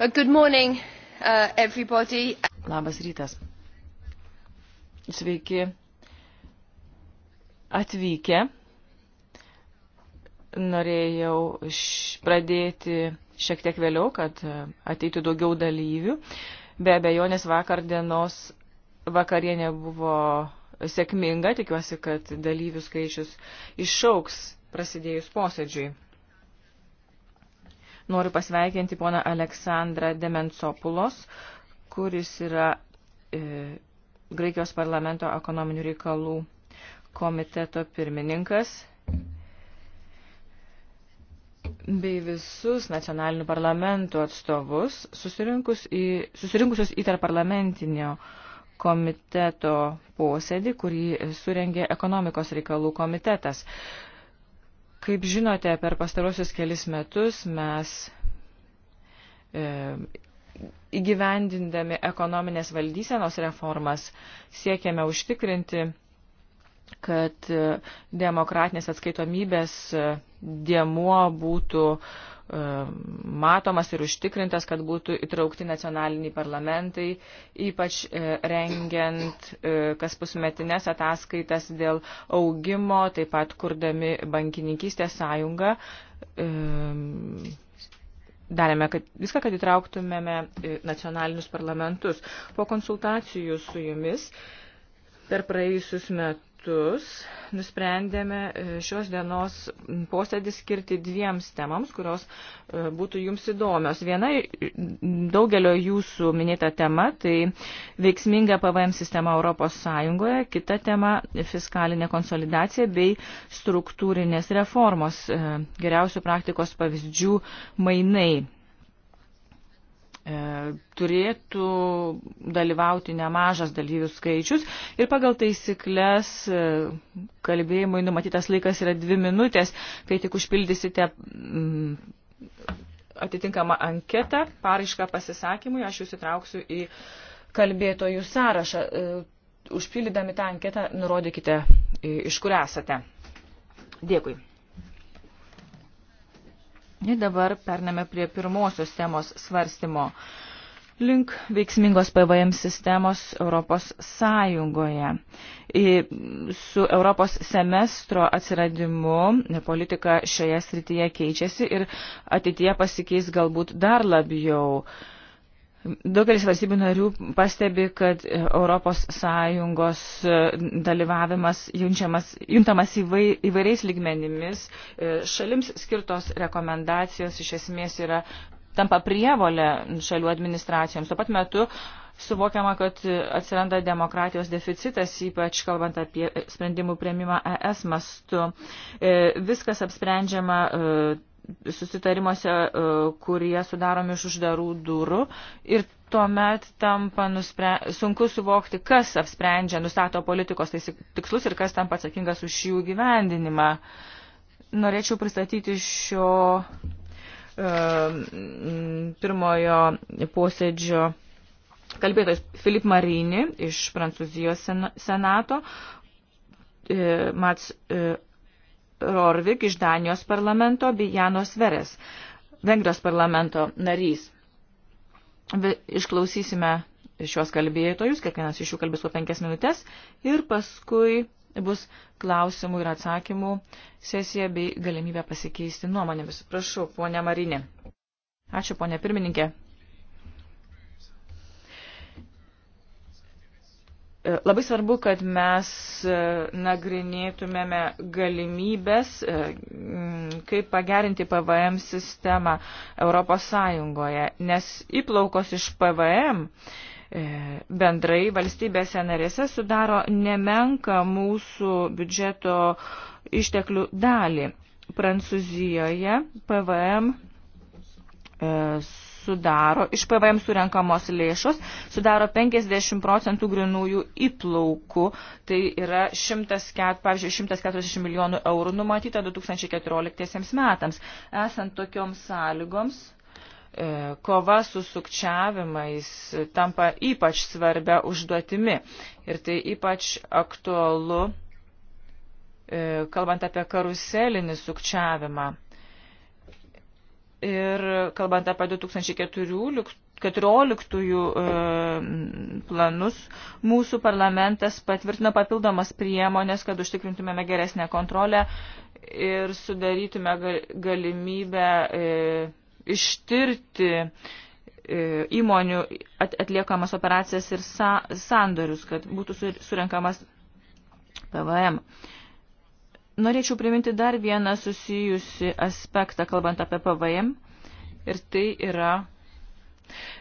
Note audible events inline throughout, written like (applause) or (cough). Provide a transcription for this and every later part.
Uh, good morning, uh, everybody. Labas rytas. Sveiki atvykę. Norėjau pradėti šiek tiek vėliau, kad uh, ateitų daugiau dalyvių. Be abejonės vakar dienos vakarienė buvo sėkminga. Tikiuosi, kad dalyvių skaičius išauks prasidėjus posėdžiui. Noriu pasveikinti poną Aleksandrą Demensopulos, kuris yra e, Graikijos parlamento ekonominių reikalų komiteto pirmininkas bei visus nacionalinių parlamentų atstovus susirinkus į, susirinkusius į tarparlamentinio komiteto posėdį, kurį surengė ekonomikos reikalų komitetas. Kaip žinote, per pastarosius kelis metus mes e, įgyvendindami ekonominės valdysenos reformas siekiame užtikrinti, kad demokratinės atskaitomybės diemuo būtų e, E, matomas ir užtikrintas, kad būtų įtraukti nacionaliniai parlamentai, ypač e, rengiant e, kas pusmetinės ataskaitas dėl augimo, taip pat kurdami bankininkystės sąjungą. Darėme kad viską, kad įtrauktumėme nacionalinius parlamentus. Po konsultacijų su jumis per praėjusius metus metus nusprendėme e, šios dienos posėdį skirti dviems temams, kurios e, būtų jums įdomios. Viena daugelio jūsų minėta tema - tai veiksminga PVM sistema Europos Sąjungoje, kita tema - fiskalinė konsolidacija bei struktūrinės reformos, e, geriausių praktikos pavyzdžių mainai. E, turėtų dalyvauti nemažas dalyvių skaičius ir pagal taisyklės e, kalbėjimui numatytas laikas yra dvi minutės, kai tik užpildysite mm, atitinkamą anketą, paraišką pasisakymui, aš jūs įtrauksiu į kalbėtojų sąrašą. E, užpildydami tą anketą nurodykite, iš kur esate. Dėkui. Dabar pername prie pirmosios temos svarstymo link veiksmingos PVM sistemos Europos Sąjungoje. Su Europos semestro atsiradimu politika šioje srityje keičiasi ir ateityje pasikeis galbūt dar labiau. Uh, Daugelis valstybių narių pastebi, kad ES e, dalyvavimas juntamas įvai, įvairiais lygmenimis. E, šalims skirtos rekomendacijos iš esmės yra tampa prievolė šalių administracijoms. Tuo pat metu suvokiama, kad atsiranda demokratijos deficitas, ypač kalbant apie sprendimų prieimimą ES mastu. E, viskas apsprendžiama susitarimuose, e, kurie sudaromi iš uždarų durų ir tuomet tampa nuspre, sunku suvokti, kas apsprendžia, nustato politikos tikslus ir kas tampa atsakingas už jų gyvendinimą. Norėčiau pristatyti šio e, pirmojo posėdžio kalbėtojas Filip Marini iš Prancūzijos senato, e, Mats Rorvik iš Danijos parlamento bei Janos Veres, Vengrijos parlamento narys. Išklausysime šios kalbėtojus, kiekvienas iš jų kalbės po penkias minutės ir paskui bus klausimų ir atsakymų sesija bei galimybė pasikeisti nuomonėmis. Prašau, ponė Marinė. Ačiū, ponė pirmininkė. E, labai svarbu, kad mes e, nagrinėtumėme galimybės, e, kaip pagerinti PVM sistemą Europos Sąjungoje, nes įplaukos iš PVM bendrai valstybėse narėse sudaro nemenka mūsų biudžeto išteklių dalį. Prancūzijoje PVM sudaro, iš PVM surenkamos lėšos sudaro 50 procentų grinųjų įplaukų. Tai yra 100, pavyzdžiui, 140 milijonų eurų numatyta 2014 metams. Esant tokioms sąlygoms, e, kova su sukčiavimais tampa ypač svarbia užduotimi. Ir tai ypač aktualu e, kalbant apie karuselinį sukčiavimą. Ir kalbant apie 2014 e, planus, mūsų parlamentas patvirtino papildomas priemonės, kad užtikrintumėme geresnę kontrolę ir sudarytume galimybę e, ištirti e, įmonių atliekamas operacijas ir sandorius, kad būtų surinkamas PVM. E, Norėčiau priminti dar vieną susijusi aspektą, kalbant apie PVM, ir tai yra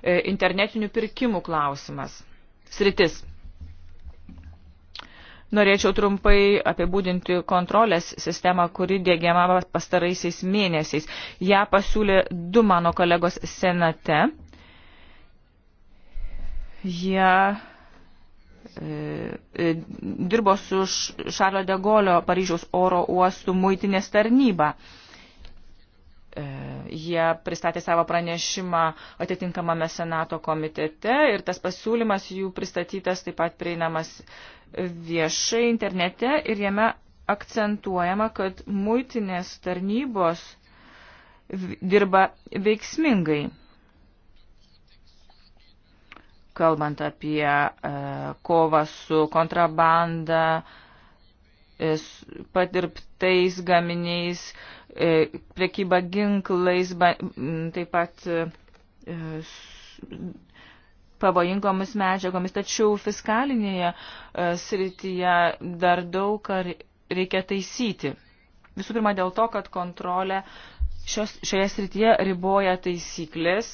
e, internetinių pirkimų klausimas. Sritis. Norėčiau trumpai apibūdinti kontrolės sistemą, kuri dėgiama pastaraisiais mėnesiais. Ja pasiūlė du mano kolegos senate. Jie ja E, dirbo su Šarlo de Golio Paryžiaus oro uostų muitinės tarnyba. E, jie pristatė savo pranešimą atitinkamame Senato komitete ir tas pasiūlymas jų pristatytas taip pat prieinamas viešai internete ir jame akcentuojama, kad muitinės tarnybos dirba veiksmingai kalbant apie e, kovą su kontrabanda, e, patirptais gaminiais, e, prekyba ginklais, taip pat pavojingomis medžiagomis, tačiau fiskalinėje srityje dar daug ką reikia taisyti. Visų pirma dėl to, kad kontrolę šios, šioje srityje riboja taisyklės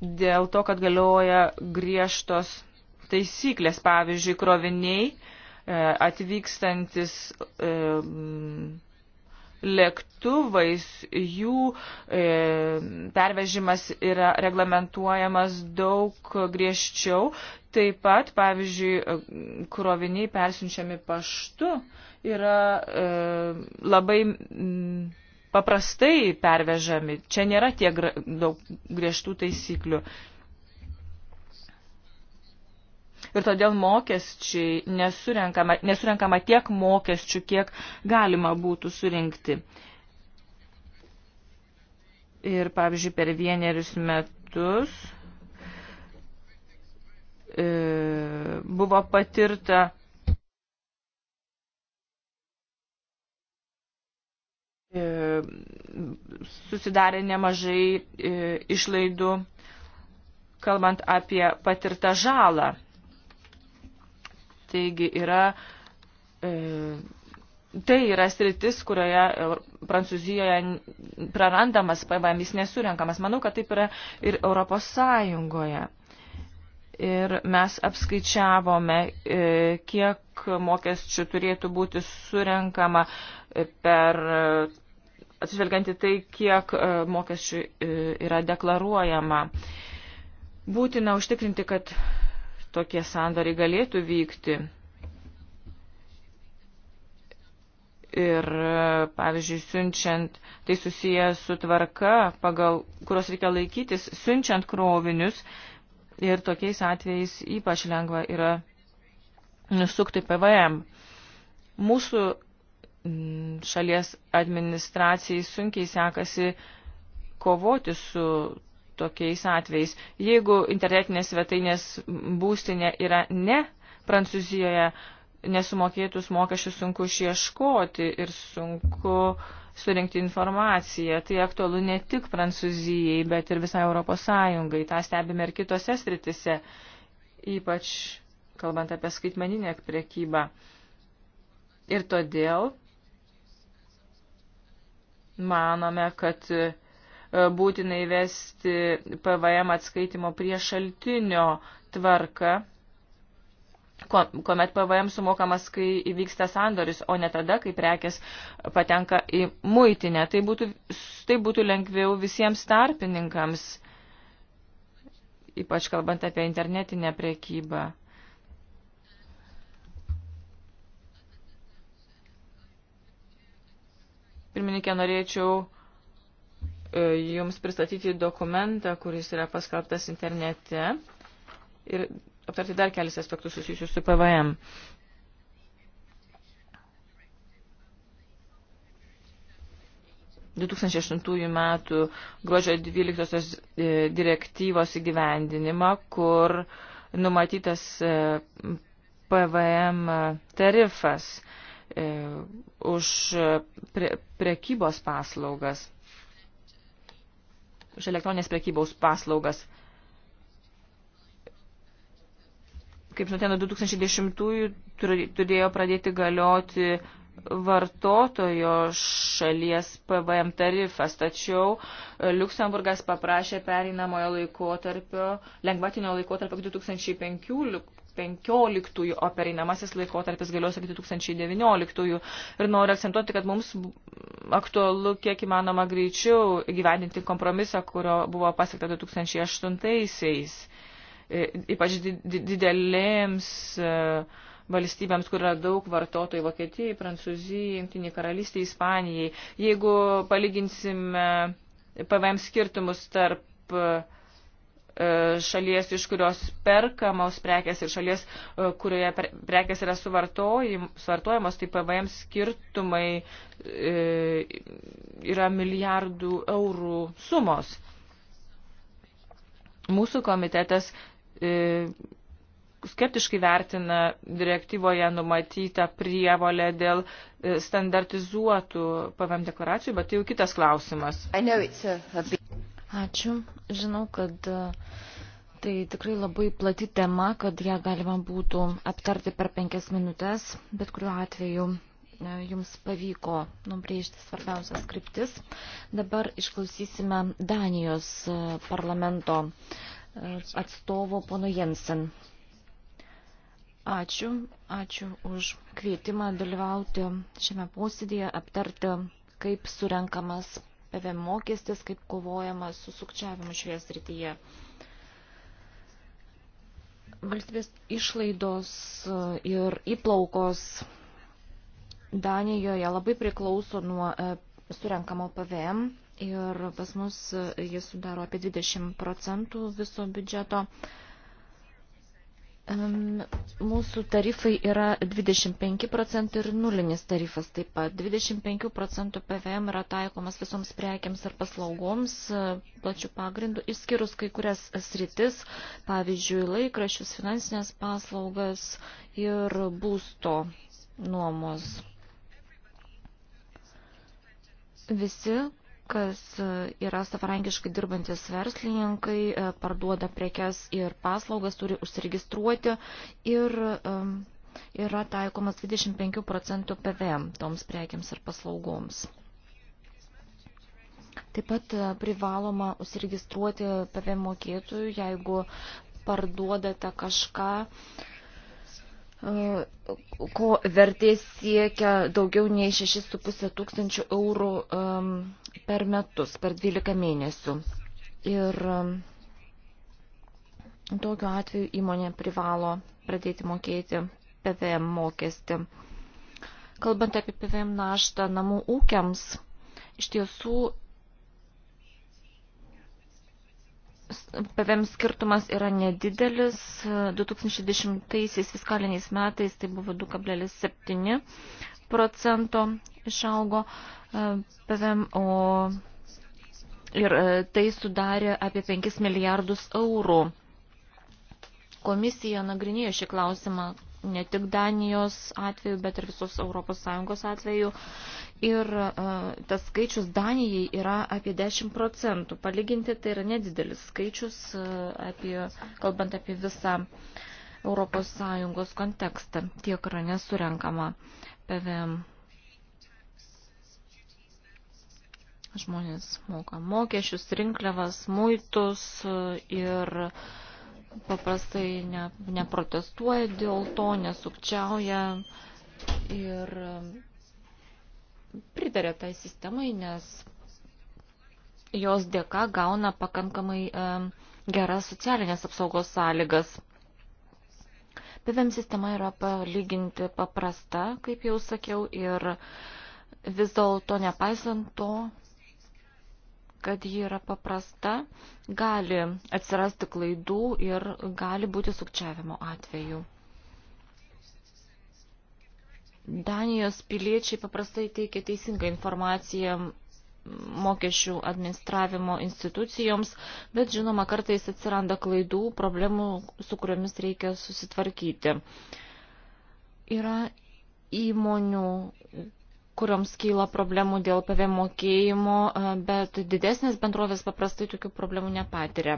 dėl to, kad galioja griežtos taisyklės, pavyzdžiui, kroviniai e, atvykstantis e, lėktuvais, jų e, pervežimas yra reglamentuojamas daug griežčiau. Taip pat, pavyzdžiui, kroviniai persiunčiami paštu yra labai paprastai pervežami. Čia nėra tiek daug griežtų taisyklių. Ir todėl mokesčiai nesurenkama, nesurenkama tiek mokesčių, kiek galima būtų surinkti. Ir, pavyzdžiui, per vienerius metus e, buvo patirta E, susidarė nemažai e, išlaidų, kalbant apie patirtą žalą. Taigi yra, e, tai yra sritis, kurioje Prancūzijoje prarandamas PVM jis nesurenkamas. Manau, kad taip yra ir Europos Sąjungoje. Ir mes apskaičiavome, kiek mokesčių turėtų būti surenkama per atsižvelgiant į tai, kiek e, mokesčių e, yra deklaruojama. Būtina užtikrinti, kad tokie sandoriai galėtų vykti. Ir, e, pavyzdžiui, siunčiant, tai susiję su tvarka, pagal kurios reikia laikytis, siunčiant krovinius ir tokiais atvejais ypač lengva yra nusukti PVM. Mūsų Mm, šalies administracijai sunkiai sekasi kovoti su tokiais atvejais. Jeigu internetinės svetainės būstinė yra ne Prancūzijoje, nesumokėtus mokesčius sunku išieškoti ir sunku surinkti informaciją. Tai aktualu ne tik Prancūzijai, bet ir visai Europos Sąjungai. Ta stebime ir kitose sritise, ypač kalbant apie skaitmeninę prekybą. Ir todėl manome, kad e, būtina įvesti PVM atskaitimo prie šaltinio tvarką, kuomet PVM sumokamas, kai įvyksta sandoris, o ne tada, kai prekės patenka į muitinę. Tai būtų, tai būtų lengviau visiems tarpininkams, ypač kalbant apie internetinę prekybą. Pirmininkė, norėčiau e, Jums pristatyti dokumentą, kuris yra paskelbtas internete ir aptarti dar kelis aspektus susijusius su PVM. metų gruodžio 12 e, direktyvos įgyvendinimą, kur numatytas e, PVM tarifas e, už e, pre, prekybos paslaugas, už elektroninės prekybos paslaugas. Kaip žinote, nuo 2010-ųjų turėjo pradėti galioti vartotojo šalies PVM tarifas, tačiau e, Luksemburgas paprašė pereinamojo laikotarpio, lengvatinio laikotarpio 2015, 2015, o pereinamasis laikotarpis galios iki 2019. Ir noriu akcentuoti, kad mums aktualu kiek įmanoma greičiau gyvendinti kompromisą, kurio buvo pasiekta 2008-aisiais. E, ypač didelėms e, valstybėms, kur yra daug vartotojų Vokietijai, Prancūzijai, Junktiniai karalystė, Ispanijai. Jeigu palyginsime PVM skirtumus tarp uh, E, šalies, iš kurios perkamos prekes ir šalies, e, kurioje prekes yra suvartojamos, tai PVM skirtumai e, yra milijardų eurų sumos. Mūsų komitetas skeptiškai vertina direktyvoje numatytą prievolę dėl standartizuotų PVM deklaracijų, bet tai jau kitas klausimas. Ačiū. Žinau, kad e, tai tikrai labai plati tema, kad ją galima būtų aptarti per penkias minutės, bet kuriuo atveju e, jums pavyko nubrėžti svarbiausias kryptis. Dabar išklausysime Danijos e, parlamento atstovo pono Jensen. Ačiū, ačiū už kvietimą dalyvauti šiame posėdėje, aptarti, kaip surenkamas PVM mokestis, kaip kovojama su sukčiavimu šioje srityje. Valstybės išlaidos e, ir įplaukos Danijoje labai priklauso nuo e, surenkamo PVM ir pas mus e, jis sudaro apie 20 procentų viso biudžeto. Mūsų tarifai yra 25 procentai ir nulinis tarifas taip pat. 25 procentų PVM yra taikomas visoms prekiams ar paslaugoms e, plačių pagrindų, išskyrus kai kurias sritis, pavyzdžiui, laikrašius, finansinės paslaugas ir būsto nuomos. Visi, kas e, yra savarankiškai dirbantis verslininkai, e, parduoda prekes ir paslaugas, turi užsiregistruoti ir e, yra taikomas 25 procentų PVM toms prekiams ir paslaugoms. Taip pat privaloma užsiregistruoti PVM mokėtojų, jeigu parduodate kažką, uh, E, ko vertė siekia daugiau nei 6,5 tūkstančių eurų e, per metus, per 12 mėnesių. Ir e, tokiu atveju įmonė privalo pradėti mokėti PVM mokestį. Kalbant apie PVM naštą namų ūkiams, iš tiesų PVM skirtumas yra nedidelis. 2010 fiskaliniais metais tai buvo 2,7 procento išaugo e, PVM, o ir e, tai sudarė apie 5 milijardus eurų. Komisija nagrinėjo šį klausimą ne tik Danijos atveju, bet ir visos ES atveju. Ir e, tas skaičius Danijai yra apie 10 procentų. Palyginti tai yra nedidelis skaičius, e, apie, kalbant apie visą ES kontekstą. Tiek yra nesurenkama PVM. Žmonės moka mokesčius, rinkliavas, muitus e, ir uh, paprastai ne, neprotestuoja dėl to, nesukčiauja ir um, pritarė tai sistemai, nes jos dėka gauna pakankamai um, geras socialinės apsaugos sąlygas. PVM sistema yra palyginti paprasta, kaip jau sakiau, ir vis dėlto nepaisant to kad ji yra paprasta, gali atsirasti klaidų ir gali būti sukčiavimo atveju. Danijos piliečiai paprastai teikia teisingą informaciją mokesčių administravimo institucijoms, bet žinoma, kartais atsiranda klaidų, problemų, su kuriomis reikia susitvarkyti. Yra įmonių, kurioms kyla problemų dėl PVM mokėjimo, e, bet didesnės bendrovės paprastai tokių problemų nepatiria.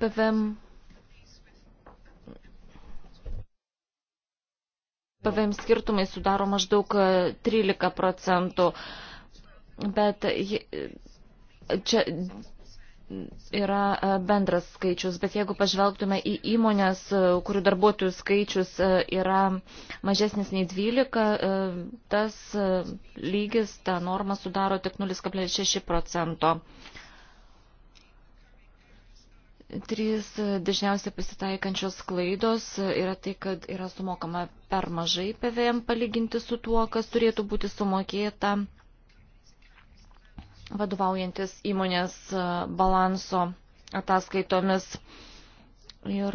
PVM PVM skirtumai sudaro maždaug 13 e, procentų, bet e, čia yra e, bendras skaičius, bet jeigu pažvelgtume į įmonės, e, kurių darbuotojų skaičius e, yra mažesnis nei 12, tas lygis, ta norma sudaro tik 0,6 procento. Trys dažniausiai pasitaikančios klaidos yra tai, kad yra sumokama per mažai PVM palyginti su tuo, kas turėtų būti sumokėta vadovaujantis įmonės e, balanso ataskaitomis. Ir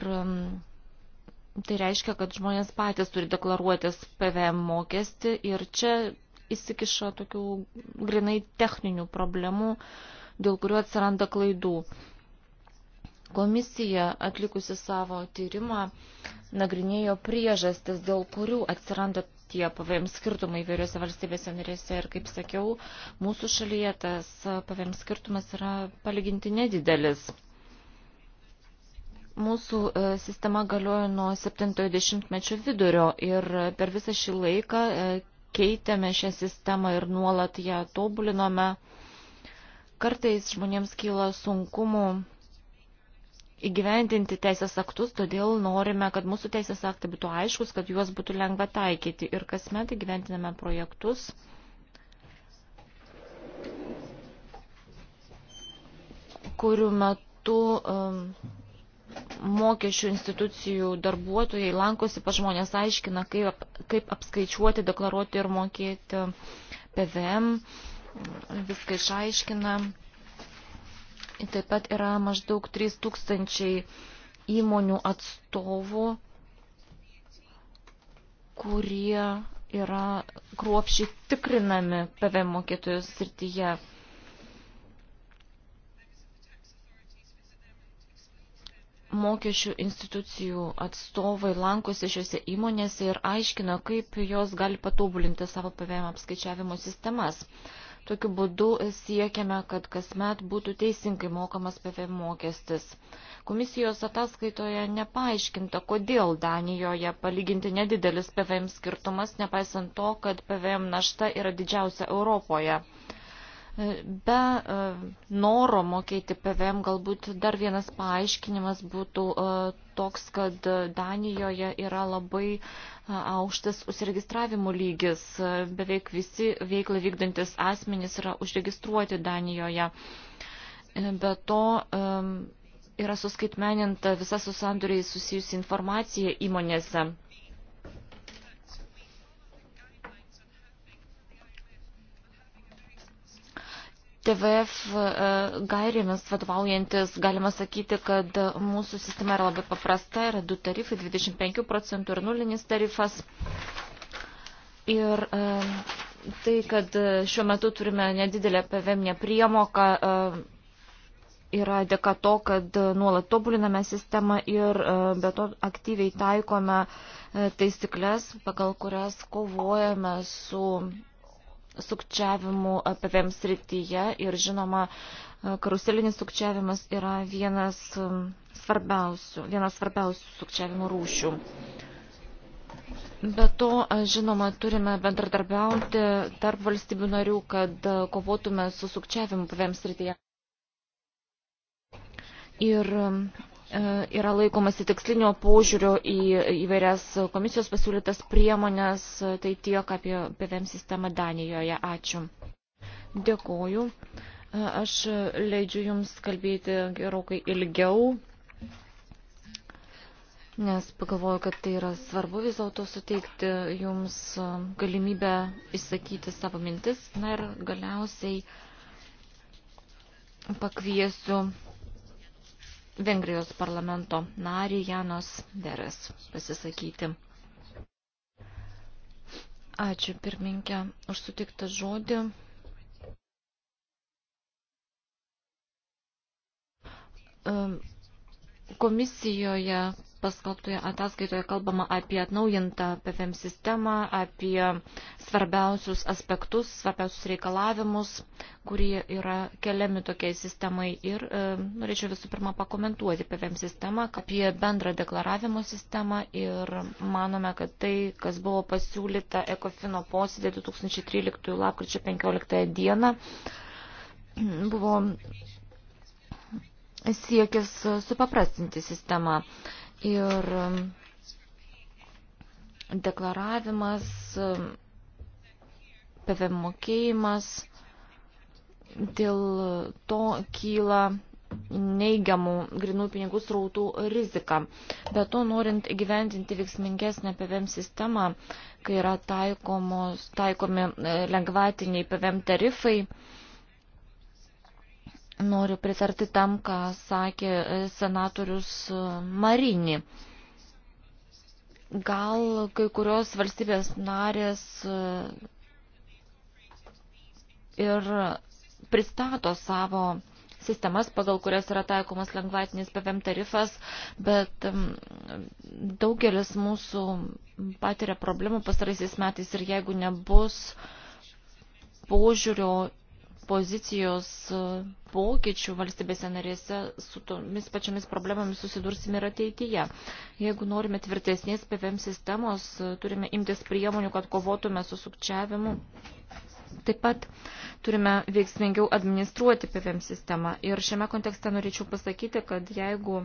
tai reiškia, kad žmonės patys turi deklaruotis PVM mokestį ir čia įsikiša tokių grinai techninių problemų, dėl kurių atsiranda klaidų. Komisija atlikusi savo tyrimą nagrinėjo priežastis, dėl kurių atsiranda tie PVM skirtumai įvairiose valstybėse narėse. Ir kaip sakiau, mūsų šalyje tas PVM skirtumas yra palyginti nedidelis. Mūsų e, sistema galioja nuo 70-mečio vidurio ir per visą šį laiką e, keitėme šią sistemą ir nuolat ją tobulinome. Kartais žmonėms kyla sunkumų įgyventinti teisės aktus, todėl norime, kad mūsų teisės aktai būtų aiškus, kad juos būtų lengva taikyti. Ir kasmet įgyventiname projektus. kurių metu um, mokesčių institucijų darbuotojai lankosi pas žmonės aiškina, kaip, kaip apskaičiuoti, deklaruoti ir mokėti PVM, viską išaiškina. Taip pat yra maždaug 3000 įmonių atstovų, kurie yra kruopšiai tikrinami PVM mokėtojų srityje. mokesčių institucijų atstovai lankosi šiuose įmonėse ir aiškina, kaip jos gali patobulinti savo PVM apskaičiavimo sistemas. Tokiu būdu siekiame, kad kasmet būtų teisingai mokamas PVM mokestis. Komisijos ataskaitoje nepaaiškinta, kodėl Danijoje palyginti nedidelis PVM skirtumas, nepaisant to, kad PVM našta yra didžiausia Europoje. Be e, noro mokėti PVM galbūt dar vienas paaiškinimas būtų e, toks, kad Danijoje yra labai e, aukštas užsiregistravimo lygis. Beveik visi veiklą vykdantis asmenys yra užregistruoti Danijoje. Be to yra suskaitmeninta visa su sandoriai susijusi informacija įmonėse. TVF e, gairėmis vadovaujantis galima sakyti, kad mūsų sistema yra labai paprasta, yra du tarifai, 25 procentų ir nulinis tarifas. Ir e, tai, kad šiuo metu turime nedidelę PVM nepriemoką, e, yra dėka to, kad nuolat tobuliname sistemą ir be to aktyviai taikome taisyklės, pagal kurias kovojame su sukčiavimu PVM srityje ir žinoma, karuselinis sukčiavimas yra vienas um, svarbiausių, vienas svarbiausių sukčiavimo rūšių. Be to, žinoma, turime bendradarbiauti tarp valstybių narių, kad kovotume su sukčiavimu PVM srityje. Ir um, E, yra laikomasi tikslinio požiūrio į įvairias komisijos pasiūlytas priemonės, tai tiek apie PVM sistemą Danijoje. Ačiū. Dėkoju. E, aš leidžiu Jums kalbėti gerokai ilgiau, nes pagalvoju, kad tai yra svarbu vis dėlto suteikti Jums galimybę išsakyti savo mintis. Na ir galiausiai pakviesiu Vengrijos parlamento narį Janos Deres pasisakyti. Ačiū pirminkę už sutiktą žodį. Ehm, komisijoje paskalbtoje ataskaitoje kalbama apie atnaujintą PFM sistemą, apie svarbiausius aspektus, svarbiausius reikalavimus, kurie yra keliami tokiai sistemai. Ir e, norėčiau visų pirma pakomentuoti PFM sistemą, apie bendrą deklaravimo sistemą ir manome, kad tai, kas buvo pasiūlyta Ekofino posėdė 2013 lapkričio 15 dieną, buvo siekis supaprastinti sistemą. Ir um, deklaravimas, PVM um, mokėjimas, dėl to kyla neigiamų grinų pinigų srautų rizika. Be to, norint įgyventinti veiksmingesnę PVM sistemą, kai yra taikomos, taikomi e, lengvatiniai PVM tarifai, Noriu pritarti tam, ką sakė senatorius Marini. Gal kai kurios valstybės narės ir pristato savo sistemas, pagal kurias yra taikomas lengvatinis PVM tarifas, bet daugelis mūsų patiria problemų pastaraisiais metais ir jeigu nebus požiūrio pozicijos e, pokyčių valstybėse narėse su tomis pačiomis problemomis susidursime ir ateityje. Jeigu norime tvirtesnės PVM sistemos, e, turime imtis priemonių, kad kovotume su sukčiavimu. Taip pat turime veiksmingiau administruoti PVM sistemą. Ir šiame kontekste norėčiau pasakyti, kad jeigu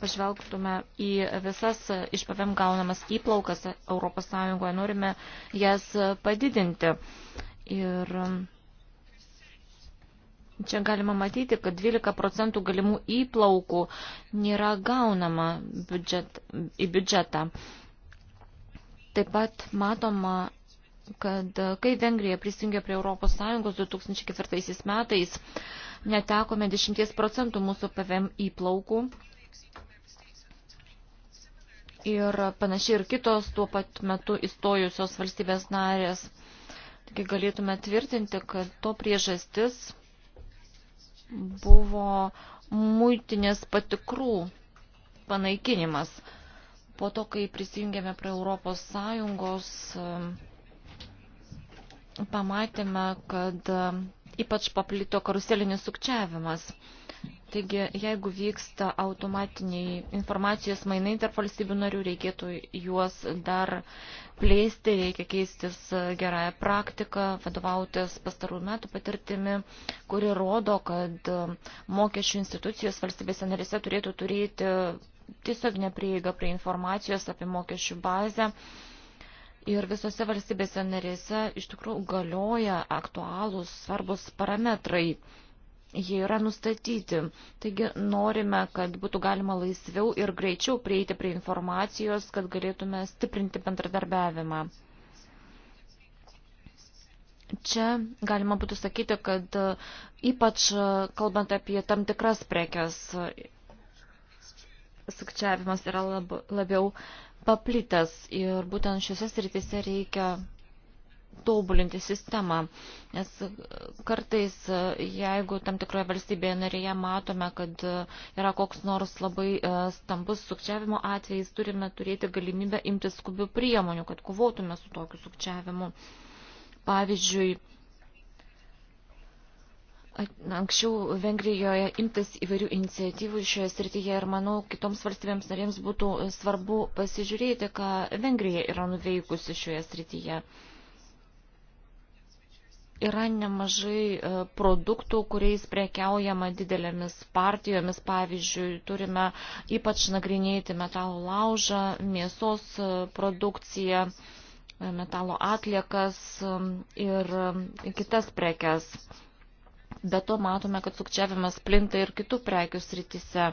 pažvelgtume į visas iš PVM gaunamas įplaukas ES, norime jas padidinti. Ir Čia galima matyti, kad 12 procentų galimų įplaukų nėra gaunama biudžet, į biudžetą. Taip pat matoma, kad kai Vengrija prisijungė prie ES 2004 metais, netekome 10 procentų mūsų PVM įplaukų. Ir panašiai ir kitos tuo pat metu įstojusios valstybės narės. Taigi galėtume tvirtinti, kad to priežastis buvo muitinės patikrų panaikinimas. Po to, kai prisijungėme prie Europos Sąjungos, pamatėme, kad ypač paplito karuselinis sukčiavimas. Taigi, jeigu vyksta automatiniai informacijos mainai tarp valstybių narių, reikėtų juos dar plėsti, reikia keistis e, gerąją praktiką, vadovautis pastarų metų patirtimi, kuri rodo, kad e, mokesčių institucijos valstybėse narėse turėtų turėti tiesiog neprieiga prie informacijos apie mokesčių bazę. Ir visose valstybėse narėse iš tikrųjų galioja aktualūs svarbus parametrai jie yra nustatyti. Taigi norime, kad būtų galima laisviau ir greičiau prieiti prie informacijos, kad galėtume stiprinti bendradarbiavimą. Čia galima būtų sakyti, kad e, ypač e, kalbant apie tam tikras prekes, sukčiavimas yra lab, labiau paplitęs ir būtent šiuose srityse reikia tobulinti sistemą. Nes kartais, jeigu tam tikroje valstybėje narėje matome, kad yra koks nors labai e, stambus sukčiavimo atvejais, turime turėti galimybę imti skubių priemonių, kad kovotume su tokiu sukčiavimu. Pavyzdžiui, Anksčiau Vengrijoje imtas įvairių iniciatyvų šioje srityje ir manau, kitoms valstybėms narėms būtų svarbu pasižiūrėti, ką Vengrija yra nuveikusi šioje srityje. Uh, yra nemažai e, produktų, kuriais prekiaujama didelėmis partijomis. Pavyzdžiui, turime ypač nagrinėti metalo laužą, mėsos e, produkciją, e, metalo atliekas ir kitas prekes. Be to matome, kad sukčiavimas plinta ir kitų prekių srityse.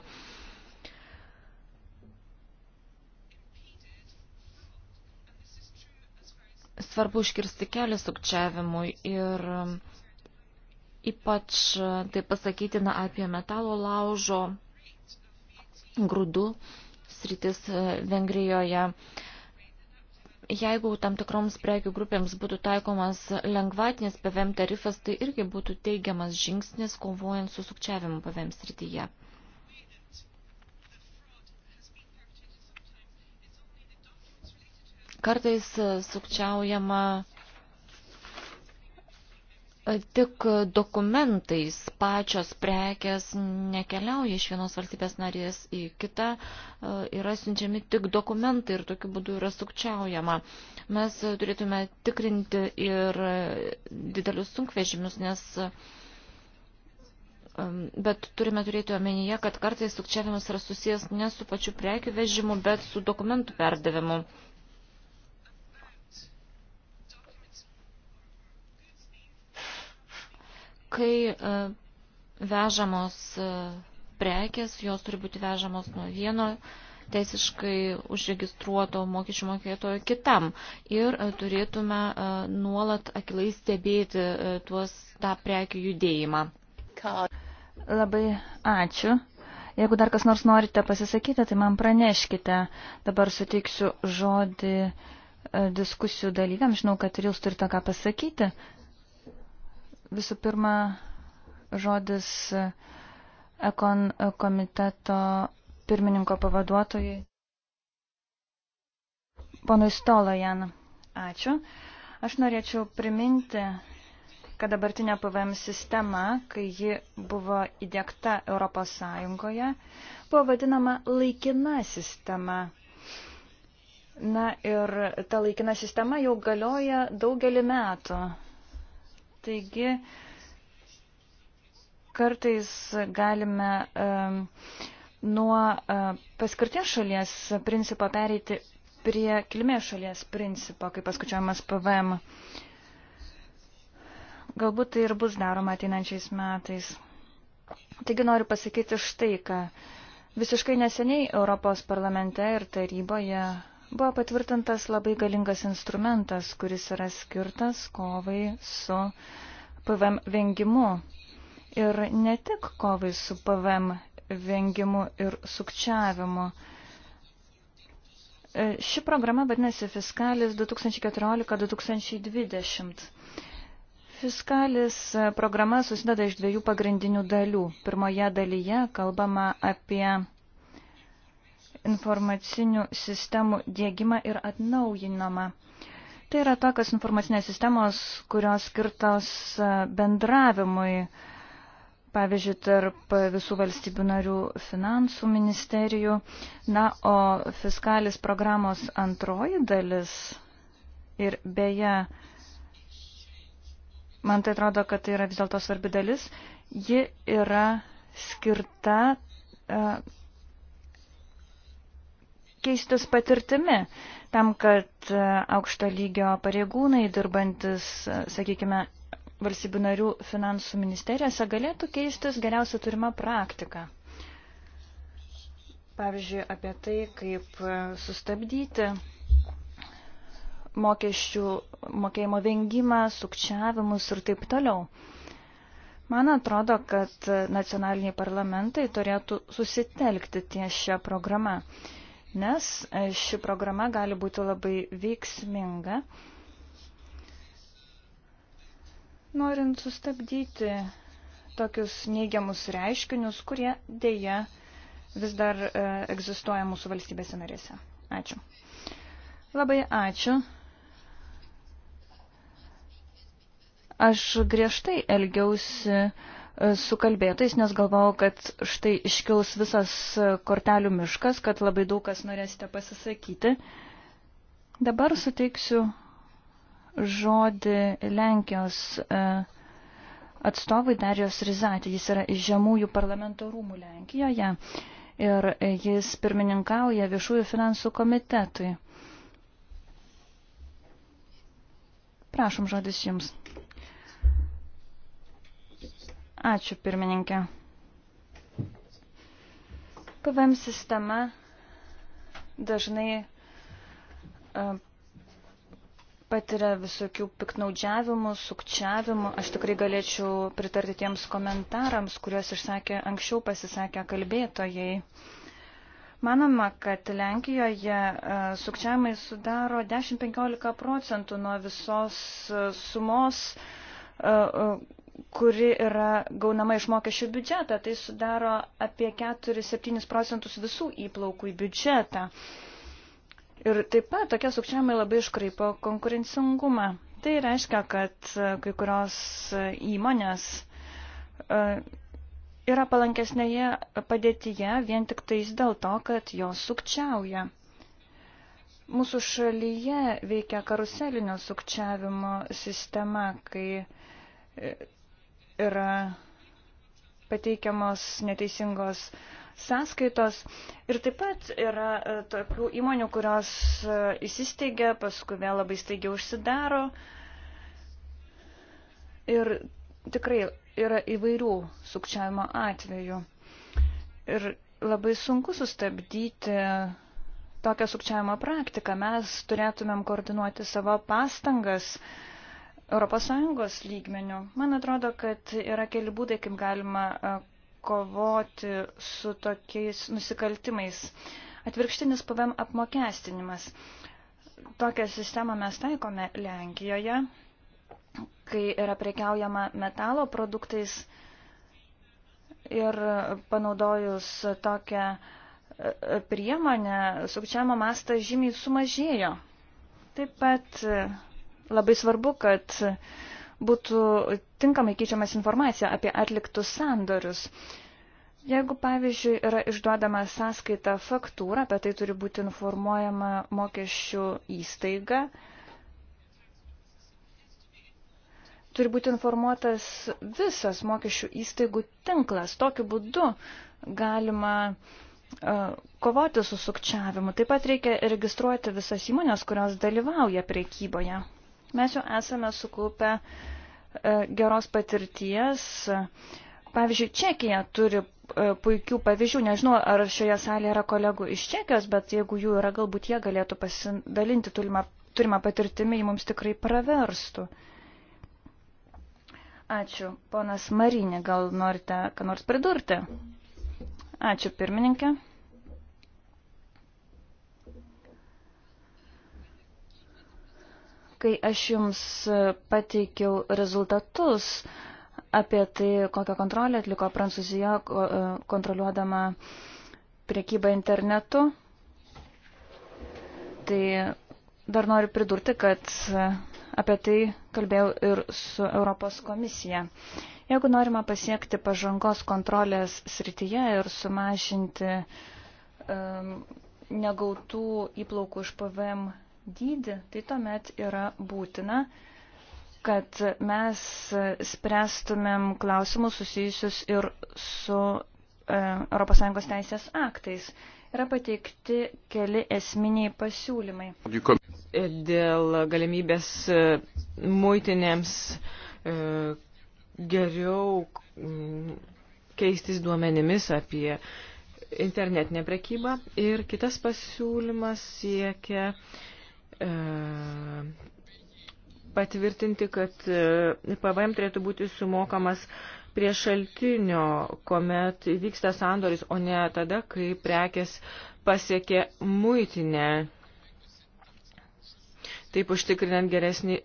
Svarbu užkirsti kelią sukčiavimui ir um, ypač uh, tai pasakytina apie metalo laužo grūdų sritis uh, Vengrijoje. Jeigu tam tikroms prekių grupėms būtų taikomas lengvatinis PVM tarifas, tai irgi būtų teigiamas žingsnis kovojant su sukčiavimu PVM srityje. Kartais e, sukčiaujama e, tik dokumentais pačios prekės nekeliauja iš vienos valstybės narės į kitą, e, yra siunčiami tik dokumentai ir tokiu būdu yra sukčiaujama. Mes turėtume tikrinti ir didelius sunkvežimius, nes bet turime turėti omenyje, kad kartais sukčiavimas yra susijęs ne su pačiu prekių vežimu, bet su dokumentų perdavimu. Kai e, vežamos e, prekės, jos turi būti vežamos nuo vieno teisiškai užregistruoto mokesčių mokėtojo kitam. Ir e, turėtume nuolat akilai stebėti tuos tą prekių judėjimą. Labai ačiū. Jeigu dar kas nors norite pasisakyti, tai man praneškite. Dabar suteiksiu žodį diskusijų dalyviam. Žinau, kad ir jūs turite ką pasakyti. Visų pirma, žodis ekon komiteto pirmininko pavaduotojai. Ponui Stolojan, ačiū. Aš norėčiau priminti, kad dabartinė PVM sistema, kai ji buvo įdėkta Europos Sąjungoje, buvo vadinama laikina sistema. Na ir ta laikina sistema jau galioja daugelį metų. Taigi kartais galime nuo e, paskirties šalies principo pereiti prie kilmės šalies principo, kaip paskučiamas PVM. Galbūt tai ir bus daroma ateinančiais metais. Taigi noriu pasakyti štai, ką visiškai neseniai Europos parlamente ir taryboje buvo patvirtintas labai galingas instrumentas, kuris yra skirtas kovai su PVM vengimu. Ir ne tik kovai su PVM vengimu ir sukčiavimu. E, ši programa vadinasi Fiskalis 2014-2020. Fiskalis programa susideda iš dviejų pagrindinių dalių. Pirmoje dalyje kalbama apie informacinių sistemų dėgymą ir atnaujinamą. Tai yra tokios informacinės sistemos, kurios skirtos e, bendravimui, pavyzdžiui, tarp visų valstybių narių finansų ministerijų. Na, o fiskalis programos antroji dalis ir beje, man tai atrodo, kad tai yra vis dėlto svarbi dalis, ji yra skirta e, keistis patirtimi, tam, kad e, aukšto lygio pareigūnai dirbantis, e, sakykime, valstybių narių finansų ministerijose galėtų keistis geriausia turima praktika. Pavyzdžiui, apie tai, kaip e, sustabdyti mokesčių mokėjimo vengimą, sukčiavimus ir taip toliau. Man atrodo, kad nacionaliniai parlamentai turėtų susitelkti ties šią programą nes e, ši programa gali būti labai veiksminga. Norint sustabdyti tokius neigiamus reiškinius, kurie dėja vis dar e, egzistuoja mūsų valstybėse narėse. Ačiū. Labai ačiū. Aš griežtai elgiausi uh, su kalbėtais, nes galvojau, kad štai iškils visas kortelių miškas, kad labai daug kas norėsite pasisakyti. Dabar suteiksiu žodį Lenkijos e, atstovui Darijos Rizatė. Jis yra iš žemųjų parlamento rūmų Lenkijoje ir jis pirmininkauja viešųjų finansų komitetui. Prašom žodis jums. Ačiū, pirmininkė. PVM sistema dažnai e, patiria visokių piknaudžiavimų, sukčiavimų. Aš tikrai galėčiau pritarti tiems komentarams, kuriuos išsakė anksčiau pasisakę kalbėtojai. Manoma, kad Lenkijoje e, sukčiavimai sudaro 10-15 procentų nuo visos e, sumos, kuri yra gaunama iš mokesčių biudžetą. Tai sudaro apie 4-7 procentus visų įplaukų į biudžetą. Ir taip pat tokie sukčiavimai labai iškraipo konkurencingumą. Tai reiškia, kad e, kai kurios e, įmonės e, yra palankesnėje padėtyje vien tik tais dėl to, kad jos sukčiauja. Mūsų šalyje veikia karuselinio sukčiavimo sistema, kai yra pateikiamos neteisingos sąskaitos. Ir taip pat yra e, tokių įmonių, kurios e, įsisteigia, paskui vėl labai staigiai užsidaro. Ir tikrai yra įvairių sukčiavimo atvejų. Ir labai sunku sustabdyti tokią sukčiavimo praktiką. Mes turėtumėm koordinuoti savo pastangas uh, ES lygmenių. Man atrodo, kad yra keli būdai, kaip galima e, kovoti su tokiais nusikaltimais. Atvirkštinis PVM apmokestinimas. Tokią sistemą mes taikome Lenkijoje, kai yra prekiaujama metalo produktais ir panaudojus tokią e, priemonę, sukčiamo mastas žymiai sumažėjo. Taip pat e, Labai svarbu, kad būtų tinkamai keičiamas informacija apie atliktus sandorius. Jeigu, pavyzdžiui, yra išduodama sąskaita faktūra, apie tai turi būti informuojama mokesčių įstaiga, turi būti informuotas visas mokesčių įstaigų tinklas. Tokiu būdu galima uh, kovoti su sukčiavimu. Taip pat reikia registruoti visas įmonės, kurios dalyvauja priekyboje. Mes jau esame sukaupę e, geros patirties. Pavyzdžiui, Čekija turi e, puikių pavyzdžių. Nežinau, ar šioje salėje yra kolegų iš Čekijos, bet jeigu jų yra, galbūt jie galėtų pasidalinti turimą, turimą patirtimį, jį mums tikrai praverstų. Ačiū. Ponas Marinė, gal norite ką nors pridurti? Ačiū, pirmininkė. Kai aš jums pateikiau rezultatus apie tai, kokią kontrolę atliko Prancūzija e, kontroliuodama priekybą internetu, tai dar noriu pridurti, kad apie tai kalbėjau ir su Europos komisija. Jeigu norima pasiekti pažangos kontrolės srityje ir sumažinti um, negautų įplaukų iš PVM dydį, tai tuomet yra būtina, kad mes spręstumėm klausimus susijusius ir su ES teisės aktais. Yra pateikti keli esminiai pasiūlymai. Dėl galimybės e, muitinėms e, geriau mm, keistis duomenimis apie internetinę prekybą ir kitas pasiūlymas siekia uh, E, patvirtinti, kad e, PVM turėtų būti sumokamas prie šaltinio, kuomet vyksta sandoris, o ne tada, kai prekės pasiekė muitinę. Taip užtikrinant geresnį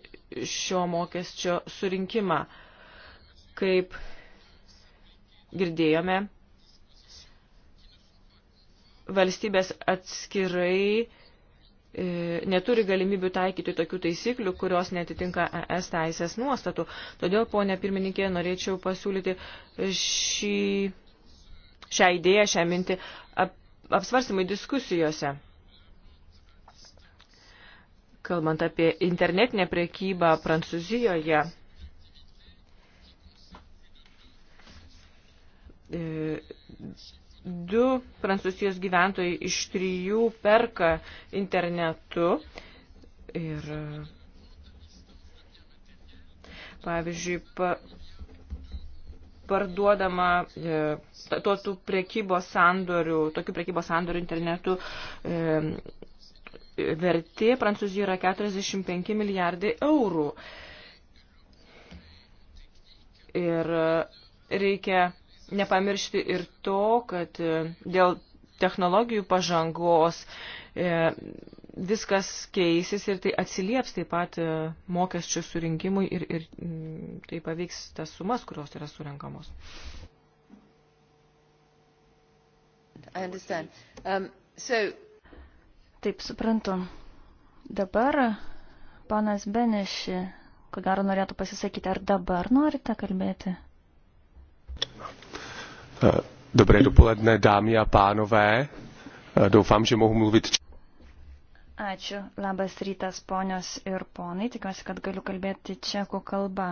šio mokesčio surinkimą. Kaip girdėjome, valstybės atskirai E, neturi galimybių taikyti tokių taisyklių, kurios netitinka ES teisės nuostatų. Todėl, ponė pirmininkė, norėčiau pasiūlyti šį, šią idėją, šią mintį ap, apsvarstymai diskusijose. Kalbant apie internetinę prekybą Prancūzijoje, e, du Prancūzijos gyventojai iš trijų perka internetu. Ir, pavyzdžiui, pa, parduodama e, tokių prekybos sandorių, tokių prekybos sandorių internetu e, vertė Prancūzijoje yra 45 milijardai eurų. Ir reikia nepamiršti ir to, kad e, dėl technologijų pažangos e, viskas keisis ir tai atsilieps taip pat e, mokesčių surinkimui ir, ir tai paveiks tas sumas, kurios yra surinkamos. Um, so... Taip, suprantu. Dabar panas Beneši, ko gero norėtų pasisakyti, ar dabar norite kalbėti? No. Eh, dobré dopoledne, dámy a pánové. Eh, doufám, že mohu mluvit. Ačiū. Labas rytas, ponios ir ponai. Tikiuosi, kad galiu kalbėti čekų kalba.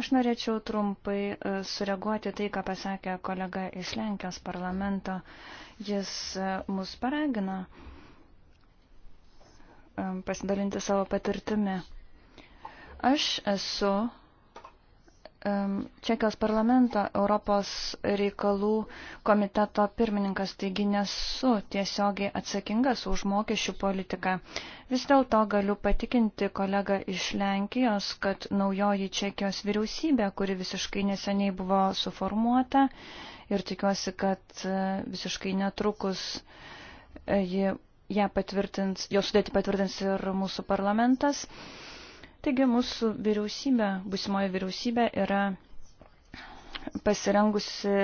Aš norėčiau trumpai eh, sureaguoti tai, ką pasakė kolega iš Lenkijos parlamento. Jis mus paragino pasidalinti savo patirtimi. Aš esu Čekijos parlamento Europos reikalų komiteto pirmininkas, taigi nesu tiesiogiai atsakingas už mokesčių politiką. Vis dėlto galiu patikinti kolegą iš Lenkijos, kad naujoji Čekijos vyriausybė, kuri visiškai neseniai buvo suformuota ir tikiuosi, kad e, visiškai netrukus e, ji, ją patvirtins, jos sudėti patvirtins ir mūsų parlamentas. Uh, Taigi mūsų vyriausybė, busimoji vyriausybė yra pasirengusi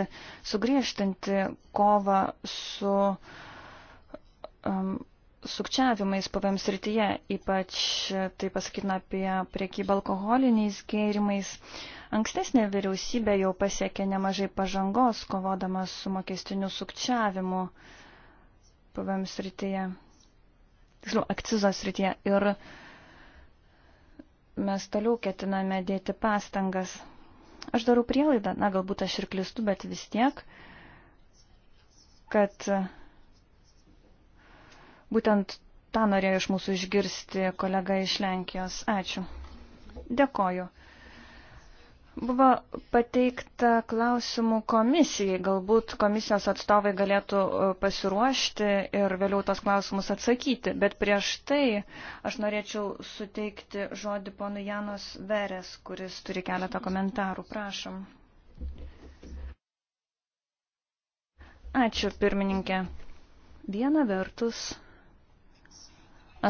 sugriežtinti kovą su um, sukčiavimais pavėms rytyje, ypač tai pasakytina apie priekybą alkoholiniais gėrimais. Ankstesnė vyriausybė jau pasiekė nemažai pažangos kovodama su mokestiniu sukčiavimu pavėms rytyje, tiksliau, akcizos rytyje. Ir uh, mes toliau ketiname dėti pastangas. Aš darau prielaidą, na galbūt aš ir klistu, bet vis tiek, kad būtent tą norėjo iš mūsų išgirsti kolega iš Lenkijos. Ačiū. Dėkoju. Buvo pateikta klausimų komisijai, galbūt komisijos atstovai galėtų e, pasiruošti ir vėliau tos klausimus atsakyti, bet prieš tai aš norėčiau suteikti žodį ponu Janos Veres, kuris turi keletą komentarų. Prašom. Ačiū, pirmininkė. Viena vertus,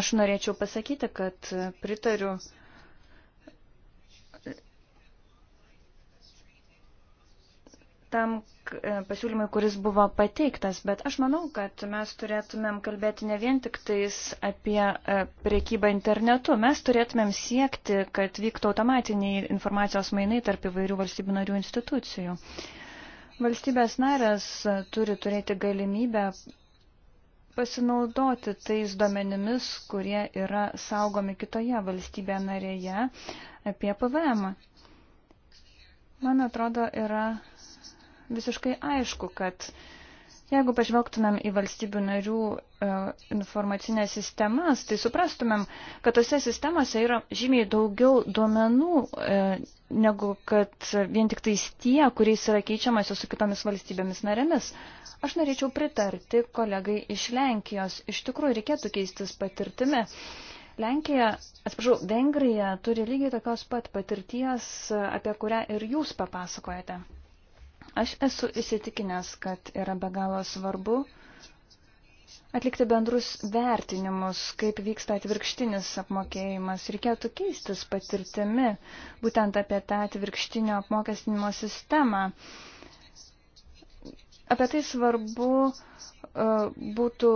aš norėčiau pasakyti, kad pritariu tam e, pasiūlymui, kuris buvo pateiktas, bet aš manau, kad mes turėtumėm kalbėti ne vien tik tais apie e, priekybą internetu. Mes turėtumėm siekti, kad vyktų automatiniai informacijos mainai tarp įvairių valstybių narių institucijų. Valstybės narės turi turėti galimybę pasinaudoti tais duomenimis, kurie yra saugomi kitoje valstybėje narėje apie PVM. Man atrodo, yra visiškai aišku, kad jeigu pažvelgtumėm į valstybių narių e, informacinės sistemas, tai suprastumėm, kad tose sistemose yra žymiai daugiau duomenų, e, negu kad vien tik tais tie, kuriais yra keičiamasi su kitomis valstybėmis narėmis. Aš norėčiau pritarti kolegai iš Lenkijos. Iš tikrųjų, reikėtų keistis patirtimi. Lenkija, atsiprašau, Vengrija turi lygiai tokios pat patirties, apie kurią ir jūs papasakojate. Aš esu įsitikinęs, kad yra be galo svarbu atlikti bendrus vertinimus, kaip vyksta atvirkštinis apmokėjimas. Reikėtų keistis patirtimi būtent apie tą atvirkštinio apmokestinimo sistemą. Apie tai svarbu uh, būtų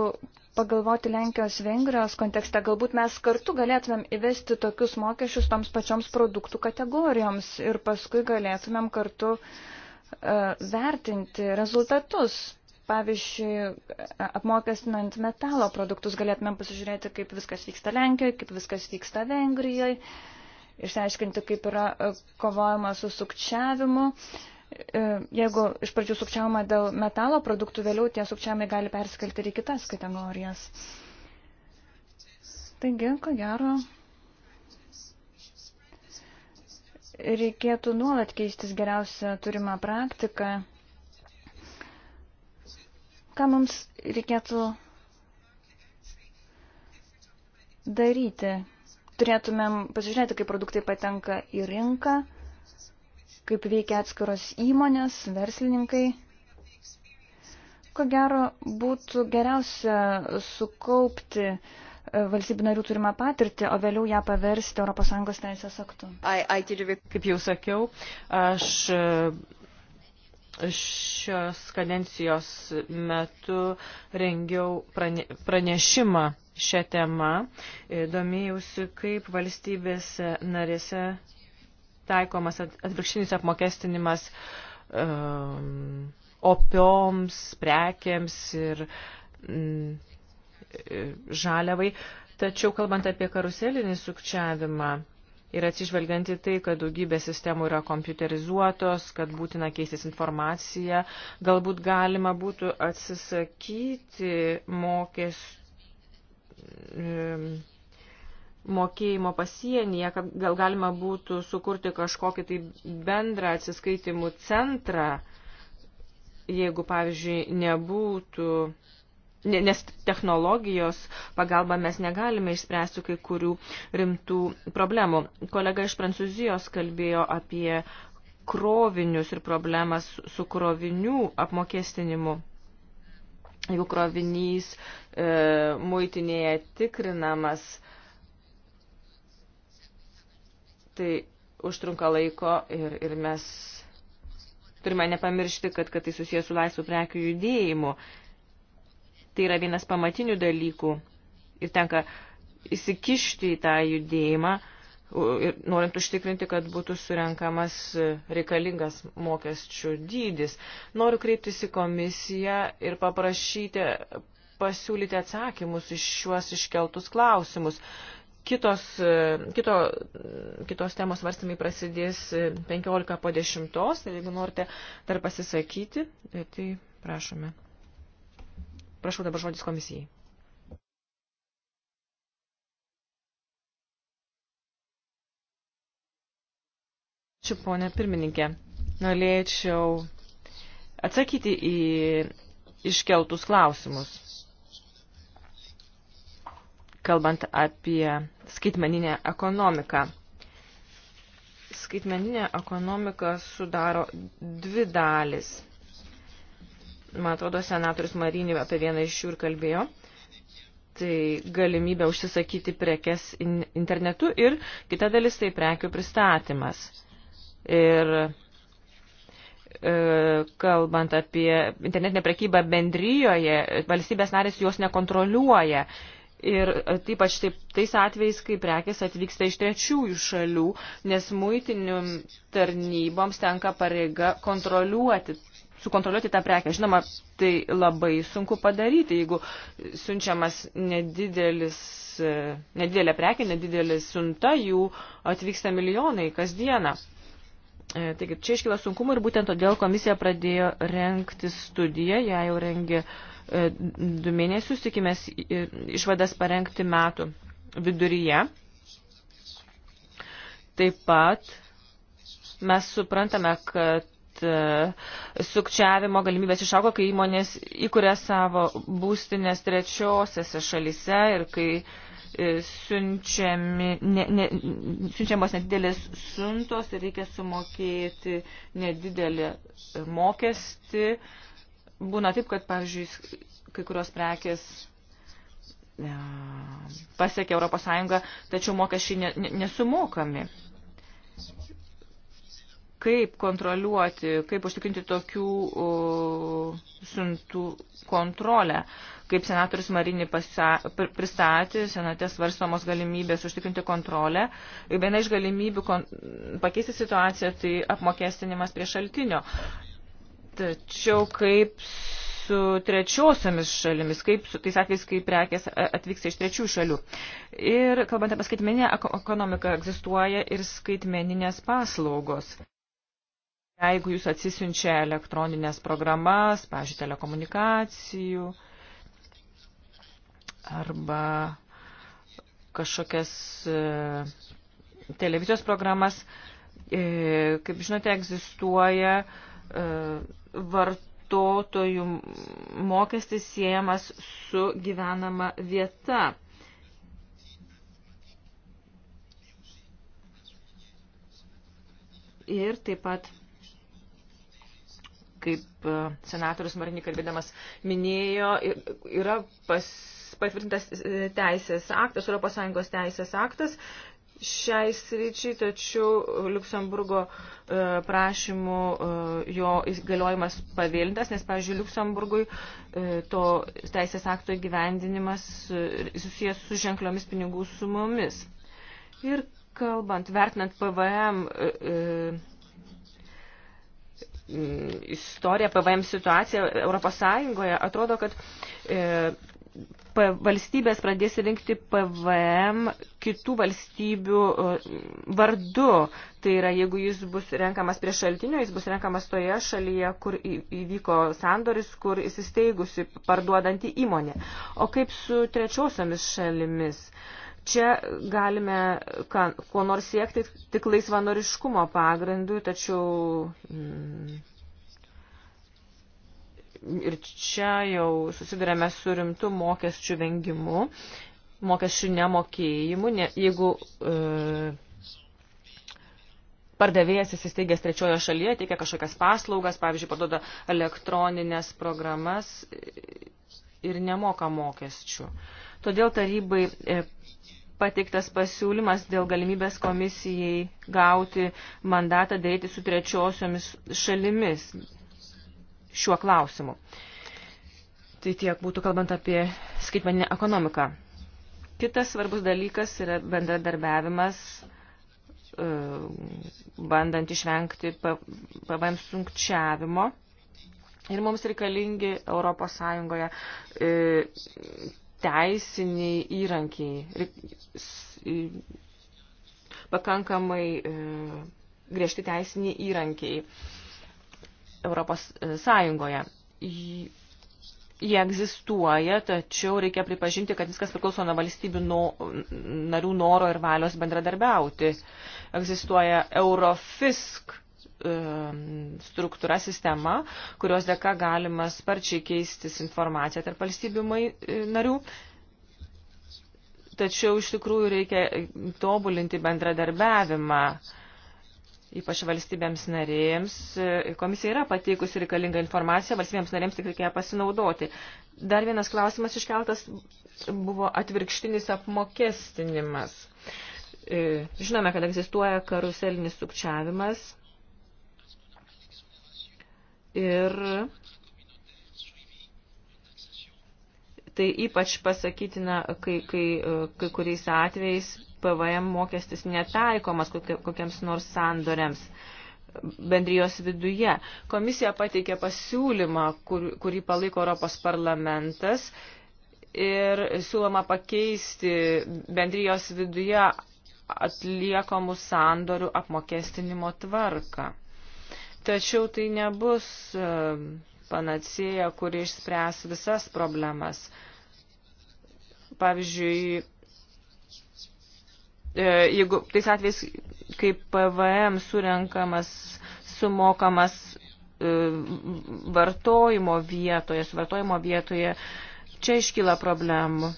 pagalvoti Lenkijos Vengrijos kontekste. Galbūt mes kartu galėtumėm įvesti tokius mokesčius toms pačioms produktų kategorijoms ir paskui galėtumėm kartu uh, E, vertinti rezultatus. Pavyzdžiui, apmokestinant metalo produktus galėtumėm pasižiūrėti, kaip viskas vyksta Lenkijoje, kaip viskas vyksta Vengrijoje, išsiaiškinti, kaip yra e, kovojama su sukčiavimu. E, jeigu iš pradžių sukčiauma dėl metalo produktų, vėliau tie sukčiamai gali perskelti ir į kitas kategorijas. Taigi, ko gero, Reikėtų nuolat keistis geriausią turimą praktiką. Ką mums reikėtų daryti? Turėtumėm pasižiūrėti, kaip produktai patenka į rinką, kaip veikia atskiros įmonės, verslininkai ko gero būtų geriausia sukaupti valstybių narių turimą patirtį, o vėliau ją paversti ES teisės aktu. Kaip jau sakiau, aš e, šios kadencijos metu rengiau pranešimą šią temą, domėjausi, kaip valstybėse narėse taikomas atvirkštinis apmokestinimas um, opioms, prekiams ir um, žaliavai. Tačiau kalbant apie karuselinį sukčiavimą ir atsižvelgiant į tai, kad daugybė sistemų yra kompiuterizuotos, kad būtina keistis informacija, galbūt galima būtų atsisakyti mokės, mokėjimo pasienyje, kad gal galima būtų sukurti kažkokį tai bendrą atsiskaitimų centrą, jeigu, pavyzdžiui, nebūtų nes technologijos pagalba mes negalime išspręsti kai kurių rimtų problemų. Kolega iš Prancūzijos kalbėjo apie krovinius ir problemas su krovinių apmokestinimu. Jeigu krovinys e, muitinėje tikrinamas, tai užtrunka laiko ir, ir mes turime nepamiršti, kad, kad tai susijęs su laisvų prekių judėjimu. E, Tai yra vienas pamatinių dalykų ir tenka įsikišti į tą judėjimą, norint užtikrinti, kad būtų surenkamas reikalingas mokesčių dydis. Noriu kreiptis į komisiją ir paprašyti pasiūlyti atsakymus iš šiuos iškeltus klausimus kitos, kito, kitos temos varstymai prasidės 15 po 10, tai jeigu norite dar pasisakyti, tai prašome. Prašau dabar žodis komisijai. Ačiū, ponė pirmininkė. Norėčiau atsakyti į iškeltus klausimus. Kalbant apie skaitmeninę ekonomiką. Skaitmeninė ekonomika sudaro dvi dalis man atrodo, senatorius Marinį apie vieną iš jų ir kalbėjo, tai galimybė užsisakyti prekes internetu ir kita dalis tai prekių pristatymas. Ir e, kalbant apie internetinę prekybą bendryjoje, valstybės narės jos nekontroliuoja. Ir e, ypač taip, tais atvejais, kai prekės atvyksta iš trečiųjų šalių, nes muitinių tarnyboms tenka pareiga kontroliuoti sukontroliuoti tą prekę. Žinoma, tai labai sunku padaryti, jeigu siunčiamas nedidelis, e, nedidelė prekė, nedidelė siunta, jų atvyksta milijonai kasdieną. E, taigi čia iškyla sunkumų ir būtent todėl komisija pradėjo renkti studiją, ją jau rengė e, du mėnesius, tikimės išvadas parengti metų viduryje. Taip pat mes suprantame, kad E, sukčiavimo galimybės išaugo, kai įmonės įkuria savo būstinės trečiosiose šalise ir kai e, siunčiami, ne, ne, siunčiamos nedidelės suntos ir reikia sumokėti nedidelį mokestį. Būna taip, kad, pavyzdžiui, kai kurios prekės e, pasiekė Europos Sąjungą, tačiau mokesčiai nesumokami kaip kontroliuoti, kaip užtikrinti tokių uh, siuntų kontrolę. Kaip senatorius Marinį pasa, pristatė, senate svarstomos galimybės užtikrinti kontrolę. Viena iš galimybių kon, pakeisti situaciją tai apmokestinimas prie šaltinio. Tačiau kaip su trečiosiomis šalimis, kaip su tais atvejais, kai prekės atvyksta iš trečių šalių. Ir kalbant apie skaitmeninę ekonomiką, egzistuoja ir skaitmeninės paslaugos. Jeigu jūs atsisiunčia elektroninės programas, pažiūrėjau, telekomunikacijų arba kažkokias e, televizijos programas, e, kaip žinote, egzistuoja e, vartotojų mokestis siejamas su gyvenama vieta. Ir taip pat kaip e, senatorius Marinį kalbėdamas minėjo, yra pas, patvirtintas e, teisės aktas, ES teisės aktas šiai sričiai, tačiau Luksemburgo e, prašymų jo įgaliojimas pavėlintas, nes, pavyzdžiui, Luksemburgui to teisės akto įgyvendinimas susijęs su ženkliomis pinigų sumomis. Ir kalbant, vertinant PVM Mm, istoriją, PVM situaciją Europos Sąjungoje, atrodo, kad e, valstybės pradės rinkti PVM kitų valstybių e, vardu. Tai yra, jeigu jis bus renkamas prie šaltinio, jis bus renkamas toje šalyje, kur įvyko sandoris, kur įsisteigusi parduodanti įmonė. O kaip su trečiosiomis šalimis? E, Čia galime ką, ko nors siekti tik laisvanoriškumo pagrindu, tačiau mm, ir čia jau susidurėme su rimtu mokesčių vengimu, mokesčių nemokėjimu, ne, jeigu e, pardavėjas įsisteigęs trečiojo šalyje, teikia kažkokias paslaugas, pavyzdžiui, parduoda elektroninės programas ir nemoka mokesčių. E, Todėl tarybai e, pateiktas pasiūlymas dėl galimybės komisijai gauti mandatą dėrėti su trečiosiomis šalimis šiuo klausimu. Tai tiek būtų kalbant apie skaitmeninę ekonomiką. Kitas svarbus dalykas yra bendradarbiavimas, e, bandant išvengti PVM sunkčiavimo. Ir mums reikalingi Europos Sąjungoje e, teisiniai įrankiai, pakankamai e, griežti teisiniai įrankiai Europos e, Sąjungoje. Jie egzistuoja, tačiau reikia pripažinti, kad viskas priklauso nuo valstybių no, narių noro ir valios bendradarbiauti. Egzistuoja Eurofisk struktūra, sistema, kurios dėka galima sparčiai keistis informaciją tarp valstybių e, narių. Tačiau iš tikrųjų reikia tobulinti bendradarbiavimą, ypač valstybėms narėms. E, komisija yra pateikusi reikalingą informaciją, valstybėms narėms tik reikia pasinaudoti. Dar vienas klausimas iškeltas buvo atvirkštinis apmokestinimas. E, žinome, kad egzistuoja karuselinis sukčiavimas Ir tai ypač pasakytina, kai, kai, kai kuriais atvejais PVM mokestis netaikomas kokiems nors sandoriams bendrijos viduje. Komisija pateikė pasiūlymą, kur, kurį palaiko Europos parlamentas ir siūloma pakeisti bendrijos viduje atliekamų sandorių apmokestinimo tvarką. Tačiau tai nebus e, panacėja, kuri išspręs visas problemas. Pavyzdžiui, e, jeigu tais atvejais, kaip PVM surenkamas, sumokamas e, vartojimo vietoje, suvartojimo vietoje, čia iškyla problemų.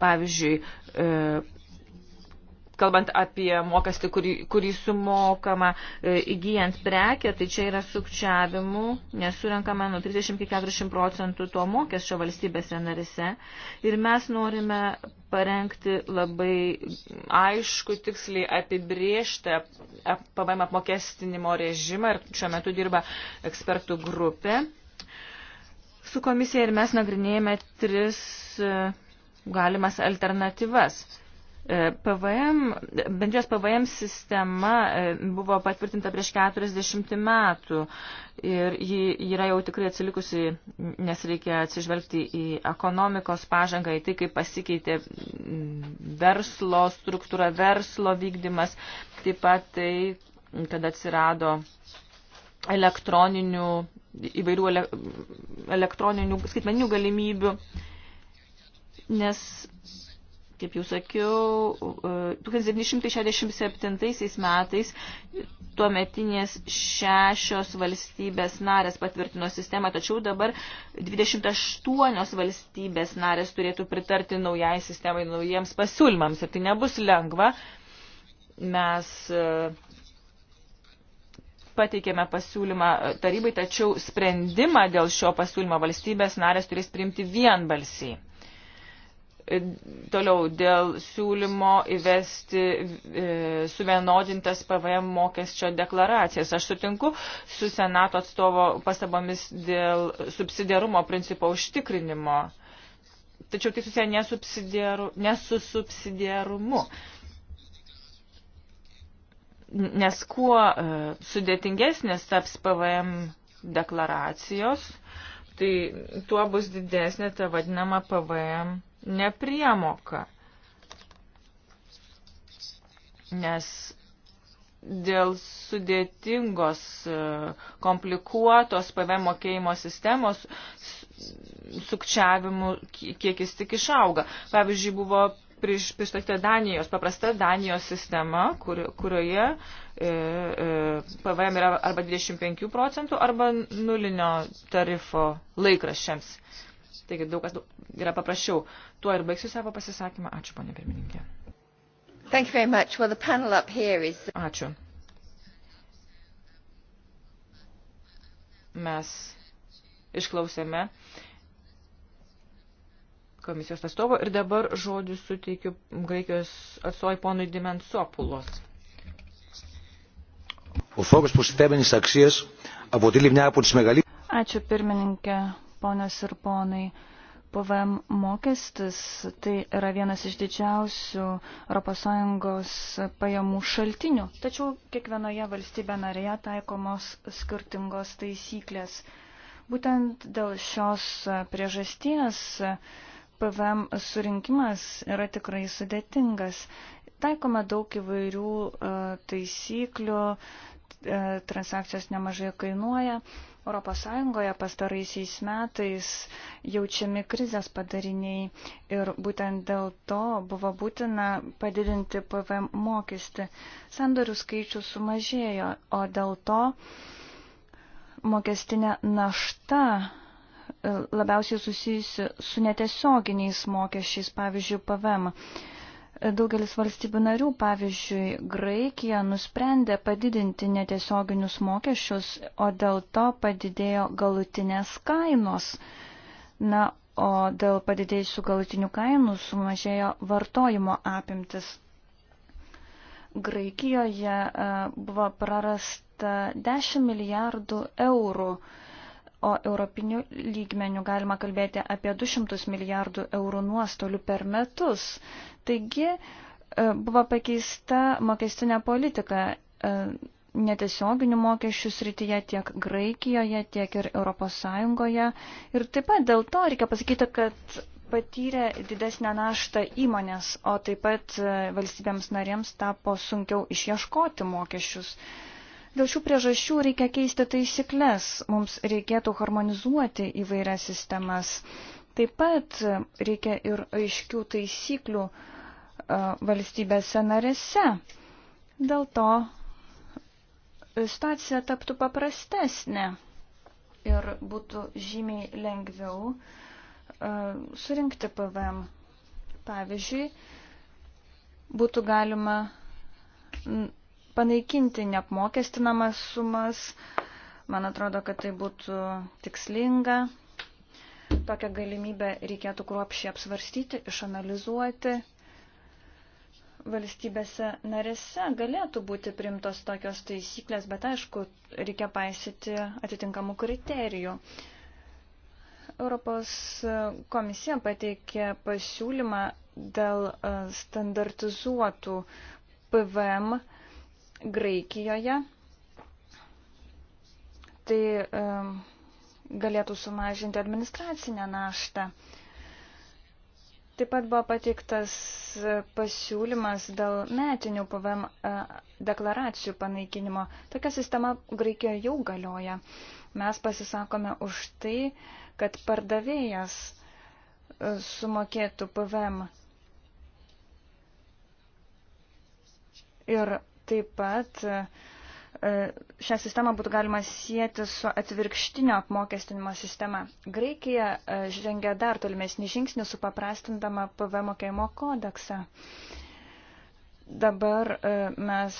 Pavyzdžiui, kalbant apie mokestį, kurį, kurį sumokama e, įgyjant prekę, tai čia yra sukčiavimų, nesurenkama nuo 30-40 procentų to mokesčio valstybėse narise. Ir mes norime parengti labai aišku, tiksliai apibriežtą PVM apmokestinimo režimą ir šiuo metu dirba ekspertų grupė. Su komisija ir mes nagrinėjame tris e, galimas alternatyvas E, PVM, bendrijos PVM sistema e, buvo patvirtinta prieš 40 metų ir ji yra jau tikrai atsilikusi, nes reikia atsižvelgti į ekonomikos pažangą, į tai, kaip pasikeitė verslo struktūra, verslo vykdymas, taip pat tai, kad atsirado elektroninių, įvairių elektroninių skaitmeninių galimybių, nes Kaip jau sakiau, 1967 metais tuometinės šešios valstybės narės patvirtino sistemą, tačiau dabar 28 valstybės narės turėtų pritarti naujai sistemai, naujiems pasiūlymams. Ir tai nebus lengva. Mes e, pateikėme pasiūlymą tarybai, tačiau sprendimą dėl šio pasiūlymo valstybės narės turės priimti vienbalsiai. Toliau dėl siūlymo įvesti e, suvienodintas PVM mokesčio deklaracijas. Aš sutinku su Senato atstovo pastabomis dėl subsidiarumo principo užtikrinimo. Tačiau tai susiję ne, ne su subsidiarumu. Nes kuo e, sudėtingesnės taps PVM deklaracijos, tai tuo bus didesnė ta vadinama PVM nepriemoka. Nes dėl sudėtingos, e, komplikuotos PVM mokėjimo sistemos sukčiavimų kiekis tik išauga. Pavyzdžiui, buvo pristatyta Danijos, paprasta Danijos sistema, kur, kurioje e, e, PVM yra arba 25 procentų, arba nulinio tarifo laikraščiams. Taigi daug kas yra paprasčiau. Tuo ir baigsiu savo pasisakymą. Ačiū, ponė pirmininkė. Well, is... Ačiū. Mes išklausėme komisijos atstovo ir dabar žodį suteikiu Graikijos atstovai ponui Dimensopulos. Ο φόβος προς τις θέμενες αξίες αποτελεί μια από τις μεγαλύτερες... Ačiū pirmininkė ponios ir ponai. PVM mokestis tai yra vienas iš didžiausių ES pajamų šaltinių, tačiau kiekvienoje valstybė narėje taikomos skirtingos taisyklės. Būtent dėl šios priežasties PVM surinkimas yra tikrai sudėtingas. Taikoma daug įvairių e, taisyklių, e, transakcijos nemažai kainuoja. Europos Sąjungoje pastaraisiais metais jaučiami krizės padariniai ir būtent dėl to buvo būtina padidinti PVM mokestį. Sandorių skaičius sumažėjo, o dėl to mokestinė našta e, labiausiai susijusi su netiesioginiais mokesčiais, pavyzdžiui, PVM. Daugelis valstybių narių, pavyzdžiui, Graikija nusprendė padidinti netiesioginius mokesčius, o dėl to padidėjo galutinės kainos. Na, o dėl padidėjusių galutinių kainų sumažėjo vartojimo apimtis. Graikijoje e, buvo prarasta 10 milijardų eurų o europinių lygmenių galima kalbėti apie 200 milijardų eurų nuostolių per metus. Taigi e, buvo pakeista mokestinė politika e, netiesioginių mokesčių srityje tiek Graikijoje, tiek ir ES. Ir taip pat dėl to reikia pasakyti, kad patyrė didesnę naštą įmonės, o taip pat e, valstybėms narėms tapo sunkiau išieškoti mokesčius. Uh, Dėl šių priežasčių reikia keisti taisyklės, mums reikėtų harmonizuoti įvairias sistemas. Taip pat reikia ir aiškių taisyklių valstybėse narėse. Dėl to situacija taptų paprastesnė ir būtų žymiai lengviau surinkti PVM. Pavyzdžiui, būtų galima panaikinti neapmokestinamas sumas. Man atrodo, kad tai būtų tikslinga. Tokią galimybę reikėtų kruopšiai apsvarstyti, išanalizuoti. Valstybėse narėse galėtų būti primtos tokios taisyklės, bet aišku, reikia paisyti atitinkamų kriterijų. Europos komisija pateikė pasiūlymą dėl standartizuotų PVM Graikijoje. Tai galėtų sumažinti administracinę naštą. Taip pat buvo pateiktas pasiūlymas dėl metinių PVM e, deklaracijų panaikinimo. Tokia sistema Graikijoje jau galioja. Mes pasisakome už tai, kad pardavėjas e, sumokėtų PVM. Ir Taip pat e, šią sistemą būtų galima sieti su atvirkštinio apmokestinimo sistema. Graikija e, žengia dar tolimesnį žingsnį su paprastindama PV mokėjimo kodeksą. Dabar e, mes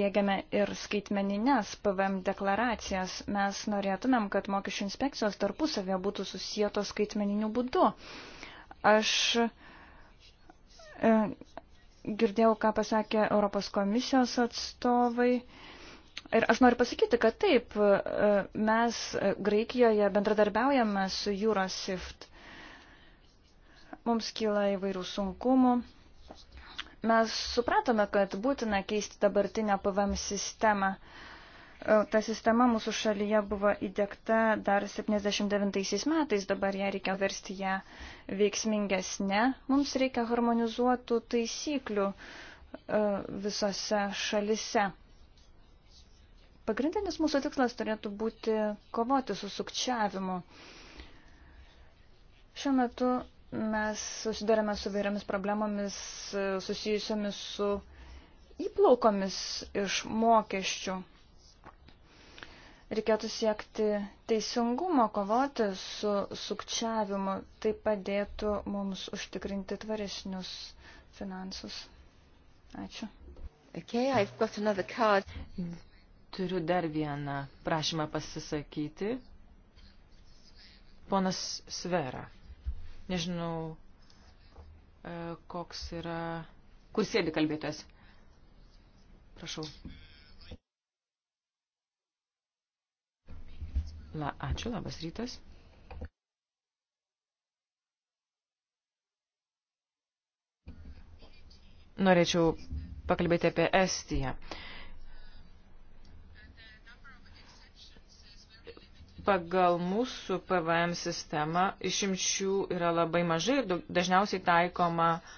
dėgiame ir skaitmeninės PVM deklaracijas. Mes norėtumėm, kad mokesčių inspekcijos tarpusavėje būtų susijėtos skaitmeniniu būdu. Aš girdėjau, ką pasakė Europos komisijos atstovai. Ir aš noriu pasakyti, kad taip, e, mes Graikijoje bendradarbiaujame su Eurosift. Mums kyla įvairių sunkumų. Mes supratome, kad būtina keisti dabartinę PVM sistemą. Uh, E, ta sistema mūsų šalyje buvo įdėkta dar 79 metais, dabar ją reikia versti ją veiksmingesnė. Mums reikia harmonizuotų taisyklių e, visose šalise. Pagrindinis mūsų tikslas turėtų būti kovoti su sukčiavimu. Šiuo metu mes susidarėme su vairiamis problemomis e, susijusiomis su įplaukomis iš mokesčių Reikėtų siekti teisingumo, kovoti su sukčiavimu. Tai padėtų mums užtikrinti tvaresnius finansus. Ačiū. Okay, I've got another card. Turiu dar vieną prašymą pasisakyti. Ponas Svera. Nežinau, e, koks yra. Kur sėdi kalbėtojas? Prašau. La, ačiū, labas rytas. Norėčiau pakalbėti apie Estiją. Pagal mūsų PVM sistemą išimčių yra labai mažai ir dažniausiai taikoma uh,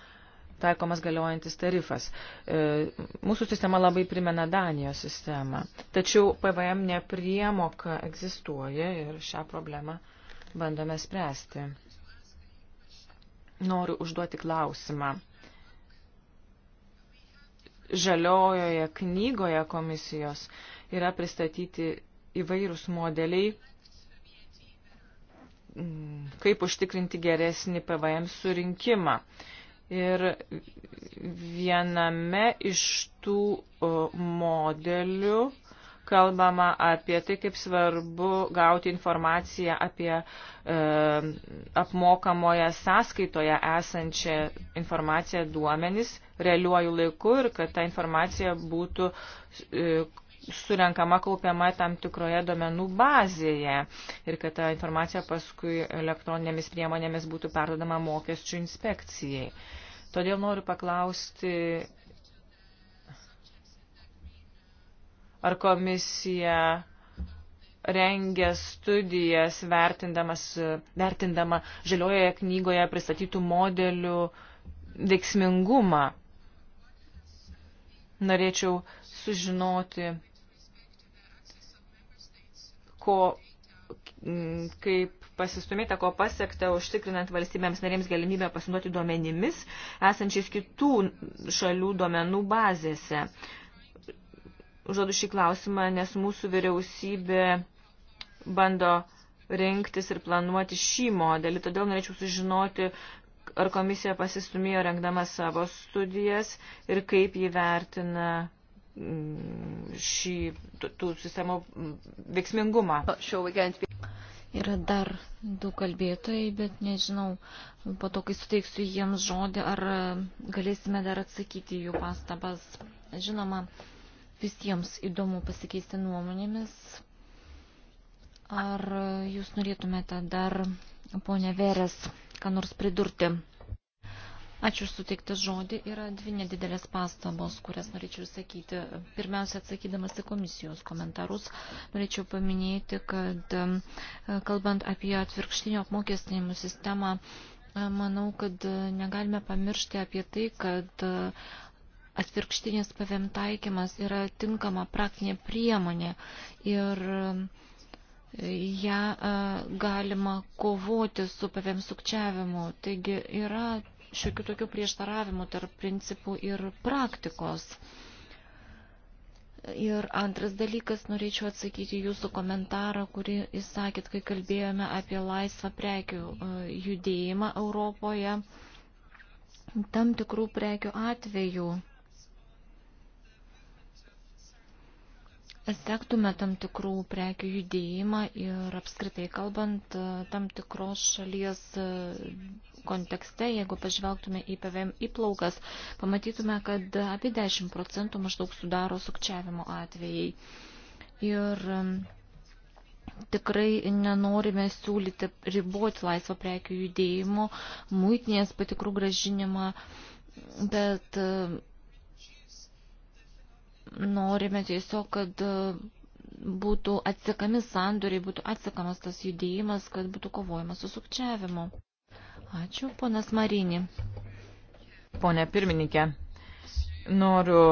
taikomas galiojantis tarifas. E, mūsų sistema labai primena Danijos sistemą. Tačiau PVM nepriemoka egzistuoja ir šią problemą bandome spręsti. Noriu užduoti klausimą. Žaliojoje knygoje komisijos yra pristatyti įvairūs modeliai, mm, kaip užtikrinti geresnį PVM surinkimą. Ir viename iš tų modelių kalbama apie tai, kaip svarbu gauti informaciją apie e, apmokamoje sąskaitoje esančią informaciją duomenis realiuoju laiku ir kad ta informacija būtų e, surenkama kaupiama tam tikroje domenų bazėje ir kad ta informacija paskui elektroninėmis priemonėmis būtų perdodama mokesčių inspekcijai. Todėl noriu paklausti, ar komisija rengia studijas vertindama žaliojoje knygoje pristatytų modelių veiksmingumą. Norėčiau sužinoti, ko, kaip pasistumėta, ko pasiekta, užtikrinant valstybėms narėms galimybę pasinduoti duomenimis, esančiais kitų šalių duomenų bazėse. Užduodu šį klausimą, nes mūsų vyriausybė bando rinktis ir planuoti šį modelį, todėl norėčiau sužinoti, ar komisija pasistumėjo rengdama savo studijas ir kaip jį vertina Mm, šį tų sistemų mm, veiksmingumą. Yra dar du kalbėtojai, bet nežinau, po to, kai suteiksiu jiems žodį, ar e, galėsime dar atsakyti jų pastabas. Žinoma, visiems įdomu pasikeisti nuomonėmis. Ar e, jūs norėtumėte dar, ponė Veres, ką nors pridurti? Ačiū suteiktas žodį. Yra dvi nedidelės pastabos, kurias norėčiau sakyti. Pirmiausia, atsakydamas į komisijos komentarus, norėčiau paminėti, kad um, kalbant apie atvirkštinio apmokestinimų sistemą, um, manau, kad uh, negalime pamiršti apie tai, kad uh, atvirkštinis pavėm taikymas yra tinkama praktinė priemonė ir um, ją uh, galima kovoti su pavėm sukčiavimu. Taigi yra šiokių tokių prieštaravimų tarp principų ir praktikos. Ir antras dalykas, norėčiau atsakyti jūsų komentarą, kurį įsakėt, kai kalbėjome apie laisvą prekių e, judėjimą Europoje. Tam tikrų prekių atveju sektume tam tikrų prekių judėjimą ir apskritai kalbant e, tam tikros šalies e, kontekste, jeigu pažvelgtume į PVM įplaukas, pamatytume, kad apie 10 procentų maždaug sudaro sukčiavimo atvejai. Ir e, tikrai nenorime siūlyti riboti laisvo prekių judėjimo, muitinės patikrų gražinimą, bet Norime tiesiog, kad e, būtų atsekami sandoriai, būtų atsekamas tas judėjimas, kad būtų kovojama su sukčiavimu. Ačiū, ponas Marinį. Pone pirmininkė, noriu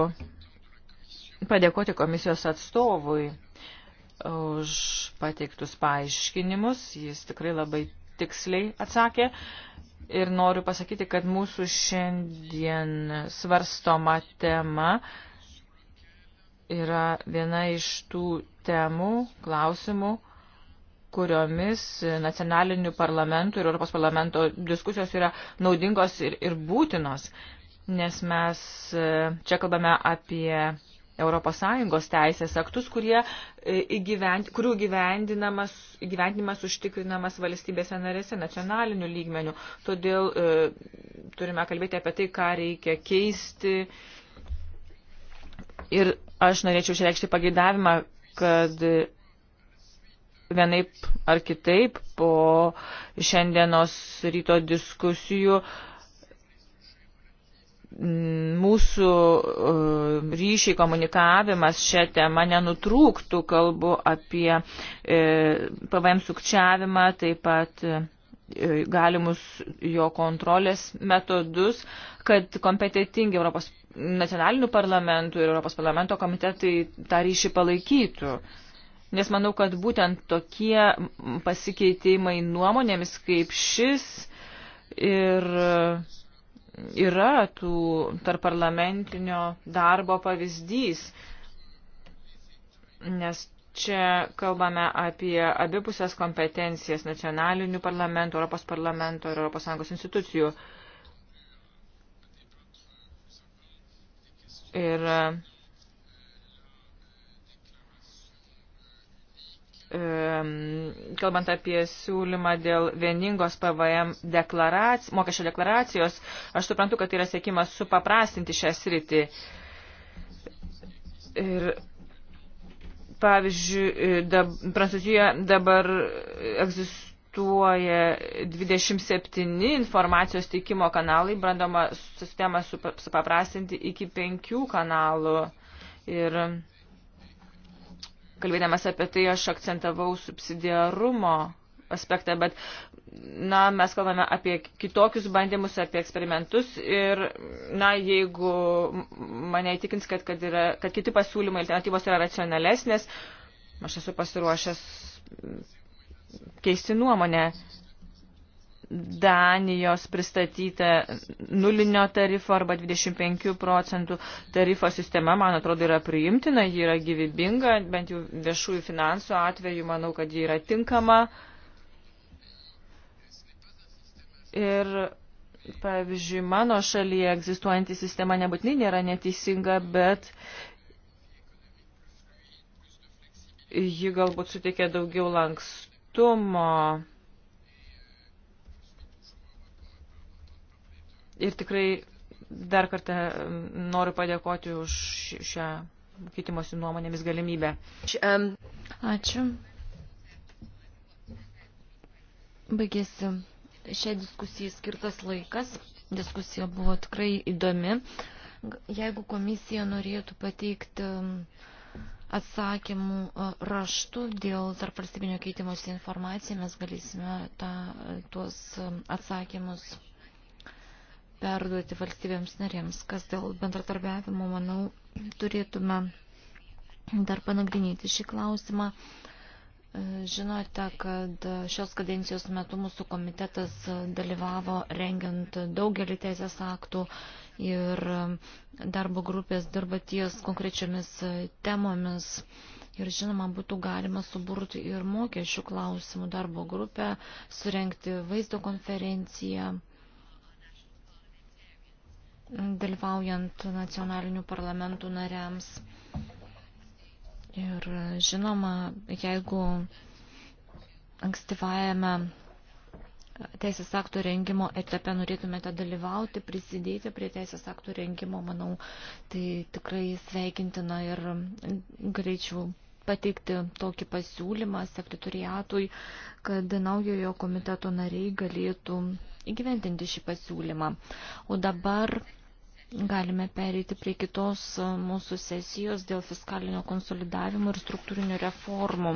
padėkoti komisijos atstovui už pateiktus paaiškinimus. Jis tikrai labai tiksliai atsakė. Ir noriu pasakyti, kad mūsų šiandien svarstoma tema uh, yra viena iš tų temų, klausimų, kuriomis nacionalinių parlamentų ir Europos parlamento diskusijos yra naudingos ir, ir būtinos, nes mes e, čia kalbame apie ES teisės aktus, kurie e, įgyvent, kurių įgyvendinimas užtikrinamas valstybėse narėse nacionaliniu lygmeniu. Todėl e, turime kalbėti apie tai, ką reikia keisti Ir aš norėčiau išreikšti pageidavimą, kad vienaip ar kitaip po šiandienos ryto diskusijų mm, mūsų e, ryšiai komunikavimas šią temą nenutrūktų, kalbu apie e, PVM sukčiavimą, taip pat e, E, galimus jo kontrolės metodus, kad kompetitingi Europos nacionalinių parlamentų ir Europos parlamento komitetai tą ryšį palaikytų. Nes manau, kad būtent tokie pasikeitimai nuomonėmis kaip šis ir yra tų tarp parlamentinio darbo pavyzdys. Nes Čia kalbame apie abipusės kompetencijas nacionalinių parlamentų, Europos parlamento ir Europos Sąjungos institucijų. Ir kalbant apie siūlymą dėl vieningos PVM deklarac... mokesčio deklaracijos, aš suprantu, kad tai yra siekimas supaprastinti šią sritį. Ir Pavyzdžiui, e, dab, Prancūzijoje dabar egzistuoja 27 informacijos teikimo kanalai, bandoma sistemą supaprastinti iki 5 kanalų. Ir kalbėdamas apie tai aš akcentavau subsidiarumo aspektą, bet na, mes kalbame apie kitokius bandymus, apie eksperimentus ir, na, jeigu mane įtikins, kad, kad, yra, kad kiti pasiūlymai alternatyvos yra racionalesnės, aš esu pasiruošęs keisti nuomonę. Danijos pristatyta nulinio tarifo arba 25 procentų tarifo sistema, man atrodo, yra priimtina, ji yra gyvybinga, bent jau viešųjų finansų atveju, manau, kad ji yra tinkama. Uh, Ir, pavyzdžiui, mano šalyje egzistuojanti sistema nebūtinai nėra neteisinga, bet ji galbūt suteikia daugiau lankstumo. Ir tikrai dar kartą noriu padėkoti už šią kitimosi nuomonėmis galimybę. Ačiū. Baigėsi šią diskusiją skirtas laikas. Diskusija buvo tikrai įdomi. Jeigu komisija norėtų pateikti um, atsakymų uh, raštų dėl tarp valstybinio keitimosi informaciją, mes galėsime ta, uh, tuos um, atsakymus perduoti valstybėms narėms, kas dėl bendratarbiavimo, manau, turėtume dar panagrinėti šį klausimą. Žinote, kad šios kadencijos metu mūsų komitetas dalyvavo rengiant daugelį teisės aktų ir darbo grupės dirba ties konkrečiomis temomis. Ir žinoma, būtų galima suburti ir mokesčių klausimų darbo grupę, surenkti vaizdo konferenciją, dalyvaujant nacionalinių parlamentų nariams. Ir žinoma, jeigu ankstyvajame teisės aktų rengimo etape norėtumėte dalyvauti, prisidėti prie teisės aktų rengimo, manau, tai tikrai sveikintina ir greičiau pateikti tokį pasiūlymą sekretoriatui, kad naujojo komiteto nariai galėtų įgyventinti šį pasiūlymą. O dabar Galime pereiti prie kitos e, mūsų sesijos dėl fiskalinio konsolidavimo ir struktūrinių reformų.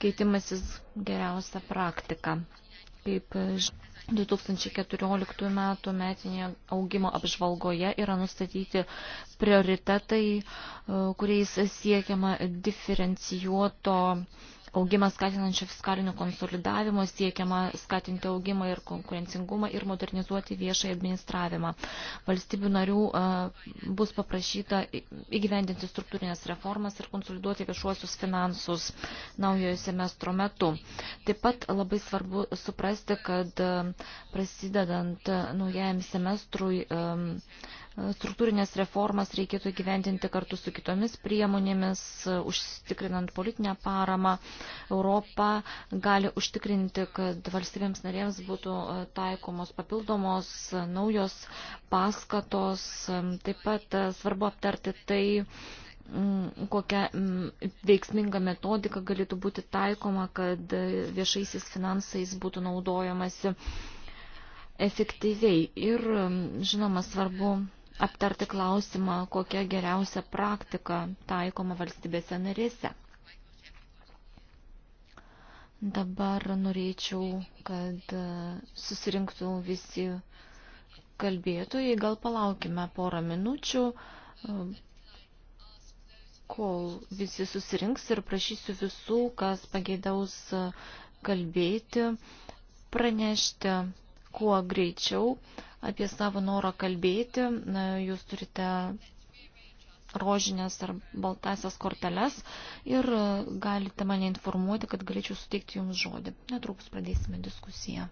Keitimasis geriausia praktika. Kaip 2014 e, metų metinėje augimo apžvalgoje yra nustatyti prioritetai, e, kuriais siekiama diferencijuoto augimą skatinančio fiskalinio konsolidavimo, siekiama skatinti augimą ir konkurencingumą ir modernizuoti viešai administravimą. Valstybių narių bus paprašyta įgyvendinti struktūrinės reformas ir konsoliduoti viešuosius finansus naujojo semestro metu. Taip pat labai svarbu suprasti, kad prasidedant naujajam semestrui Struktūrinės reformas reikėtų gyventinti kartu su kitomis priemonėmis, užtikrinant politinę paramą. Europa gali užtikrinti, kad valstybėms narėms būtų e, taikomos papildomos e, naujos paskatos. E, taip pat svarbu aptarti tai, kokia veiksminga metodika galėtų būti taikoma, kad viešaisiais finansais būtų naudojamasi efektyviai. Ir, žinoma, svarbu aptarti klausimą, kokia geriausia praktika taikoma valstybėse narėse. Dabar norėčiau, kad susirinktų visi kalbėtojai. Gal palaukime porą minučių, kol visi susirinks ir prašysiu visų, kas pageidaus kalbėti, pranešti kuo greičiau apie savo norą kalbėti. Jūs turite rožinės ar baltasias korteles ir galite mane informuoti, kad galėčiau suteikti jums žodį. Netrukus pradėsime diskusiją.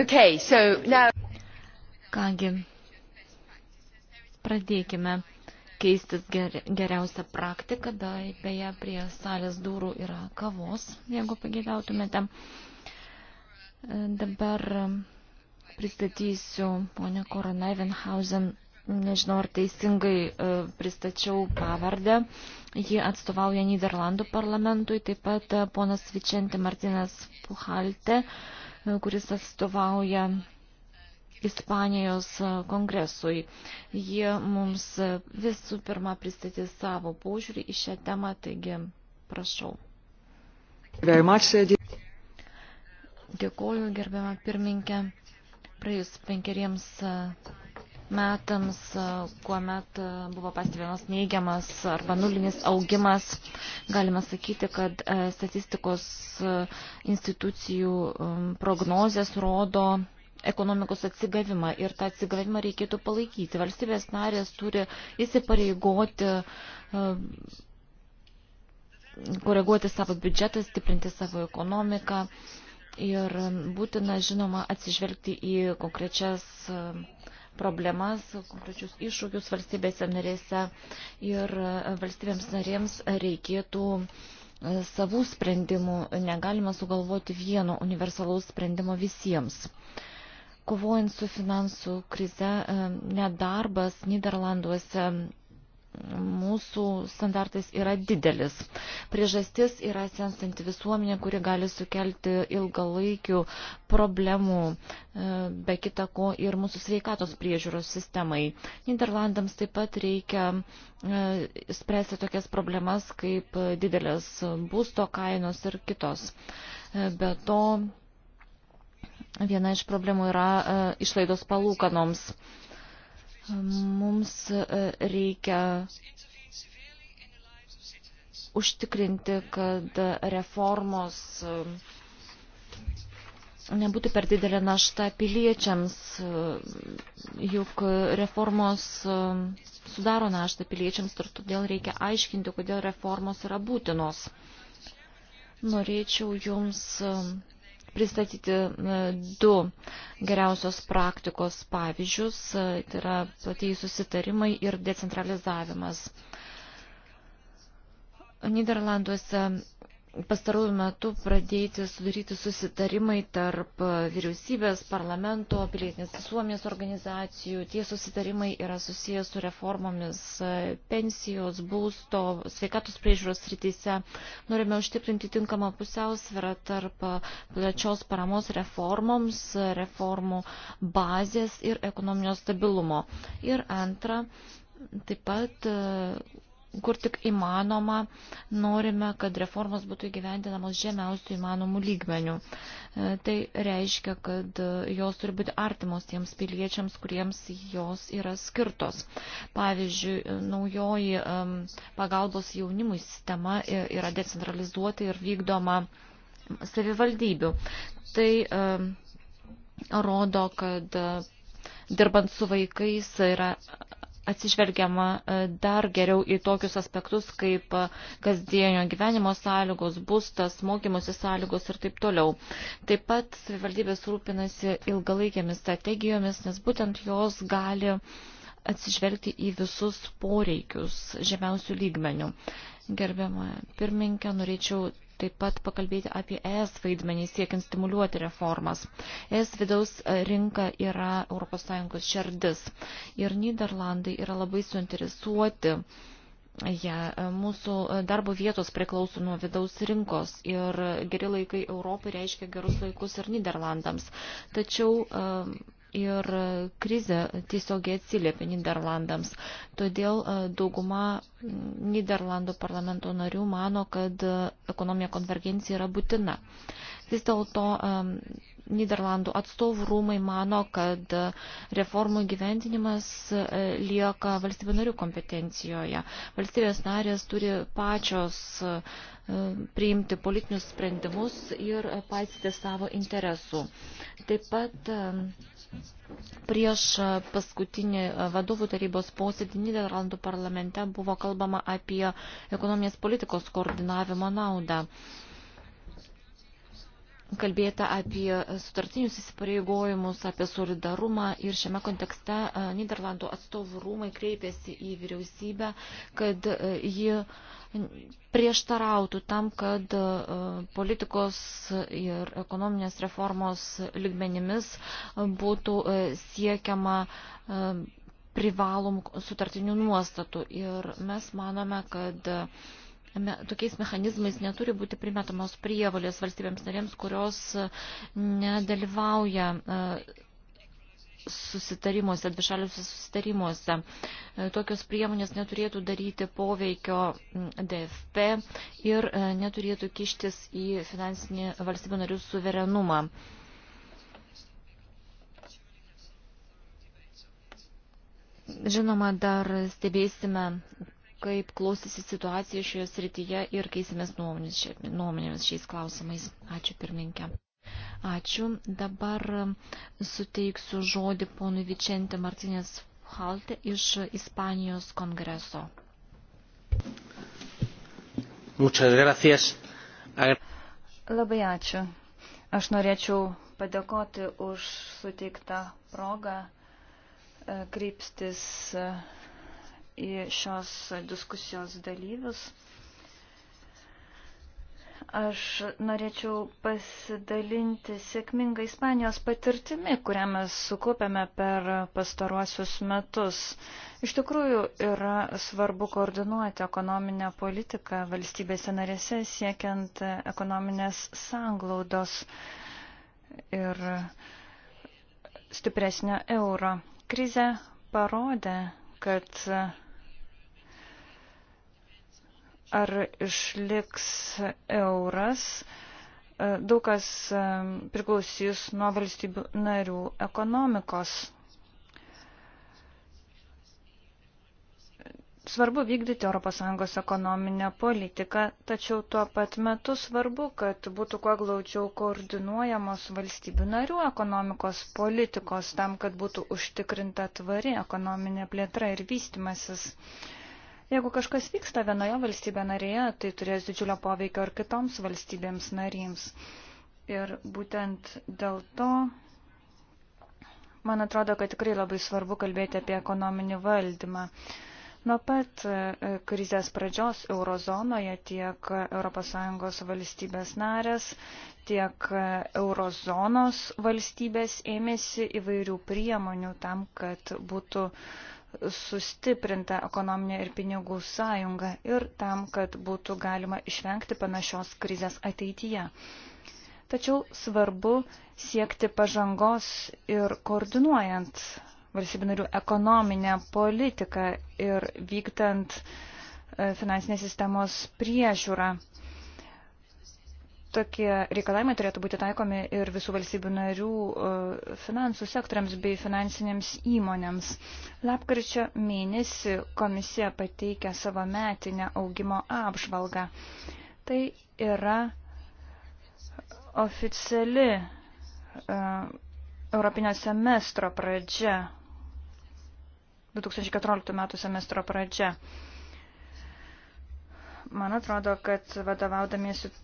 Okay, so now... Kągi, pradėkime keistis ger, geriausią praktiką, dar beje prie salės durų yra kavos, jeigu pagėdautumėte. E, dabar pristatysiu ponę Korona Evenhausen, nežinau ar teisingai e, pristačiau pavardę, ji atstovauja Niderlandų parlamentui, taip pat e, ponas Vičenti Martinas Puhalte, kuris atstovauja Ispanijos kongresui. Jie mums visų pirma pristatys savo požiūrį į šią temą, taigi prašau. Dėkuoju, gerbiamą pirminkę. Praėjus penkeriems metams, kuomet buvo pastebimas neigiamas arba nulinis augimas. Galima sakyti, kad statistikos institucijų prognozės rodo ekonomikos atsigavimą ir tą atsigavimą reikėtų palaikyti. Valstybės narės turi įsipareigoti koreguoti savo biudžetą, stiprinti savo ekonomiką ir būtina, žinoma, atsižvelgti į konkrečias problemas, konkrečius iššūkius valstybėse narėse ir valstybėms narėms reikėtų e, savų sprendimų, negalima sugalvoti vieno universalaus sprendimo visiems. Kovojant su finansų krize, e, nedarbas Niderlanduose mūsų standartais yra didelis. Priežastis yra sensanti visuomenė, kuri gali sukelti ilgalaikių problemų, e, be kita ko ir mūsų sveikatos priežiūros sistemai. Niderlandams taip pat reikia e, spręsti tokias problemas kaip didelės būsto kainos ir kitos. E, be to, viena iš problemų yra išlaidos palūkanoms. Mums e, reikia užtikrinti, kad reformos e, nebūtų per didelė našta piliečiams, e, juk reformos sudaro naštą piliečiams ir todėl reikia aiškinti, kodėl reformos yra būtinos. Norėčiau Jums pristatyti e, du geriausios praktikos pavyzdžius, e, tai yra platieji susitarimai ir decentralizavimas. Niderlanduose pastarųjų metų pradėti sudaryti susitarimai tarp e, vyriausybės, parlamento, pilietinės visuomenės organizacijų. Tie susitarimai yra susijęs su reformomis e, pensijos, būsto, sveikatos priežiūros srityse. Norime užtikrinti tinkamą pusiausvyrą tarp e, plečios paramos reformoms, reformų bazės ir ekonominio stabilumo. Ir antra, taip pat kur tik įmanoma, norime, kad reformos būtų įgyvendinamos žemiausių įmanomų lygmenių. E, tai reiškia, kad e, jos turi būti artimos tiems piliečiams, kuriems jos yra skirtos. Pavyzdžiui, e, naujoji pagalbos jaunimui sistema yra decentralizuota ir vykdoma savivaldybių. Tai rodo, kad dirbant su vaikais yra atsižvelgiama e, dar geriau į tokius aspektus kaip e, kasdienio gyvenimo sąlygos, būstas, mokymosi sąlygos ir taip toliau. Taip pat savivaldybės rūpinasi ilgalaikėmis strategijomis, nes būtent jos gali atsižvelgti į visus poreikius žemiausių lygmenių. Gerbiama pirminkė, norėčiau taip pat pakalbėti apie ES vaidmenį siekiant stimuliuoti reformas. ES vidaus rinka yra ES šerdis ir Niderlandai yra labai suinteresuoti. Ja, mūsų darbo vietos priklauso nuo vidaus rinkos ir geri laikai Europai reiškia gerus laikus ir Niderlandams. Tačiau um, ir krizė tiesiogiai atsiliepė Niderlandams. Todėl e, dauguma Niderlandų parlamento narių mano, kad e, ekonominė konvergencija yra būtina. Vis dėlto e, Niderlandų atstovų rūmai mano, kad reformų gyventinimas lieka valstybių narių kompetencijoje. Valstybės narės turi pačios priimti politinius sprendimus ir paisyti savo interesų. Taip pat Prieš paskutinį vadovų tarybos posėdį Niderlandų parlamente buvo kalbama apie ekonominės politikos koordinavimo naudą kalbėta apie sutartinius įsipareigojimus, apie solidarumą ir šiame kontekste Niderlandų atstovų rūmai kreipėsi į vyriausybę, kad ji prieštarautų tam, kad politikos ir ekonominės reformos ligmenimis būtų siekiama privalom sutartinių nuostatų. Ir mes manome, kad me, tokiais mechanizmais neturi būti primetamos prievalės valstybėms narėms, kurios e, nedalyvauja e, susitarimuose, dvišaliuose susitarimuose. E, tokios priemonės neturėtų daryti poveikio DFP ir neturėtų kištis į finansinį valstybių narių suverenumą. Žinoma, dar stebėsime kaip klostysi situacija šioje srityje ir keisimės nuomonėmis šiais klausimais. Ačiū pirminkė. Ačiū. Dabar suteiksiu žodį ponui Vičente Martinės Halte iš Ispanijos kongreso. Muchas gracias. Labai ačiū. Aš norėčiau padėkoti už suteiktą progą e, kreipstis e, į šios diskusijos dalyvius. Aš norėčiau pasidalinti sėkmingą Ispanijos patirtimi, kurią mes sukupėme per pastaruosius metus. Iš tikrųjų yra svarbu koordinuoti ekonominę politiką valstybėse narėse siekiant ekonominės sanglaudos ir stipresnio euro. Krize parodė, kad ar išliks euras, e, daug kas e, priklausys nuo valstybių narių ekonomikos. Svarbu vykdyti ES ekonominę politiką, tačiau tuo pat metu svarbu, kad būtų kuo glaučiau koordinuojamos valstybių narių ekonomikos politikos tam, kad būtų užtikrinta tvari ekonominė plėtra ir vystimasis. Uh, Jeigu kažkas vyksta vienoje valstybė narėje, tai turės didžiulio poveikio ir kitoms valstybėms narėms. Ir būtent dėl to, man atrodo, kad tikrai labai svarbu kalbėti apie ekonominį valdymą. Nuo pat e, krizės pradžios eurozonoje tiek ES valstybės narės, tiek e, eurozonos valstybės ėmėsi įvairių priemonių tam, kad būtų sustiprinta ekonominė ir pinigų sąjunga ir tam, kad būtų galima išvengti panašios krizės ateityje. Tačiau svarbu siekti pažangos ir koordinuojant valstybinarių ekonominę politiką ir vykdant e, finansinės sistemos priežiūrą tokie reikalavimai turėtų būti taikomi ir visų valstybių narių e, finansų sektoriams bei finansinėms įmonėms. Lapkričio mėnesį komisija pateikė savo metinę augimo apžvalgą. Tai yra oficiali uh, Europinio semestro pradžia, 2014 metų semestro pradžia. Uh, Man atrodo, kad vadovaudamiesi e,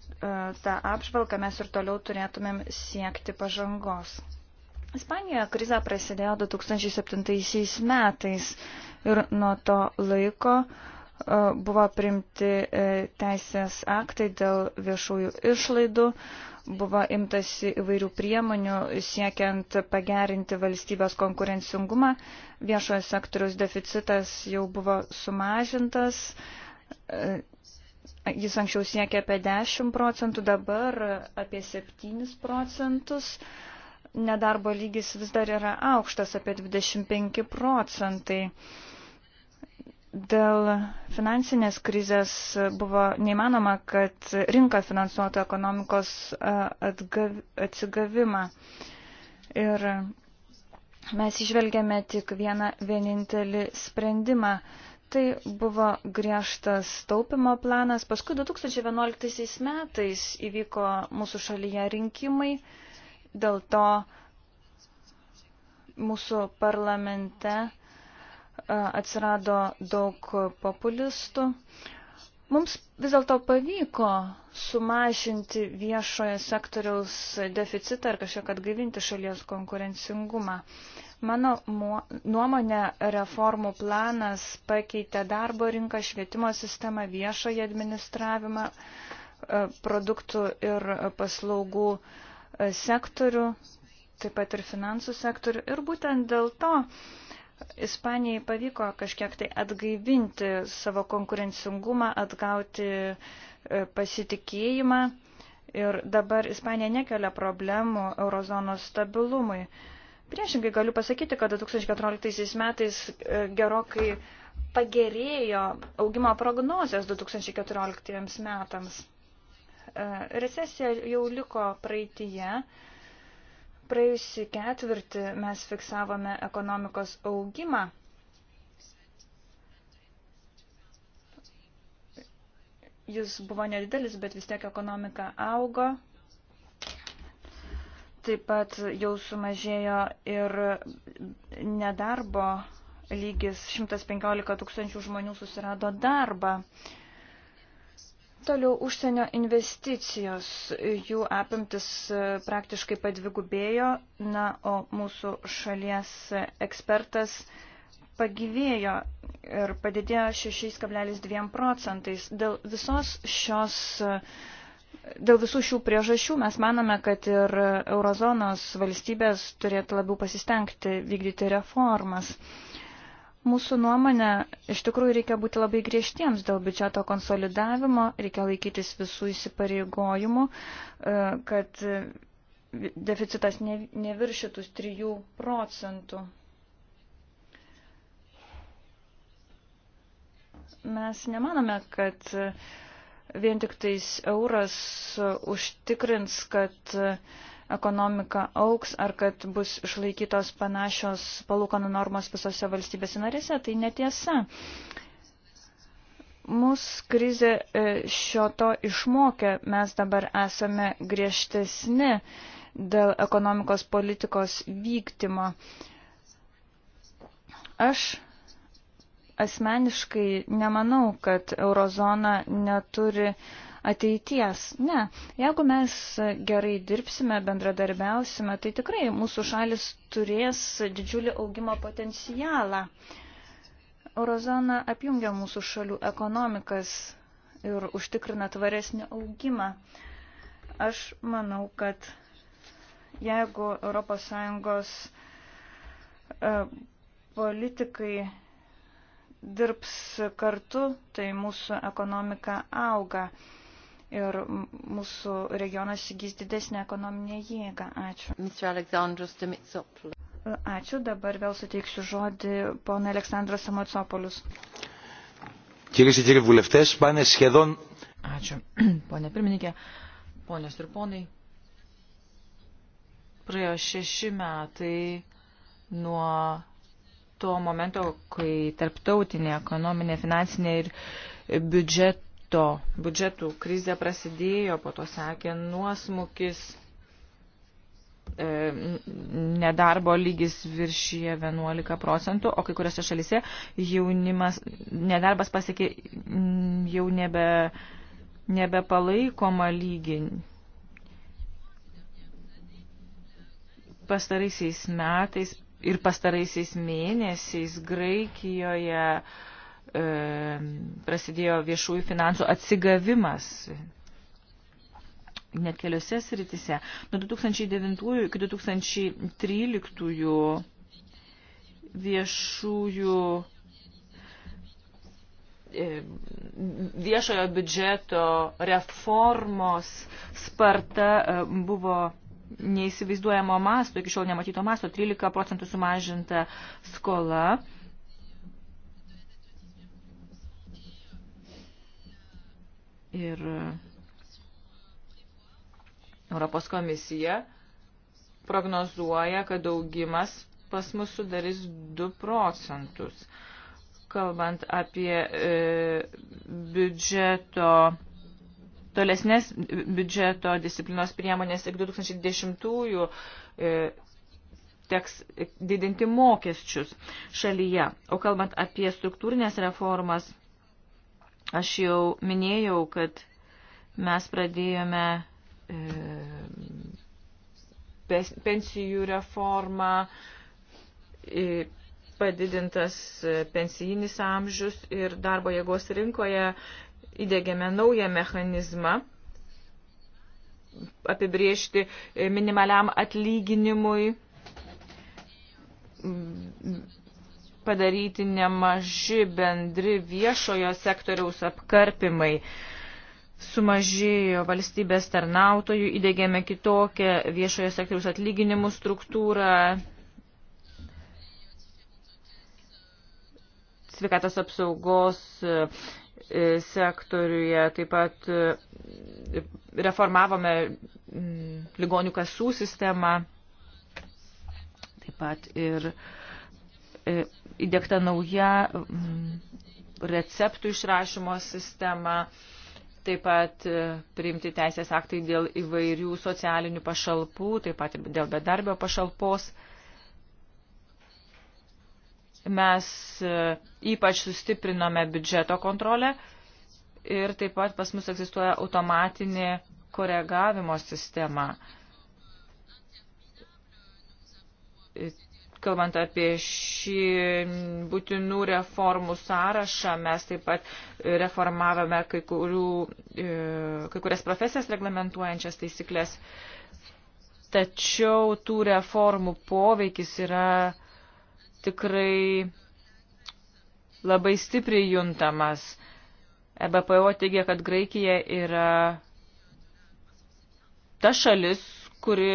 tą apžvalgą mes ir toliau turėtumėm siekti pažangos. Ispanijoje kriza prasidėjo 2007 metais ir nuo to laiko e, buvo primti e, teisės aktai dėl viešųjų išlaidų, buvo imtasi įvairių priemonių siekiant pagerinti valstybės konkurencingumą, viešojo sektoriaus deficitas jau buvo sumažintas, Jis anksčiau siekė apie 10 procentų, dabar apie 7 procentus. Nedarbo lygis vis dar yra aukštas, apie 25 procentai. Dėl finansinės krizės buvo neįmanoma, kad rinka finansuotų ekonomikos atgav, atsigavimą. Ir mes išvelgėme tik vieną vienintelį sprendimą Tai buvo griežtas taupimo planas. Paskui 2011 metais įvyko mūsų šalyje rinkimai, dėl to mūsų parlamente e, atsirado daug populistų. Mums vis dėlto pavyko sumažinti viešojo sektoriaus deficitą ir kažkiek atgaivinti šalies konkurencingumą. Uh, Mano nuomonė reformų planas pakeitė darbo rinką, švietimo sistemą, viešoje administravimą, e, produktų ir paslaugų e, sektorių, taip pat ir finansų sektorių. Ir būtent dėl to Ispanijai pavyko kažkiek tai atgaivinti savo konkurencingumą, atgauti e, pasitikėjimą. Ir dabar Ispanija nekelia problemų eurozonos stabilumui. Priešingai galiu pasakyti, kad 2014 metais e, gerokai pagerėjo augimo prognozijas 2014 metams. E, recesija jau liko praeityje. Praėjusį ketvirtį mes fiksavome ekonomikos augimą. Jis buvo nedidelis, bet vis tiek ekonomika augo Taip pat jau sumažėjo ir nedarbo lygis 115 tūkstančių žmonių susirado darbą. Toliau užsienio investicijos, jų apimtis praktiškai padvigubėjo, na, o mūsų šalies ekspertas pagyvėjo ir padidėjo 6,2 procentais. Dėl visos šios uh, Dėl visų šių priežasčių mes manome, kad ir eurozonos valstybės turėtų labiau pasistengti vykdyti reformas. Mūsų nuomonė, iš tikrųjų reikia būti labai griežtiems dėl biudžeto konsolidavimo, reikia laikytis visų įsipareigojimų, e, kad deficitas neviršytų 3 procentų. Mes nemanome, kad uh, vien tik tais euras užtikrins, kad ekonomika auks ar kad bus išlaikytos panašios palūkanų normos visose valstybėse narėse, tai netiesa. Mūsų krizė e, šio to išmokė, mes dabar esame griežtesni dėl ekonomikos politikos vykdymo. Aš asmeniškai nemanau, kad eurozona neturi ateities. Ne, jeigu mes gerai dirbsime, bendradarbiausime, tai tikrai mūsų šalis turės didžiulį augimo potencialą. Eurozona apjungia mūsų šalių ekonomikas ir užtikrina tvaresnį augimą. Aš manau, kad jeigu ES e, politikai dirbs kartu, tai mūsų ekonomika auga ir mūsų regionas įgys didesnę ekonominę jėgą. Ačiū. Ačiū, dabar vėl suteiksiu žodį pono Aleksandro Samotsopolius. Ačiū, (clears throat) ponė pirmininkė, ponės ir ponai. Praėjo šeši metai nuo to momento, kai tarptautinė ekonominė, finansinė ir biudžeto, biudžetų krizė prasidėjo, po to sekė nuosmukis, e, nedarbo lygis viršyje 11 procentų, o kai kuriuose šalise jaunimas, nedarbas pasiekė jau nebe, nebepalaikoma lygį. Pastaraisiais metais ir pastaraisiais mėnesiais Graikijoje e, prasidėjo viešųjų finansų atsigavimas net keliose sritise. Nuo 2009 iki 2013 viešųjų e, viešojo biudžeto reformos sparta e, buvo neįsivaizduojamo masto, iki šiol nematyto masto, 13 procentų sumažinta skola. Ir Europos komisija prognozuoja, kad augimas pas mus sudarys 2 procentus. Kalbant apie e, biudžeto tolesnės biudžeto disciplinos priemonės iki 2010-ųjų e, teks didinti mokesčius šalyje. O kalbant apie struktūrinės reformas, aš jau minėjau, kad mes pradėjome e, pensijų reformą, padidintas e, pensijinis amžius ir darbo jėgos rinkoje įdėgėme naują mechanizmą apibriežti minimaliam atlyginimui padaryti nemaži bendri viešojo sektoriaus apkarpimai. Sumažėjo valstybės tarnautojų, įdėgėme kitokią viešojo sektoriaus atlyginimų struktūrą, sveikatos apsaugos E, sektoriuje, taip pat e, reformavome mm, ligonių kasų sistemą, taip pat ir e, įdėkta nauja mm, receptų išrašymo sistema, taip pat priimti teisės aktai dėl įvairių socialinių pašalpų, taip pat ir dėl bedarbio pašalpos. Mes e, ypač sustiprinome biudžeto kontrolę ir taip pat pas mus egzistuoja automatinė koregavimo sistema. Kalbant apie šį būtinų reformų sąrašą, mes taip pat reformavome kai, kurių, e, kai kurias profesijas reglamentuojančias taisyklės, tačiau tų reformų poveikis yra tikrai labai stipriai juntamas. EBPO teigia, kad Graikija yra ta šalis, kuri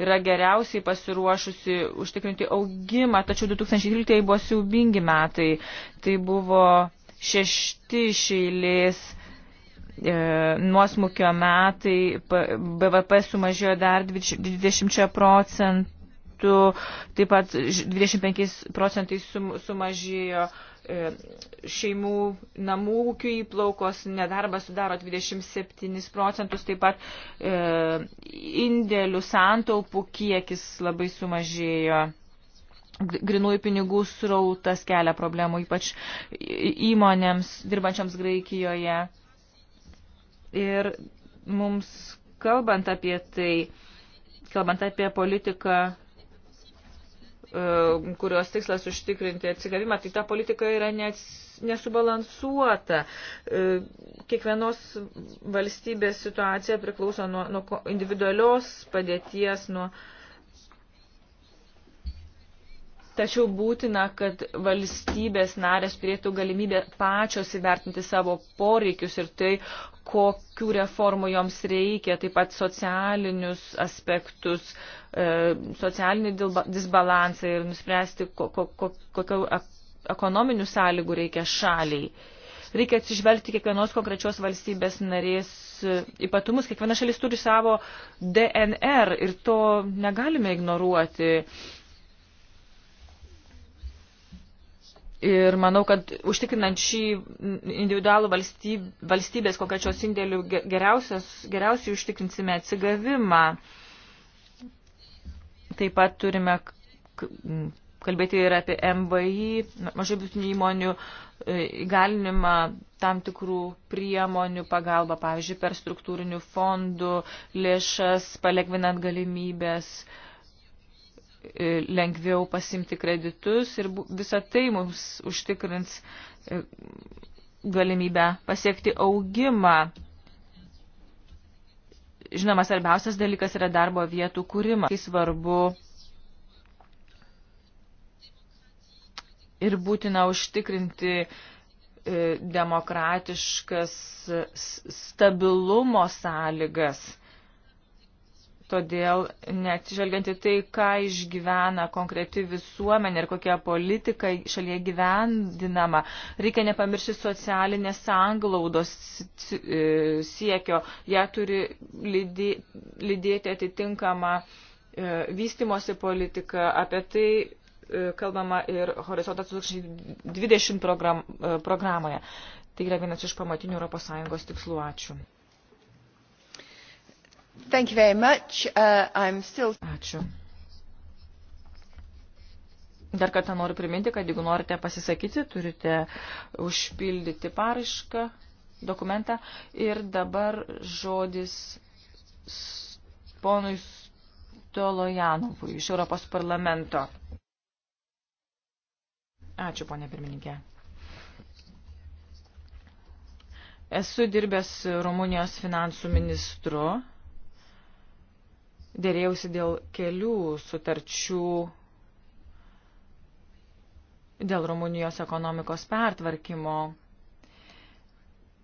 yra geriausiai pasiruošusi užtikrinti augimą, tačiau 2013 buvo siaubingi metai. Tai buvo šešti šeilės e, nuosmukio metai, BVP sumažėjo dar 20 procentų procentų, taip pat 25 procentai sumažėjo e, šeimų namų ūkių įplaukos, nedarbas sudaro 27 procentus, taip pat e, indėlių santaupų kiekis labai sumažėjo. Grinųjų pinigų srautas kelia problemų, ypač įmonėms dirbančiams Graikijoje. Ir mums kalbant apie tai, kalbant apie politiką E, kurios tikslas užtikrinti atsigavimą, tai ta politika yra nesubalansuota. E, kiekvienos valstybės situacija priklauso nuo, nuo individualios padėties, nuo Tačiau būtina, kad valstybės narės turėtų galimybę pačios įvertinti savo poreikius ir tai, kokių reformų joms reikia, taip pat socialinius aspektus, e, socialinį disbalansą ir nuspręsti, kokių e, ekonominių sąlygų reikia šaliai. Reikia atsižvelgti kiekvienos konkrečios valstybės narės e, ypatumus. Kiekviena šalis turi savo DNR ir to negalime ignoruoti. Uh, Ir manau, kad užtikrinant šį individualų valstyb, valstybės kokiačios indėlių geriausiai užtikrinsime atsigavimą. Taip pat turime kalbėti ir apie MVI, mažai būtinių įmonių e, įgalinimą tam tikrų priemonių pagalba, pavyzdžiui, per struktūrinių fondų lėšas, palengvinant galimybės uh, E, lengviau pasimti kreditus ir visą tai mums užtikrins e, galimybę pasiekti augimą. Žinoma, svarbiausias dalykas yra darbo vietų kūrimas. Tai svarbu ir būtina užtikrinti e, demokratiškas stabilumo sąlygas Todėl, neatsižvelgiant į tai, ką išgyvena konkreti visuomenė ir kokia politika šalyje gyvendinama, reikia nepamiršti socialinės sanglaudos e, siekio. Ją turi lydėti atitinkamą e, vystimosi politiką. Apie tai e, kalbama ir Horizontas 2020 program, programoje. Tai yra vienas iš pamatinių ES tikslų. Ačiū. Thank you very much. Uh, I'm still... Ačiū. Dar kartą noriu priminti, kad jeigu norite pasisakyti, turite užpildyti paraišką, dokumentą. Ir dabar žodis ponui Stolojanovui iš Europos parlamento. Ačiū, ponė pirmininkė. Esu dirbęs Rumunijos finansų ministru dėrėjausi dėl kelių sutarčių dėl Rumunijos ekonomikos pertvarkymo.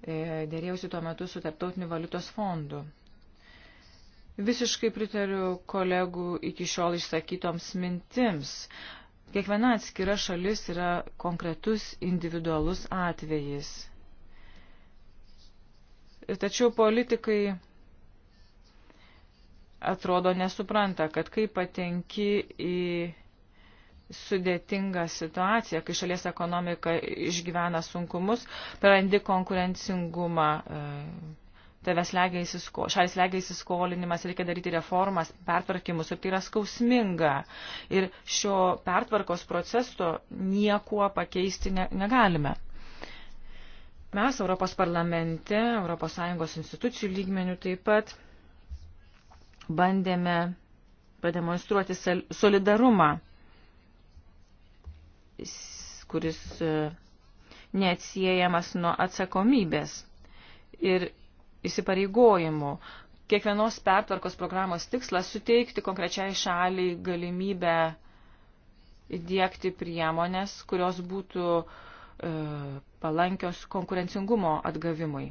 E, dėrėjausi tuo metu su Tarptautiniu valiutos fondu. Visiškai pritariu kolegų iki šiol išsakytoms mintims. Kiekviena atskira šalis yra konkretus individualus atvejis. Tačiau politikai atrodo nesupranta, kad kai patenki į sudėtingą situaciją, kai šalies ekonomika išgyvena sunkumus, prarandi konkurencingumą, e, tavęs legia įsisko, šalis legia įsiskolinimas, reikia daryti reformas, pertvarkimus ir tai yra skausminga. Ir šio pertvarkos proceso niekuo pakeisti ne, negalime. Mes Europos parlamente, Europos Sąjungos institucijų lygmenių taip pat bandėme pademonstruoti solidarumą, kuris e, neatsiejamas nuo atsakomybės ir įsipareigojimų. Kiekvienos pertvarkos programos tikslas suteikti konkrečiai šaliai galimybę įdėkti priemonės, kurios būtų e, palankios konkurencingumo atgavimui.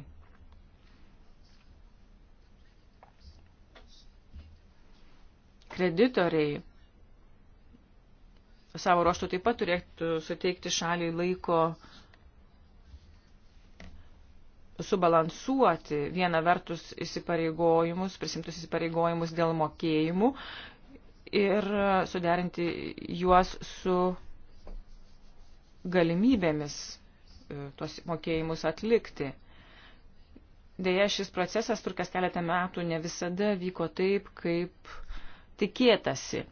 Kreditoriai savo ruoštų taip pat turėtų suteikti šaliai laiko subalansuoti viena vertus įsipareigojimus, prisimtus įsipareigojimus dėl mokėjimų ir suderinti juos su galimybėmis e, tuos mokėjimus atlikti. Deja, šis procesas turkas keletą metų ne visada vyko taip, kaip tikėtasi.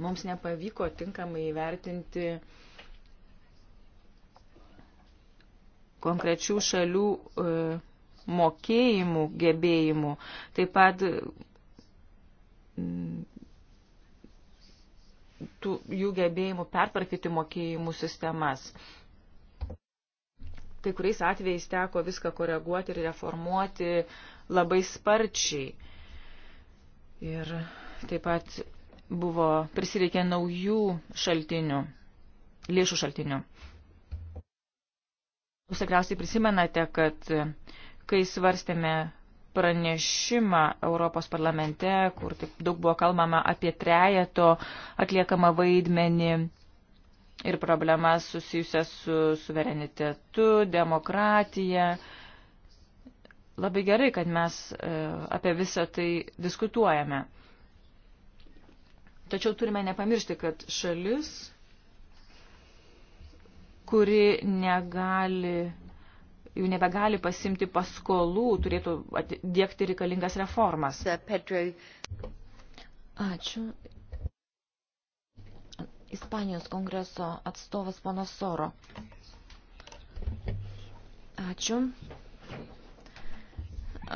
Mums nepavyko tinkamai įvertinti konkrečių šalių e, mokėjimų gebėjimų. Taip pat mm, tų, jų gebėjimų pertvarkyti mokėjimų sistemas. Kai kuriais atvejais teko viską koreguoti ir reformuoti labai sparčiai. Ir taip pat buvo prisireikė naujų šaltinių, lėšų šaltinių. Jūs tikriausiai prisimenate, kad kai svarstėme pranešimą Europos parlamente, kur taip daug buvo kalbama apie trejeto atliekamą vaidmenį ir problemas susijusias su suverenitetu, demokratija, uh, Labai gerai, kad mes e, apie visą tai diskutuojame. Tačiau turime nepamiršti, kad šalis, kuri negali, jau nebegali pasimti paskolų, turėtų dėkti reikalingas reformas. Ačiū. Ispanijos kongreso atstovas ponas Soro. Ačiū.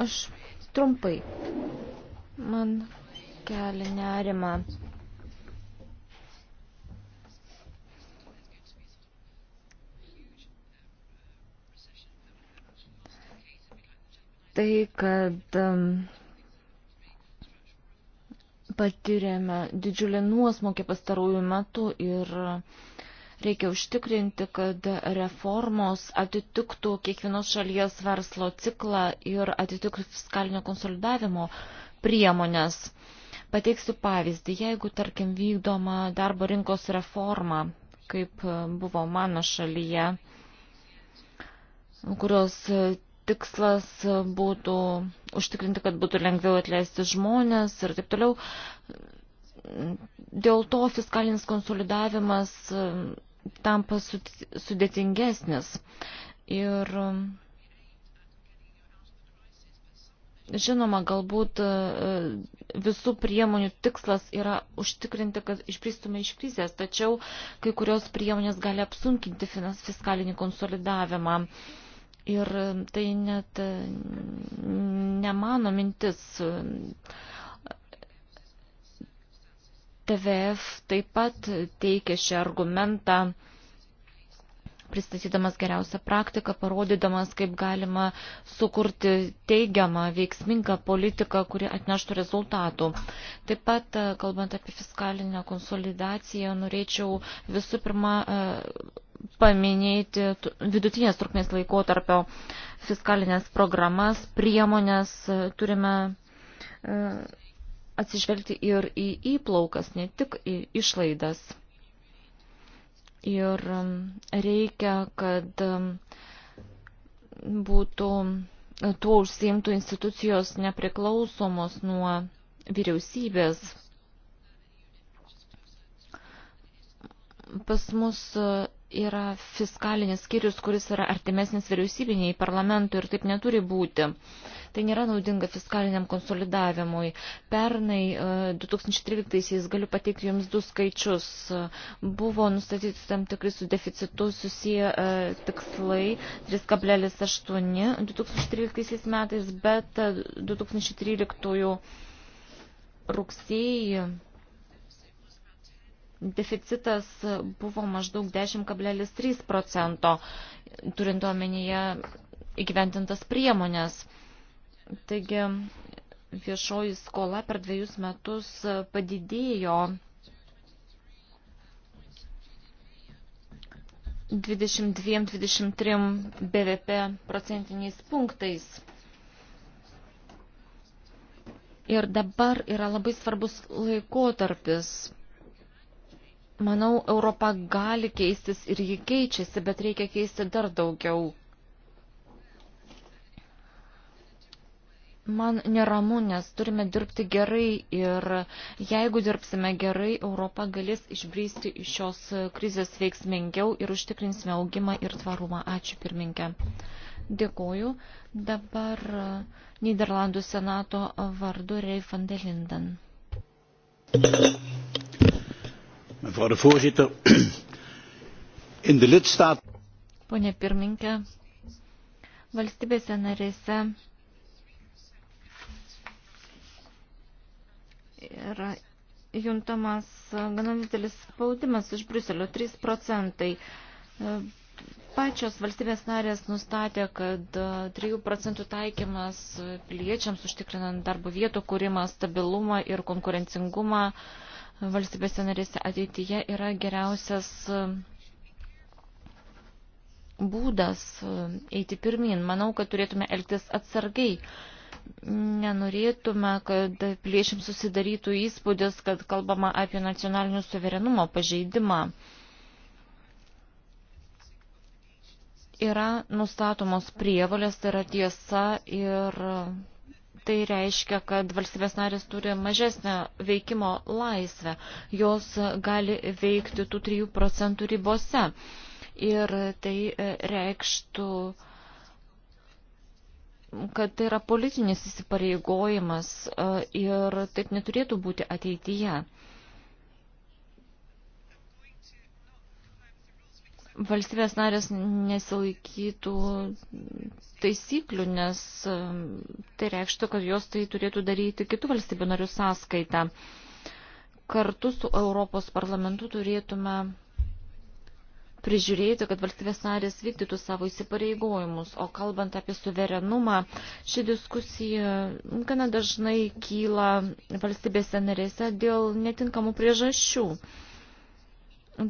Aš trumpai. Man kelia nerima. Tai, kad um, patyrėme didžiulį nuosmokį pastarųjų metų ir Reikia užtikrinti, kad reformos atitiktų kiekvienos šalies verslo ciklą ir atitiktų fiskalinio konsolidavimo priemonės. Pateiksiu pavyzdį, jeigu, tarkim, vykdoma darbo rinkos reforma, kaip buvo mano šalyje, kurios tikslas būtų užtikrinti, kad būtų lengviau atleisti žmonės ir taip toliau, Dėl to fiskalinis konsolidavimas e, tampa sudėtingesnis. Ir e, žinoma, galbūt e, visų priemonių tikslas yra užtikrinti, kad išpristume iš krizės, tačiau kai kurios priemonės gali apsunkinti fiskalinį konsolidavimą. Ir tai net ne mano mintis. TVF taip pat teikia šį argumentą, pristatydamas geriausią praktiką, parodydamas, kaip galima sukurti teigiamą, veiksmingą politiką, kuri atneštų rezultatų. Taip pat, e, kalbant apie fiskalinę konsolidaciją, norėčiau visų pirma e, paminėti vidutinės trukmės laikotarpio fiskalinės programas, priemonės e, turime atsižvelgti ir į įplaukas, ne tik į išlaidas. Ir um, reikia, kad um, būtų e, tuo užsiimtų institucijos nepriklausomos nuo vyriausybės. Pas mus e, yra fiskalinis skyrius, kuris yra artimesnis vyriausybiniai parlamentui ir taip neturi būti. Uh, Tai nėra naudinga fiskaliniam konsolidavimui. Pernai 2013-aisiais e, galiu pateikti Jums du skaičius. Buvo nustatyti tam tikrai su deficitu susiję e, tikslai 3,8 2013 metais, bet 2013 e, rugsėjį deficitas buvo maždaug 10,3 procento, turint omenyje įgyventintas priemonės. Taigi viešoji skola per dviejus metus padidėjo 22-23 BVP procentiniais punktais. Ir dabar yra labai svarbus laikotarpis. Manau, Europa gali keistis ir ji keičiasi, bet reikia keisti dar daugiau. Man neramu, nes turime dirbti gerai ir jeigu dirbsime gerai, Europa galės išbrysti iš šios krizės veiksmingiau ir užtikrinsime augimą ir tvarumą. Ačiū pirminkė. Dėkoju. Dabar e, Niderlandų senato vardu Rei van der Linden. Mevrouw de voorzitter, (clears throat) in de lidstaat. Pone pirminkė, valstybėse narėse yra juntamas gana didelis spaudimas iš Bruselio, 3 procentai. E, pačios valstybės narės nustatė, kad 3 e, procentų taikymas piliečiams užtikrinant darbo vietų kūrimą, stabilumą ir konkurencingumą valstybėse narėse ateityje yra geriausias e, būdas eiti pirmin. Manau, kad turėtume elgtis atsargiai nenorėtume, kad plėšim susidarytų įspūdis, kad kalbama apie nacionalinio suverenumo pažeidimą. Yra nustatomos prievalės, tai yra tiesa ir tai reiškia, kad valstybės narės turi mažesnę veikimo laisvę. Jos gali veikti tų 3 procentų ribose. Ir tai reikštų uh, kad tai yra politinis įsipareigojimas e, ir taip neturėtų būti ateityje. Valstybės narės nesilaikytų taisyklių, nes e, tai reikštų, kad jos tai turėtų daryti kitų valstybių narių sąskaitą. Kartu su Europos parlamentu turėtume prižiūrėti, kad valstybės narės vykdytų savo įsipareigojimus. O kalbant apie suverenumą, ši diskusija gana dažnai kyla valstybėse narėse dėl netinkamų priežasčių.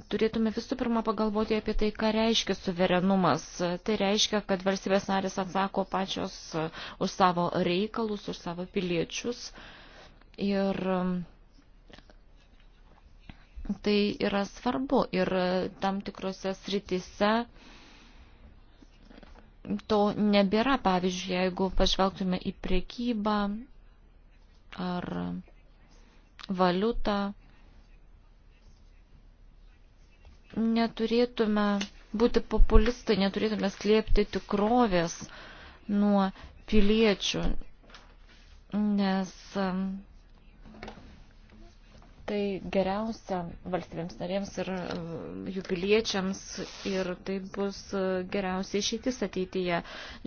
Turėtume visų pirma pagalvoti apie tai, ką reiškia suverenumas. Tai reiškia, kad valstybės narės atsako pačios už savo reikalus, už savo piliečius. Ir Tai yra svarbu ir e, tam tikrose sritise to nebėra. Pavyzdžiui, jeigu pažvelgtume į priekybą ar valiutą, neturėtume būti populistai, neturėtume slėpti tikrovės nuo piliečių, nes tai geriausia valstybėms narėms ir e, jų piliečiams ir tai bus e, geriausia išeitis ateityje.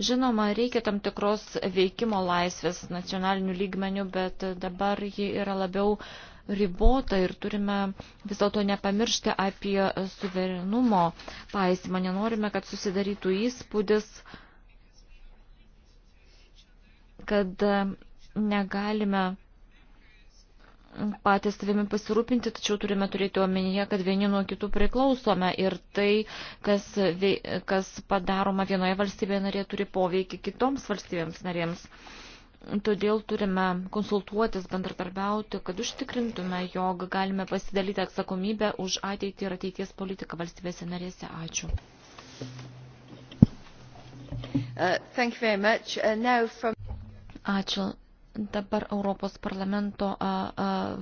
Žinoma, reikia tam tikros veikimo laisvės nacionalinių lygmenių, bet dabar ji yra labiau ribota ir turime vis dėlto nepamiršti apie suverenumo paėsimą. Nenorime, kad susidarytų įspūdis, kad e, negalime patys savimi pasirūpinti, tačiau turime turėti omenyje, kad vieni nuo kitų priklausome ir tai, kas, kas padaroma vienoje valstybėje narėje, turi poveikį kitoms valstybėms narėms. Todėl turime konsultuotis, bendradarbiauti, kad užtikrintume, jog galime pasidalyti atsakomybę už ateitį ir ateities politiką valstybėse narėse. Ačiū. Uh, uh from... Ačiū. Dabar Europos parlamento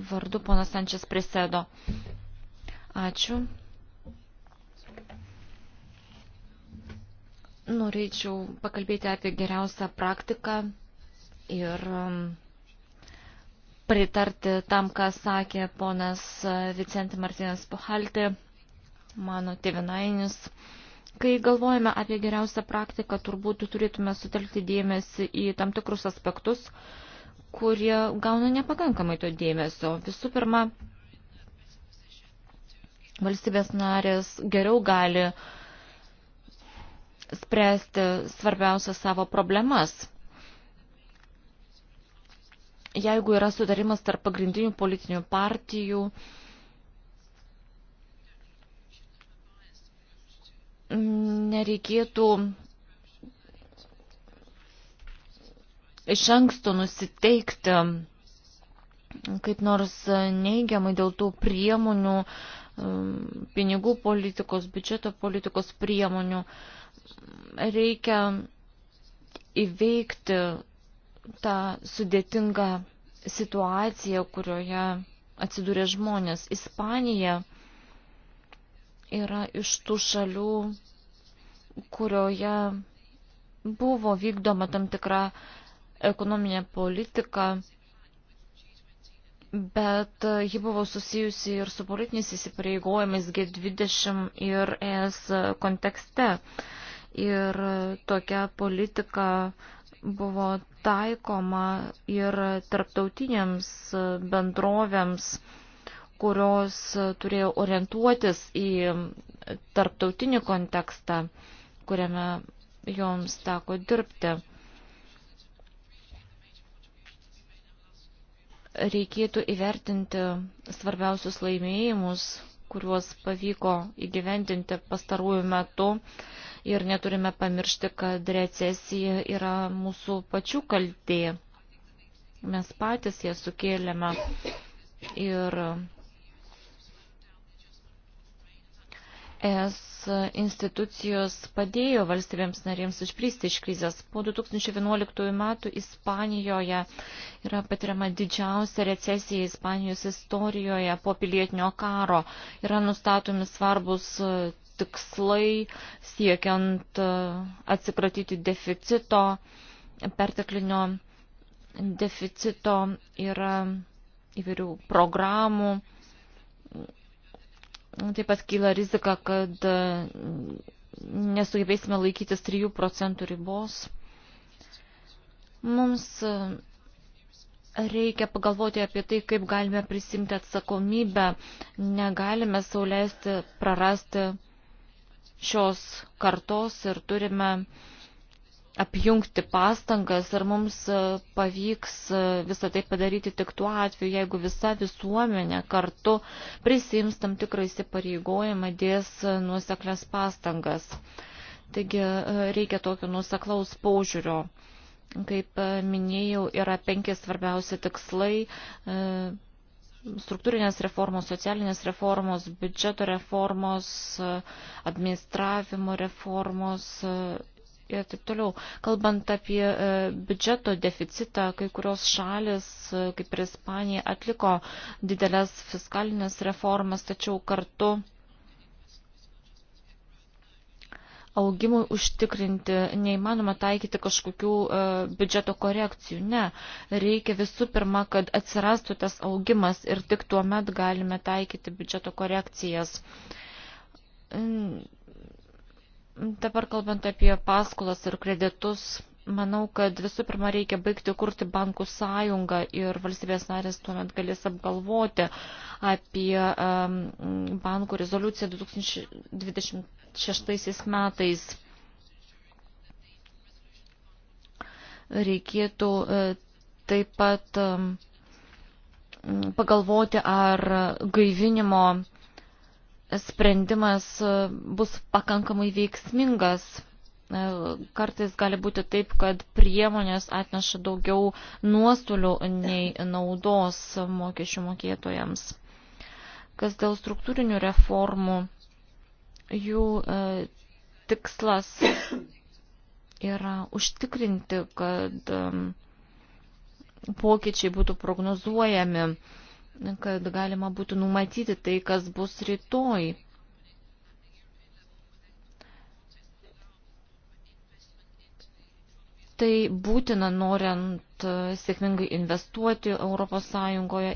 vardu ponas Sančias prisėdo. Ačiū. Norėčiau pakalbėti apie geriausią praktiką ir um, pritarti tam, ką sakė ponas Vicente Martinas Pohalti, mano tėvinainis. Kai galvojame apie geriausią praktiką, turbūt turėtume sutelkti dėmesį į tam tikrus aspektus, kurie gauna nepakankamai to dėmesio. Visų pirma, valstybės narės geriau gali spręsti svarbiausias savo problemas. Jeigu yra sudarimas tarp pagrindinių politinių partijų, nereikėtų iš anksto nusiteikti mm, kaip nors neigiamai dėl tų priemonių, mm, pinigų politikos, biudžeto politikos priemonių. Mm, reikia įveikti tą sudėtingą situaciją, kurioje atsidūrė žmonės. Ispanija yra iš tų šalių, kurioje buvo vykdoma tam tikra ekonominė politika, bet ji buvo susijusi ir su politiniais įsipareigojimais G20 ir ES kontekste. Ir tokia politika buvo taikoma ir tarptautiniams bendrovėms, kurios turėjo orientuotis į tarptautinį kontekstą, kuriame joms teko dirbti. reikėtų įvertinti svarbiausius laimėjimus, kuriuos pavyko įgyvendinti pastarųjų metų ir neturime pamiršti, kad recesija yra mūsų pačių kaltė. Mes patys ją sukėlėme ir ES institucijos padėjo valstybėms narėms išplysti iš krizės. Po 2011 metų Ispanijoje yra patiriama didžiausia recesija Ispanijos istorijoje po pilietinio karo. Yra nustatomi svarbus e, tikslai siekiant e, atsikratyti deficito, perteklinio deficito yra įvairių programų Taip pat kyla rizika, kad e, nesugebėsime laikytis 3 procentų ribos. Mums e, reikia pagalvoti apie tai, kaip galime prisimti atsakomybę. Negalime sauliaisti prarasti šios kartos ir turime uh, apjungti pastangas, ar mums e, pavyks e, visą tai padaryti tik tuo atveju, jeigu visa visuomenė kartu prisims tam tikrą įsipareigojimą, dės e, nuoseklės pastangas. Taigi reikia tokio nuoseklaus požiūrio. Kaip minėjau, yra penki svarbiausi tikslai struktūrinės reformos, socialinės reformos, biudžeto reformos, administravimo reformos, ir taip toliau. Kalbant apie e, biudžeto deficitą, kai kurios šalis, e, kaip ir Ispanija, atliko didelės fiskalinės reformas, tačiau kartu augimui užtikrinti neįmanoma taikyti kažkokių e, biudžeto korekcijų. Ne, reikia visų pirma, kad atsirastų tas augimas ir tik tuo met galime taikyti biudžeto korekcijas Dabar kalbant apie paskolas ir kreditus, manau, kad visų pirma reikia baigti kurti bankų sąjungą ir valstybės narės tuomet galės apgalvoti apie um, bankų rezoliuciją 2026 metais. Reikėtų e, taip pat pagalvoti, ar gaivinimo uh, sprendimas e, bus pakankamai veiksmingas. E, kartais gali būti taip, kad priemonės atneša daugiau nuostolių nei naudos mokesčių mokėtojams. Kas dėl struktūrinių reformų, jų e, tikslas yra užtikrinti, kad pokyčiai būtų prognozuojami kad galima būtų numatyti tai, kas bus rytoj. Tai būtina norint e, sėkmingai investuoti ES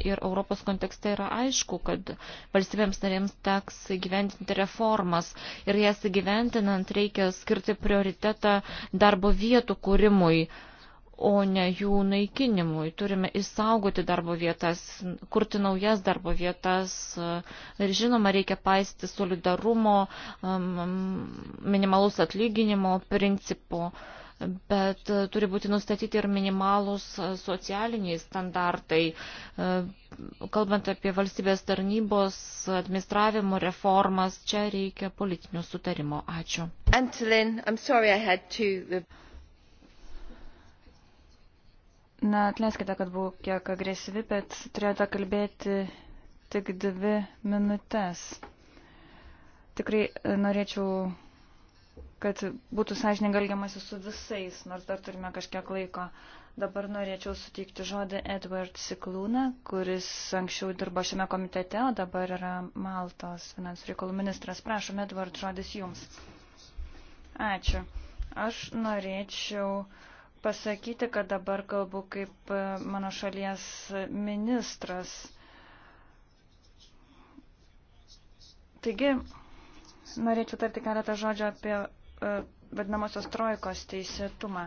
ir Europos kontekste yra aišku, kad valstybėms narėms teks gyventinti reformas ir jas įgyventinant reikia skirti prioritetą darbo vietų kūrimui. Uh, o ne jų naikinimui. Turime įsaugoti darbo vietas, kurti naujas darbo vietas ir žinoma, reikia paisti solidarumo, um, um, minimalus atlyginimo principų, bet uh, turi būti nustatyti ir minimalus uh, socialiniai standartai. Uh, kalbant apie valstybės tarnybos administravimo reformas, čia reikia politinio sutarimo. Ačiū. Antolin, I'm sorry I had to... Na, atleiskite, kad buvau kiek agresyvi, bet turėjote kalbėti tik dvi minutės. Tikrai e, norėčiau, kad būtų sąžininkai galgiamasi su visais, nors dar turime kažkiek laiko. Dabar norėčiau suteikti žodį Edward Siklūną, kuris anksčiau dirbo šiame komitete, o dabar yra Maltos finansų reikalų ministras. Prašom, Edward, žodis jums. Ačiū. Aš norėčiau uh, pasakyti, kad dabar kalbu kaip e, mano šalies ministras. Taigi, norėčiau tarti keletą žodžių apie uh, vadinamosios trojkos teisėtumą.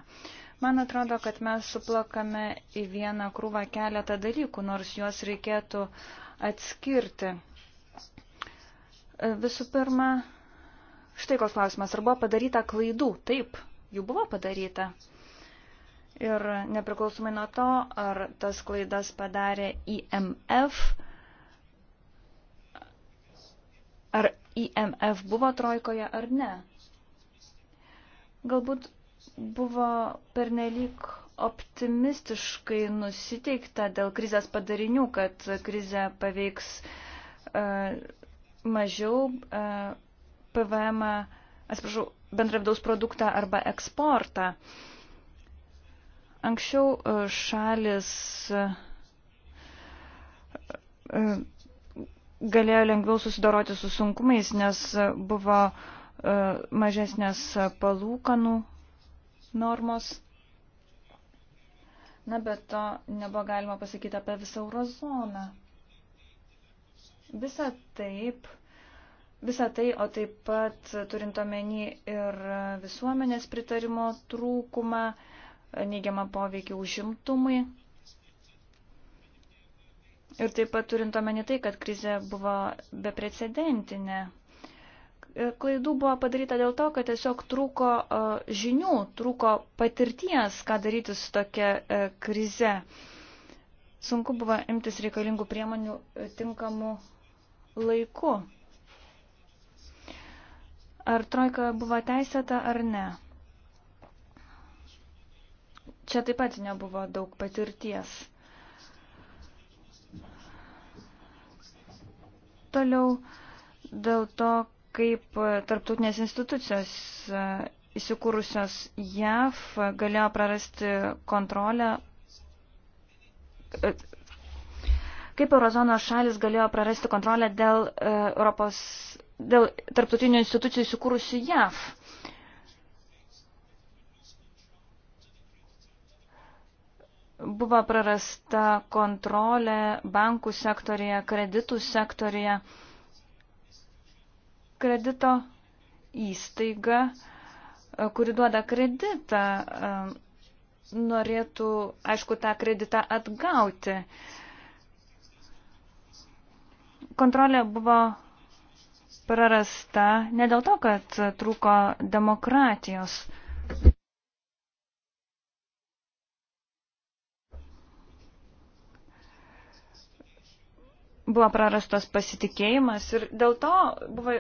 Man atrodo, kad mes suplakame į vieną krūvą keletą dalykų, nors juos reikėtų atskirti. E, visų pirma, štai koks klausimas, ar buvo padaryta klaidų? Taip, jų buvo padaryta. Uh, Ir nepriklausomai nuo to, ar tas klaidas padarė IMF, ar IMF buvo trojkoje ar ne. Galbūt buvo pernelyg optimistiškai nusiteikta dėl krizės padarinių, kad krizė paveiks uh, mažiau uh, e, PVM, atsiprašau, bendravdaus produktą arba eksportą. Uh, Anksčiau e, šalis e, galėjo lengviau susidoroti su sunkumais, nes buvo e, mažesnės palūkanų normos. Na, bet to nebuvo galima pasakyti apie visą eurozoną. Visa taip Visą tai, o taip pat turint omeny ir visuomenės pritarimo trūkumą, neigiamą poveikį užimtumui. Ir taip pat turint omeny tai, kad krizė buvo beprecedentinė. Klaidų buvo padaryta dėl to, kad tiesiog trūko e, žinių, trūko patirties, ką daryti su tokia e, krize. Sunku buvo imtis reikalingų priemonių e, tinkamų laiku. Ar trojka buvo teisėta ar ne? Čia taip pat nebuvo daug patirties. Toliau dėl to, kaip tarptautinės institucijos e, įsikūrusios JAV galėjo prarasti kontrolę, e, kaip Eurozonos šalis galėjo prarasti kontrolę dėl, e, Europos, dėl tarptautinių institucijų įsikūrusių JAV. Buvo prarasta kontrolė bankų sektorija, kreditų sektorija. Kredito įstaiga, e, kuri duoda kreditą, e, norėtų, aišku, tą kreditą atgauti. Kontrolė buvo prarasta ne dėl to, kad trūko demokratijos. buvo prarastas pasitikėjimas ir dėl to buvo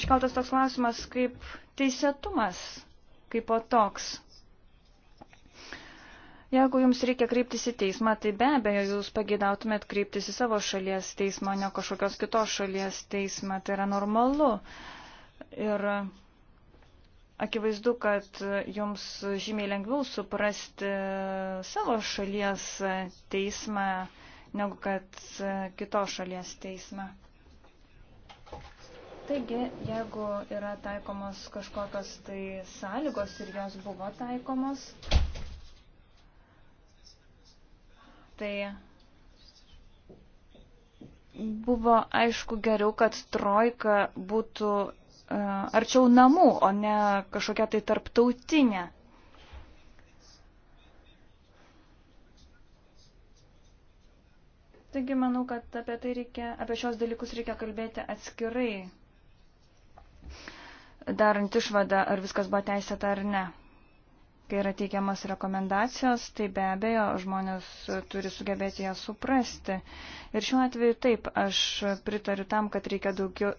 iškeltas toks klausimas kaip teisėtumas, kaip o toks. Jeigu jums reikia kreiptis į teismą, tai be abejo jūs pagėdautumėt kreiptis į savo šalies teismą, ne kažkokios kitos šalies teismą, tai yra normalu. Ir akivaizdu, kad jums žymiai lengviau suprasti savo šalies teismą negu kad e, kitos šalies teisme. Taigi, jeigu yra taikomos kažkokios tai sąlygos ir jos buvo taikomos, tai buvo aišku geriau, kad trojka būtų uh, arčiau namų, o ne kažkokia tai tarptautinė Taigi manau, kad apie, tai reikia, apie šios dalykus reikia kalbėti atskirai, darant išvadą, ar viskas buvo teisėta ar ne. Kai yra teikiamas rekomendacijos, tai be abejo žmonės turi sugebėti ją suprasti. Ir šiuo atveju taip, aš pritariu tam, kad reikia daugiau,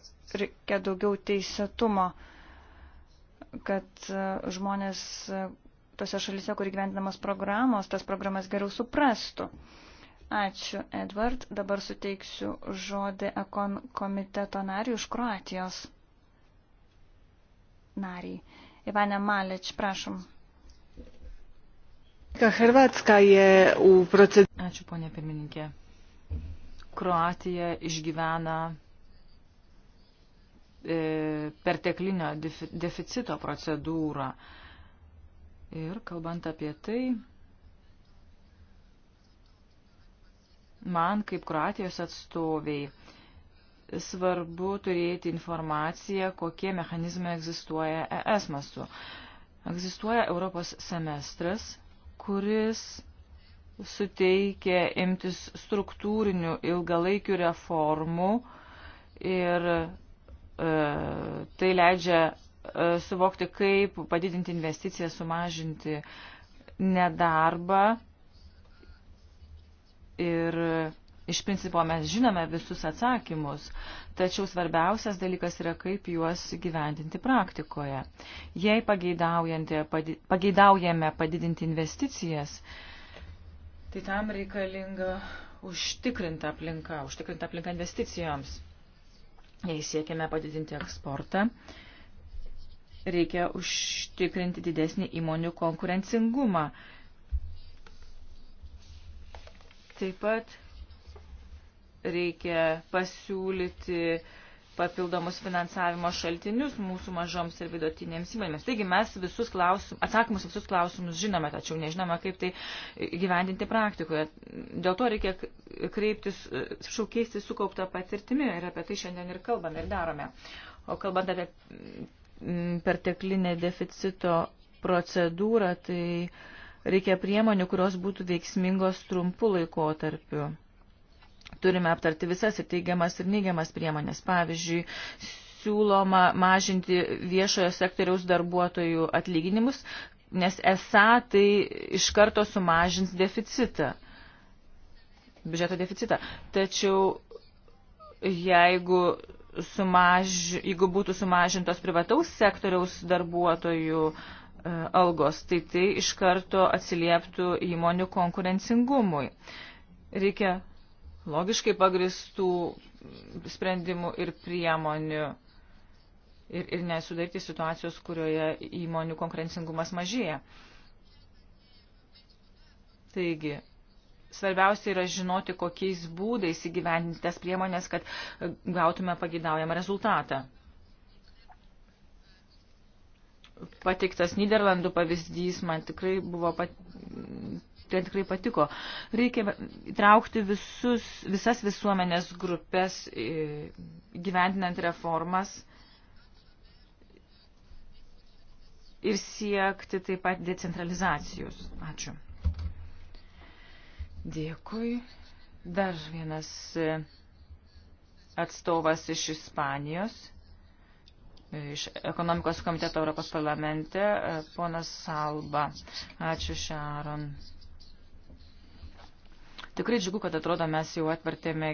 reikia daugiau teisėtumo, kad e, žmonės e, tose šalise, kur gyvendinamas programos, tas programas geriau suprastų. Uh, Ačiū, Edward. Dabar suteiksiu žodį Ekon komiteto nariui iš Kroatijos. Nariai. Ivane Malič, prašom. Ačiū, ponė pirmininkė. Kroatija išgyvena e, perteklinio deficito procedūrą. Ir kalbant apie tai, man kaip Kroatijos atstoviai svarbu turėti informaciją, kokie mechanizmai egzistuoja ES mastu. Egzistuoja Europos semestras, kuris suteikia imtis struktūrinių ilgalaikių reformų ir e, tai leidžia e, suvokti, kaip padidinti investicijas, sumažinti nedarbą ir iš principo mes žinome visus atsakymus, tačiau svarbiausias dalykas yra, kaip juos gyvendinti praktikoje. Jei pageidaujame padidinti investicijas, tai tam reikalinga užtikrinta aplinka, užtikrinta aplinka investicijoms. Jei siekiame padidinti eksportą, reikia užtikrinti didesnį įmonių konkurencingumą Taip pat reikia pasiūlyti papildomus finansavimo šaltinius mūsų mažoms ir vidutinėms įmonėms. Taigi mes visus klausim, atsakymus visus klausimus žinome, tačiau nežinome, kaip tai gyvendinti praktikoje. Dėl to reikia kreiptis, šaukeisti sukauptą patirtimį ir apie tai šiandien ir kalbame ir darome. O kalbant apie perteklinę deficito procedūrą, tai uh, Reikia priemonių, kurios būtų veiksmingos trumpu laikotarpiu. Turime aptarti visas ir teigiamas ir neigiamas priemonės. Pavyzdžiui, siūloma mažinti viešojo sektoriaus darbuotojų atlyginimus, nes esą tai iš karto sumažins deficitą, biudžeto deficitą. Tačiau jeigu, sumaž, jeigu būtų sumažintos privataus sektoriaus darbuotojų uh, E, algos, tai tai iš karto atsilieptų įmonių konkurencingumui. Reikia logiškai pagristų sprendimų ir priemonių ir, ir nesudaryti situacijos, kurioje įmonių konkurencingumas mažėja. Taigi, svarbiausia yra žinoti, kokiais būdais įgyvendinti tas priemonės, kad gautume pagidaujamą rezultatą pateiktas Niderlandų pavyzdys man tikrai buvo pat, tai tikrai patiko. Reikia įtraukti visus, visas visuomenės grupės gyventinant reformas ir siekti taip pat decentralizacijos. Ačiū. Dėkui. Dar vienas atstovas iš Ispanijos iš ekonomikos komiteto Europos parlamente, e, ponas Salba. Ačiū, Šaron. Tikrai džiugu, kad atrodo mes jau atvertėme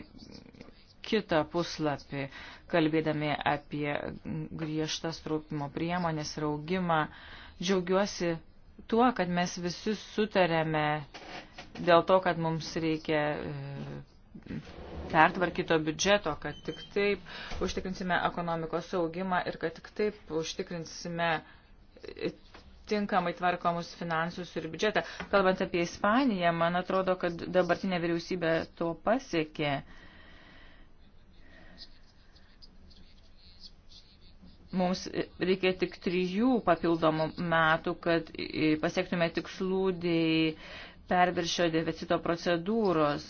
kitą puslapį, kalbėdami apie griežtas trūpimo priemonės ir augimą. Džiaugiuosi tuo, kad mes visi sutarėme dėl to, kad mums reikia e, pertvarkyto biudžeto, kad tik taip užtikrinsime ekonomikos saugimą ir kad tik taip užtikrinsime tinkamai tvarkomus finansus ir biudžetą. Kalbant apie Ispaniją, man atrodo, kad dabartinė vyriausybė to pasiekė. Mums reikia tik trijų papildomų metų, kad pasiektume tikslų dėl perviršio deficito procedūros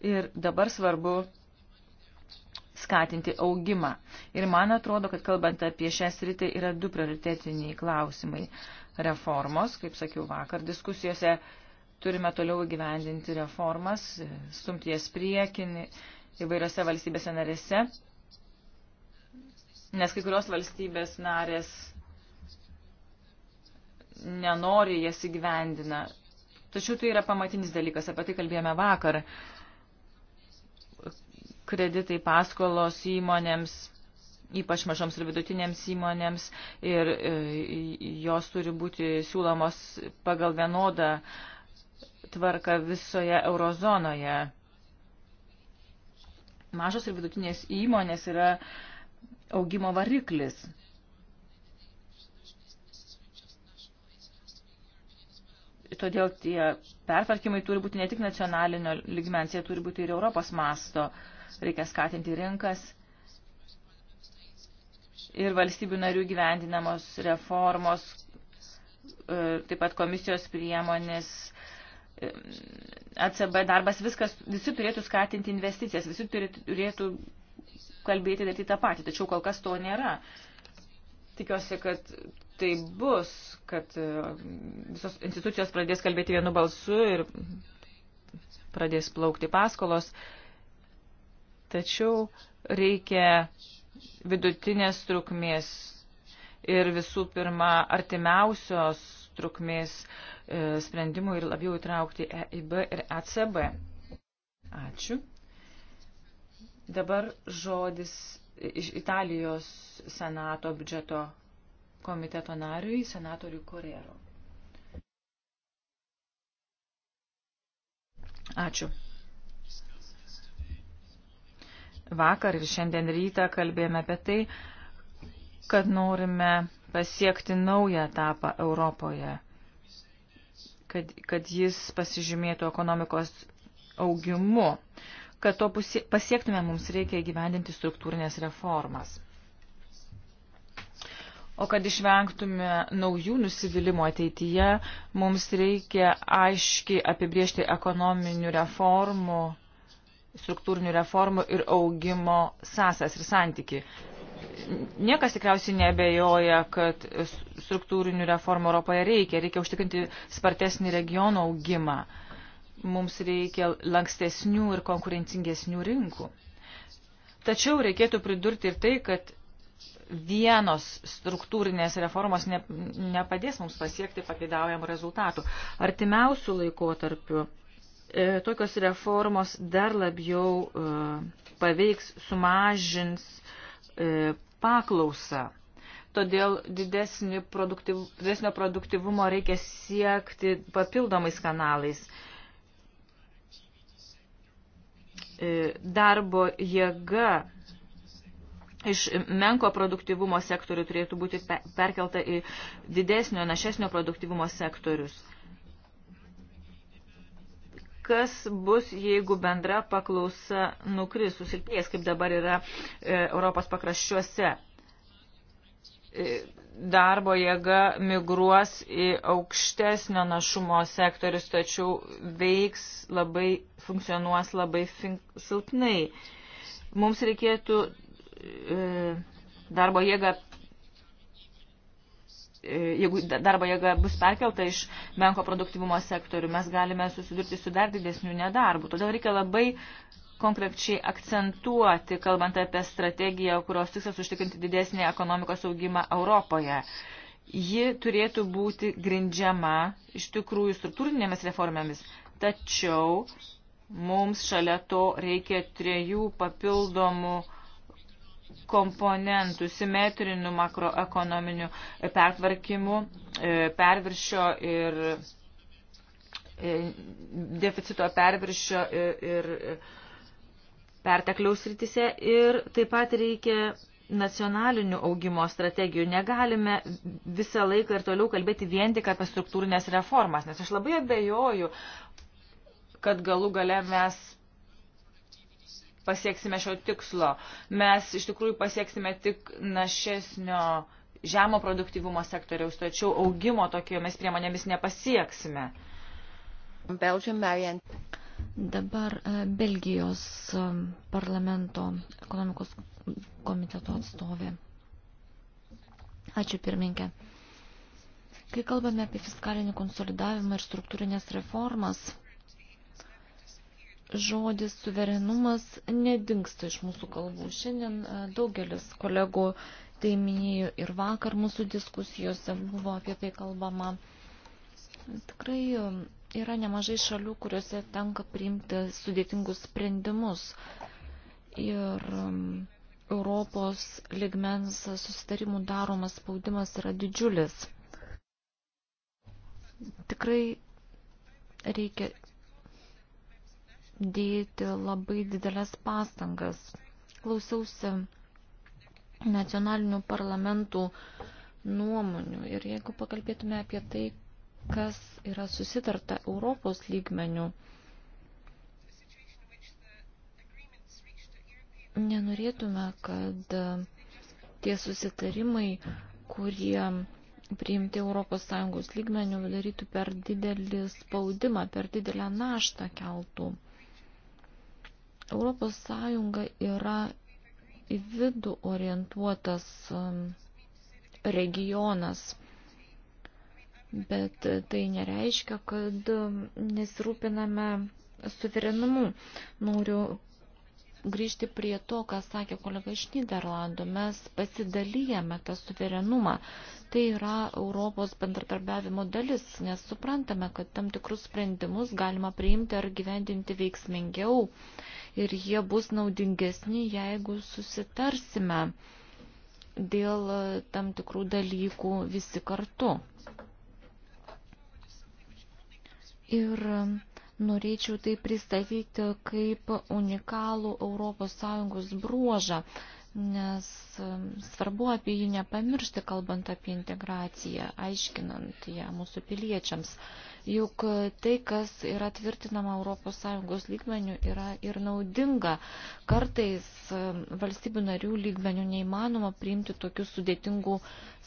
Ir dabar svarbu skatinti augimą. Ir man atrodo, kad kalbant apie šią sritį yra du prioritetiniai klausimai. Reformos, kaip sakiau vakar diskusijose, turime toliau įgyvendinti reformas, stumti jas priekin įvairiose valstybėse narėse, nes kai kurios valstybės narės nenori jas įgyvendina. Tačiau tai yra pamatinis dalykas, apie tai kalbėjome vakar. Uh, kreditai paskolos įmonėms, ypač mažoms ir vidutinėms įmonėms, ir e, jos turi būti siūlomos pagal vienodą tvarką visoje eurozonoje. Mažos ir vidutinės įmonės yra augimo variklis. todėl tie pertvarkymai turi būti ne tik nacionalinio ligmens, jie turi būti ir Europos masto. Uh, reikia skatinti rinkas ir valstybių narių gyvendinamos reformos, e, taip pat komisijos priemonės, e, ACB darbas, viskas, visi turėtų skatinti investicijas, visi turėtų kalbėti daryti tą patį, tačiau kol kas to nėra. Tikiuosi, kad tai bus, kad e, visos institucijos pradės kalbėti vienu balsu ir pradės plaukti paskolos. Uh, Tačiau reikia vidutinės trukmės ir visų pirma artimiausios trukmės e, sprendimų ir labiau įtraukti EIB ir ECB. Ačiū. Dabar žodis iš Italijos Senato biudžeto komiteto nariui, senatoriui Korero. Ačiū vakar ir šiandien rytą kalbėjome apie tai, kad norime pasiekti naują etapą Europoje, kad, kad jis pasižymėtų ekonomikos augimu, kad to pasiektume mums reikia įgyvendinti struktūrinės reformas. O kad išvengtume naujų nusivylimų ateityje, mums reikia aiškiai apibriežti ekonominių reformų struktūrinių reformų ir augimo sąsas ir santyki. Niekas tikriausiai nebejoja, kad struktūrinių reformų Europoje reikia. Reikia užtikrinti spartesnį regiono augimą. Mums reikia lankstesnių ir konkurencingesnių rinkų. Tačiau reikėtų pridurti ir tai, kad vienos struktūrinės reformos ne, nepadės mums pasiekti papidaujamų rezultatų. Artimiausių laikotarpių E, tokios reformos dar labiau e, paveiks, sumažins e, paklausą. Todėl produktiv, didesnio produktivumo reikia siekti papildomais kanalais. Darbo jėga iš menko produktivumo sektorių turėtų būti perkelta į didesnio, našesnio produktivumo sektorius kas bus, jeigu bendra paklausa nukris, susilpnės, kaip dabar yra e, Europos pakraščiuose. E, darbo jėga migruos į aukštesnio našumo sektorius, tačiau veiks labai, funkcionuos labai silpnai. Mums reikėtų e, darbo jėgą jeigu darbo jėga bus perkelta iš menko produktivumo sektorių, mes galime susidurti su dar didesniu nedarbu. Todėl reikia labai konkrečiai akcentuoti, kalbant apie strategiją, kurios tikslas užtikrinti didesnį ekonomikos augimą Europoje. Ji turėtų būti grindžiama iš tikrųjų struktūrinėmis reformėmis, tačiau mums šalia to reikia trejų papildomų uh, komponentų, simetrinių makroekonominių pertvarkimų, e, perviršio ir e, deficito perviršio ir, ir pertekliaus rytise ir taip pat reikia nacionalinių augimo strategijų. Negalime visą laiką ir toliau kalbėti vien tik apie struktūrinės reformas, nes aš labai abejoju, kad galų gale mes pasieksime šio tikslo. Mes iš tikrųjų pasieksime tik našesnio žemo produktyvumo sektoriaus, tačiau augimo tokiomis priemonėmis nepasieksime. Belgium, Marian. Dabar e, Belgijos e, parlamento ekonomikos komiteto atstovė. Ačiū pirminkė. Kai kalbame apie fiskalinį konsolidavimą ir struktūrinės reformas, žodis suverenumas nedingsta iš mūsų kalbų. Šiandien e, daugelis kolegų tai minėjo ir vakar mūsų diskusijose buvo apie tai kalbama. Tikrai e, yra nemažai šalių, kuriuose tenka priimti sudėtingus sprendimus. Ir e, Europos ligmens susitarimų daromas spaudimas yra didžiulis. Tikrai reikia dėti labai didelės pastangas. Klausiausi nacionalinių parlamentų nuomonių ir jeigu pakalbėtume apie tai, kas yra susitarta Europos lygmenių, nenorėtume, kad tie susitarimai, kurie priimti ES lygmenių darytų per didelį spaudimą, per didelę naštą keltų Europos Sąjunga yra į vidų orientuotas um, regionas, bet tai nereiškia, kad um, nesirūpiname suverenumu. Noriu grįžti prie to, ką sakė kolega iš Niderlandų. Mes pasidalyjame tą suverenumą. Tai yra Europos bendradarbiavimo dalis, nes suprantame, kad tam tikrus sprendimus galima priimti ar gyvendinti veiksmingiau ir jie bus naudingesni, jeigu susitarsime dėl tam tikrų dalykų visi kartu. Ir Norėčiau tai pristatyti kaip unikalų ES bruožą, nes svarbu apie jį nepamiršti, kalbant apie integraciją, aiškinant ją mūsų piliečiams. Juk tai, kas yra tvirtinama ES lygmenių, yra ir naudinga. Kartais valstybių narių lygmenių neįmanoma priimti tokių sudėtingų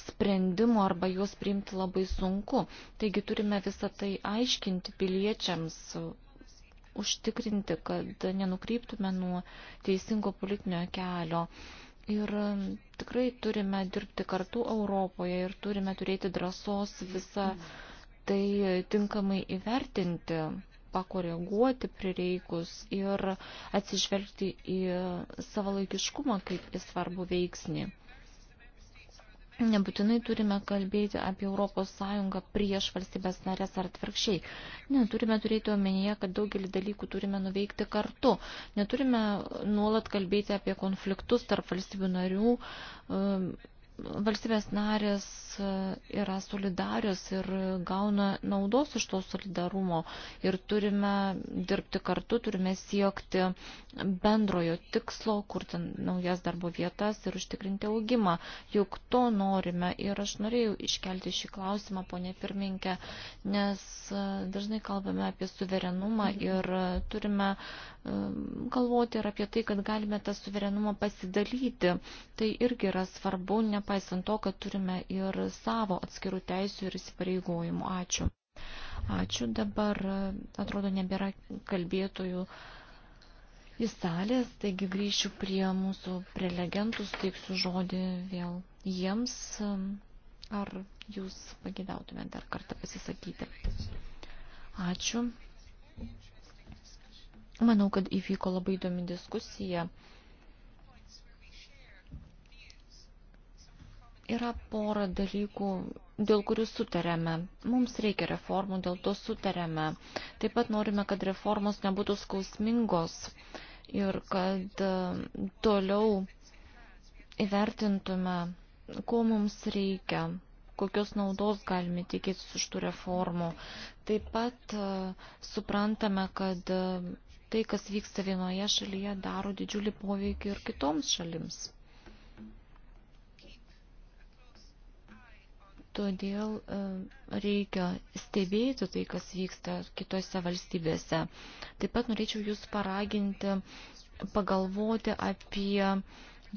sprendimų arba juos priimti labai sunku. Taigi turime visą tai aiškinti piliečiams, užtikrinti, kad nenukryptume nuo teisingo politinio kelio. Ir um, tikrai turime dirbti kartu Europoje ir turime turėti drąsos visą tai tinkamai įvertinti, pakoreguoti prireikus ir atsižvelgti į savalaikiškumą kaip į svarbų veiksnį. Nebūtinai turime kalbėti apie Europos Sąjungą prieš valstybės narės ar atvirkščiai. Neturime turėti omenyje, kad daugelį dalykų turime nuveikti kartu. Neturime nuolat kalbėti apie konfliktus tarp valstybių narių, um, valstybės narės e, yra solidarius ir gauna naudos iš to solidarumo ir turime dirbti kartu, turime siekti bendrojo tikslo, kurti naujas darbo vietas ir užtikrinti augimą. Juk to norime ir aš norėjau iškelti šį klausimą, ponė pirminkė, nes e, dažnai kalbame apie suverenumą mhm. ir e, turime galvoti ir apie tai, kad galime tą suverenumą pasidalyti. Tai irgi yra svarbu, nepamiršti nepaisant to, kad turime ir savo atskirų teisių ir įsipareigojimų. Ačiū. Ačiū. Dabar, atrodo, nebėra kalbėtojų į salės, taigi grįšiu prie mūsų prelegentų, steiksiu žodį vėl jiems. Ar jūs pagidautumėte dar kartą pasisakyti? Ačiū. Manau, kad įvyko labai įdomi diskusija. Yra pora dalykų, dėl kurių sutarėme. Mums reikia reformų, dėl to sutarėme. Taip pat norime, kad reformos nebūtų skausmingos ir kad e, toliau įvertintume, ko mums reikia, kokios naudos galime tikėtis iš tų reformų. Taip pat e, suprantame, kad e, tai, kas vyksta vienoje šalyje, daro didžiulį poveikį ir kitoms šalims. Todėl e, reikia stebėti tai, kas vyksta kitose valstybėse. Taip pat norėčiau Jūs paraginti pagalvoti apie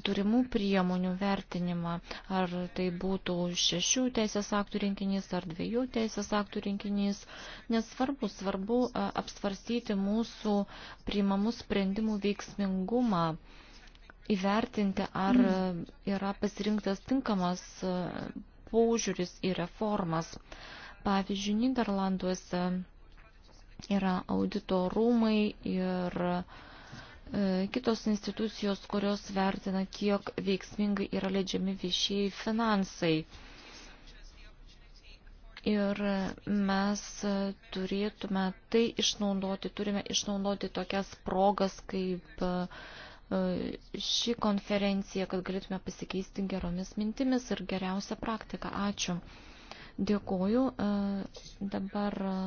turimų priemonių vertinimą, ar tai būtų šešių teisės aktų rinkinys, ar dviejų teisės aktų rinkinys, nes svarbu, svarbu e, apsvarstyti mūsų priimamų sprendimų veiksmingumą įvertinti, ar mm. yra pasirinktas tinkamas e, požiūris į reformas. Pavyzdžiui, Niderlanduose yra audito rūmai ir e, kitos institucijos, kurios vertina, kiek veiksmingai yra leidžiami viešieji finansai. Ir mes turėtume tai išnaudoti, turime išnaudoti tokias progas kaip uh, šį konferenciją, kad galėtume pasikeisti geromis mintimis ir geriausią praktiką. Ačiū. Dėkuoju. E, dabar e,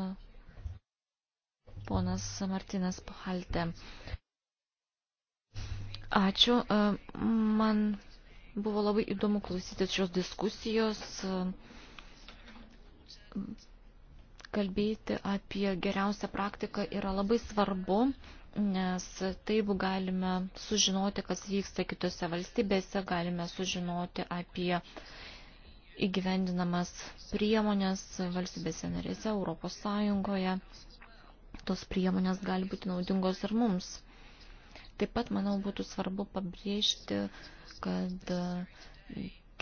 ponas Martinas Pohalte. Ačiū. E, man buvo labai įdomu klausytis šios diskusijos, kalbėti apie geriausią praktiką yra labai svarbu, nes taip galime sužinoti, kas vyksta kitose valstybėse, galime sužinoti apie įgyvendinamas priemonės valstybėse narėse, Europos Sąjungoje. Tos priemonės gali būti naudingos ir mums. Taip pat, manau, būtų svarbu pabrėžti, kad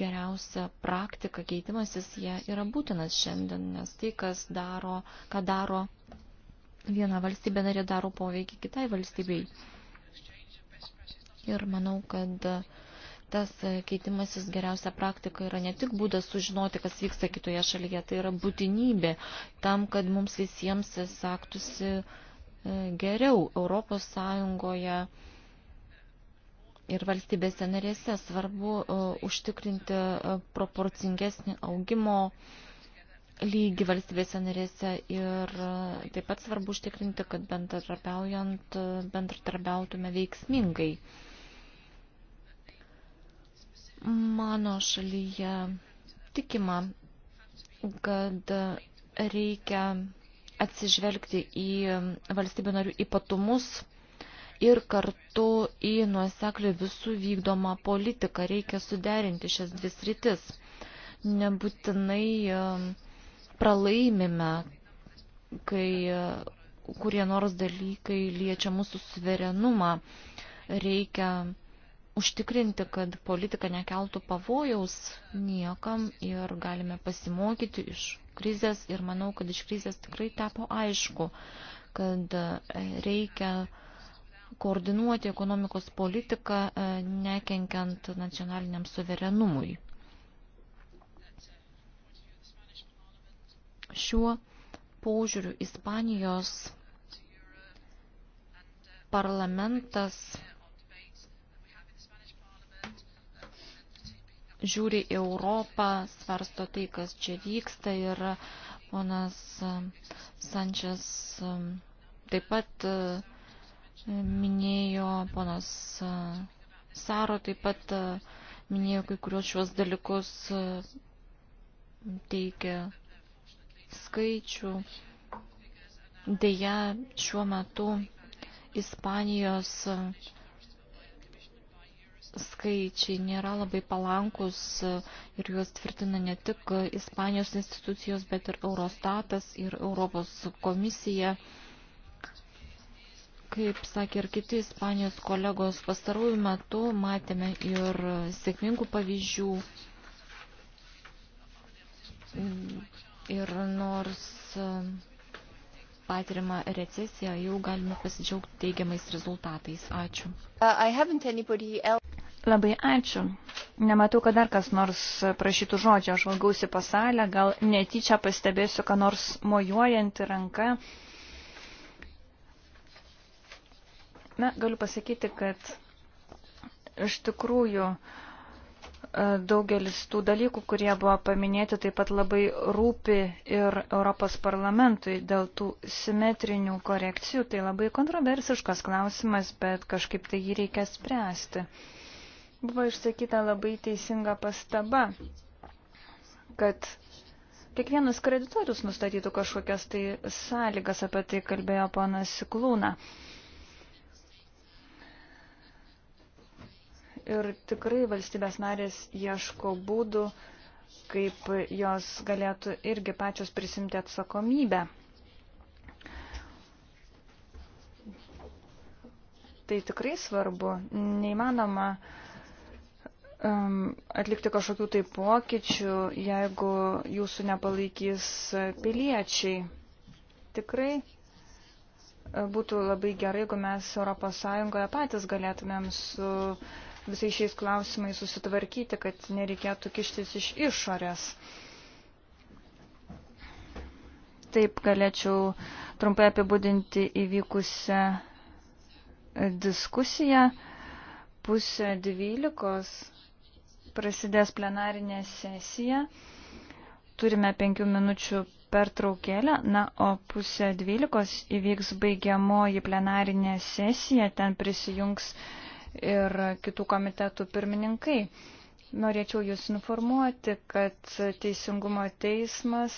geriausia praktika keitimasis jie yra būtinas šiandien, nes tai, kas daro, ką daro viena valstybė narė daro poveikį kitai valstybei. Ir manau, kad tas keitimasis geriausia praktika yra ne tik būdas sužinoti, kas vyksta kitoje šalyje, tai yra būtinybė tam, kad mums visiems saktusi e, geriau Europos Sąjungoje ir valstybėse narėse. Svarbu e, užtikrinti e, proporcingesnį augimo uh, lygį valstybėse narėse ir e, taip pat svarbu užtikrinti, kad bendradarbiaujant e, bendradarbiautume veiksmingai. Mano šalyje tikima, kad reikia atsižvelgti į valstybių narių ypatumus ir kartu į nuoseklį visų vykdomą politiką. Reikia suderinti šias dvi sritis. Nebūtinai uh, pralaimime, kai kurie nors dalykai liečia mūsų suverenumą. Reikia užtikrinti, kad politika nekeltų pavojaus niekam ir galime pasimokyti iš krizės ir manau, kad iš krizės tikrai tapo aišku, kad e, reikia koordinuoti ekonomikos politiką, e, nekenkiant nacionaliniam suverenumui. Šiuo požiūriu Ispanijos parlamentas žiūri Europą, svarsto tai, kas čia vyksta ir ponas Sančias taip pat minėjo, ponas Saro taip pat minėjo kai kurios šios dalykus teikia skaičių. Deja, šiuo metu Ispanijos skaičiai nėra labai palankus ir juos tvirtina ne tik Ispanijos institucijos, bet ir Eurostatas ir Europos komisija. Kaip sakė ir kiti Ispanijos kolegos, pastarųjų metų matėme ir sėkmingų pavyzdžių Ir nors e, patirima recesija, jau galime pasidžiaugti teigiamais rezultatais. Ačiū. Uh, Labai ačiū. Nematau, kad dar kas nors prašytų žodžio. Aš valgausi pasalę, gal netyčia pastebėsiu, ką nors mojuojantį ranką. Na, galiu pasakyti, kad iš tikrųjų uh, E, daugelis tų dalykų, kurie buvo paminėti, taip pat labai rūpi ir Europos parlamentui dėl tų simetrinių korekcijų. Tai labai kontroversiškas klausimas, bet kažkaip tai jį reikia spręsti. Buvo išsakyta labai teisinga pastaba, kad kiekvienas kreditorius nustatytų kažkokias tai sąlygas, apie tai kalbėjo ponas Siklūna. Uh, Ir tikrai valstybės narės ieško būdų, kaip jos galėtų irgi pačios prisimti atsakomybę. Tai tikrai svarbu. Neįmanoma um, atlikti kažkokių tai pokyčių, jeigu jūsų nepalaikys piliečiai. Tikrai uh, būtų labai gerai, jeigu mes ES patys galėtumėm su uh, visai šiais klausimais susitvarkyti, kad nereikėtų kištis iš išorės. Taip galėčiau trumpai apibūdinti įvykusią diskusiją. Pusė dvylikos prasidės plenarinė sesija. Turime penkių minučių pertraukėlę, na, o pusė dvylikos įvyks baigiamoji plenarinė sesija, ten prisijungs ir kitų komitetų pirmininkai. Norėčiau Jūs informuoti, kad Teisingumo teismas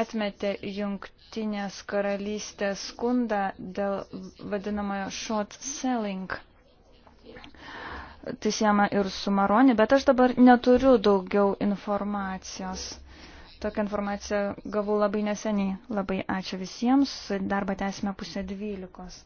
atmetė jungtinės karalystės skundą dėl vadinamojo short selling. Tai siema ir su Maroni, bet aš dabar neturiu daugiau informacijos. Tokią informaciją gavau labai neseniai. Labai ačiū visiems. Darbą tęsime pusę dvylikos.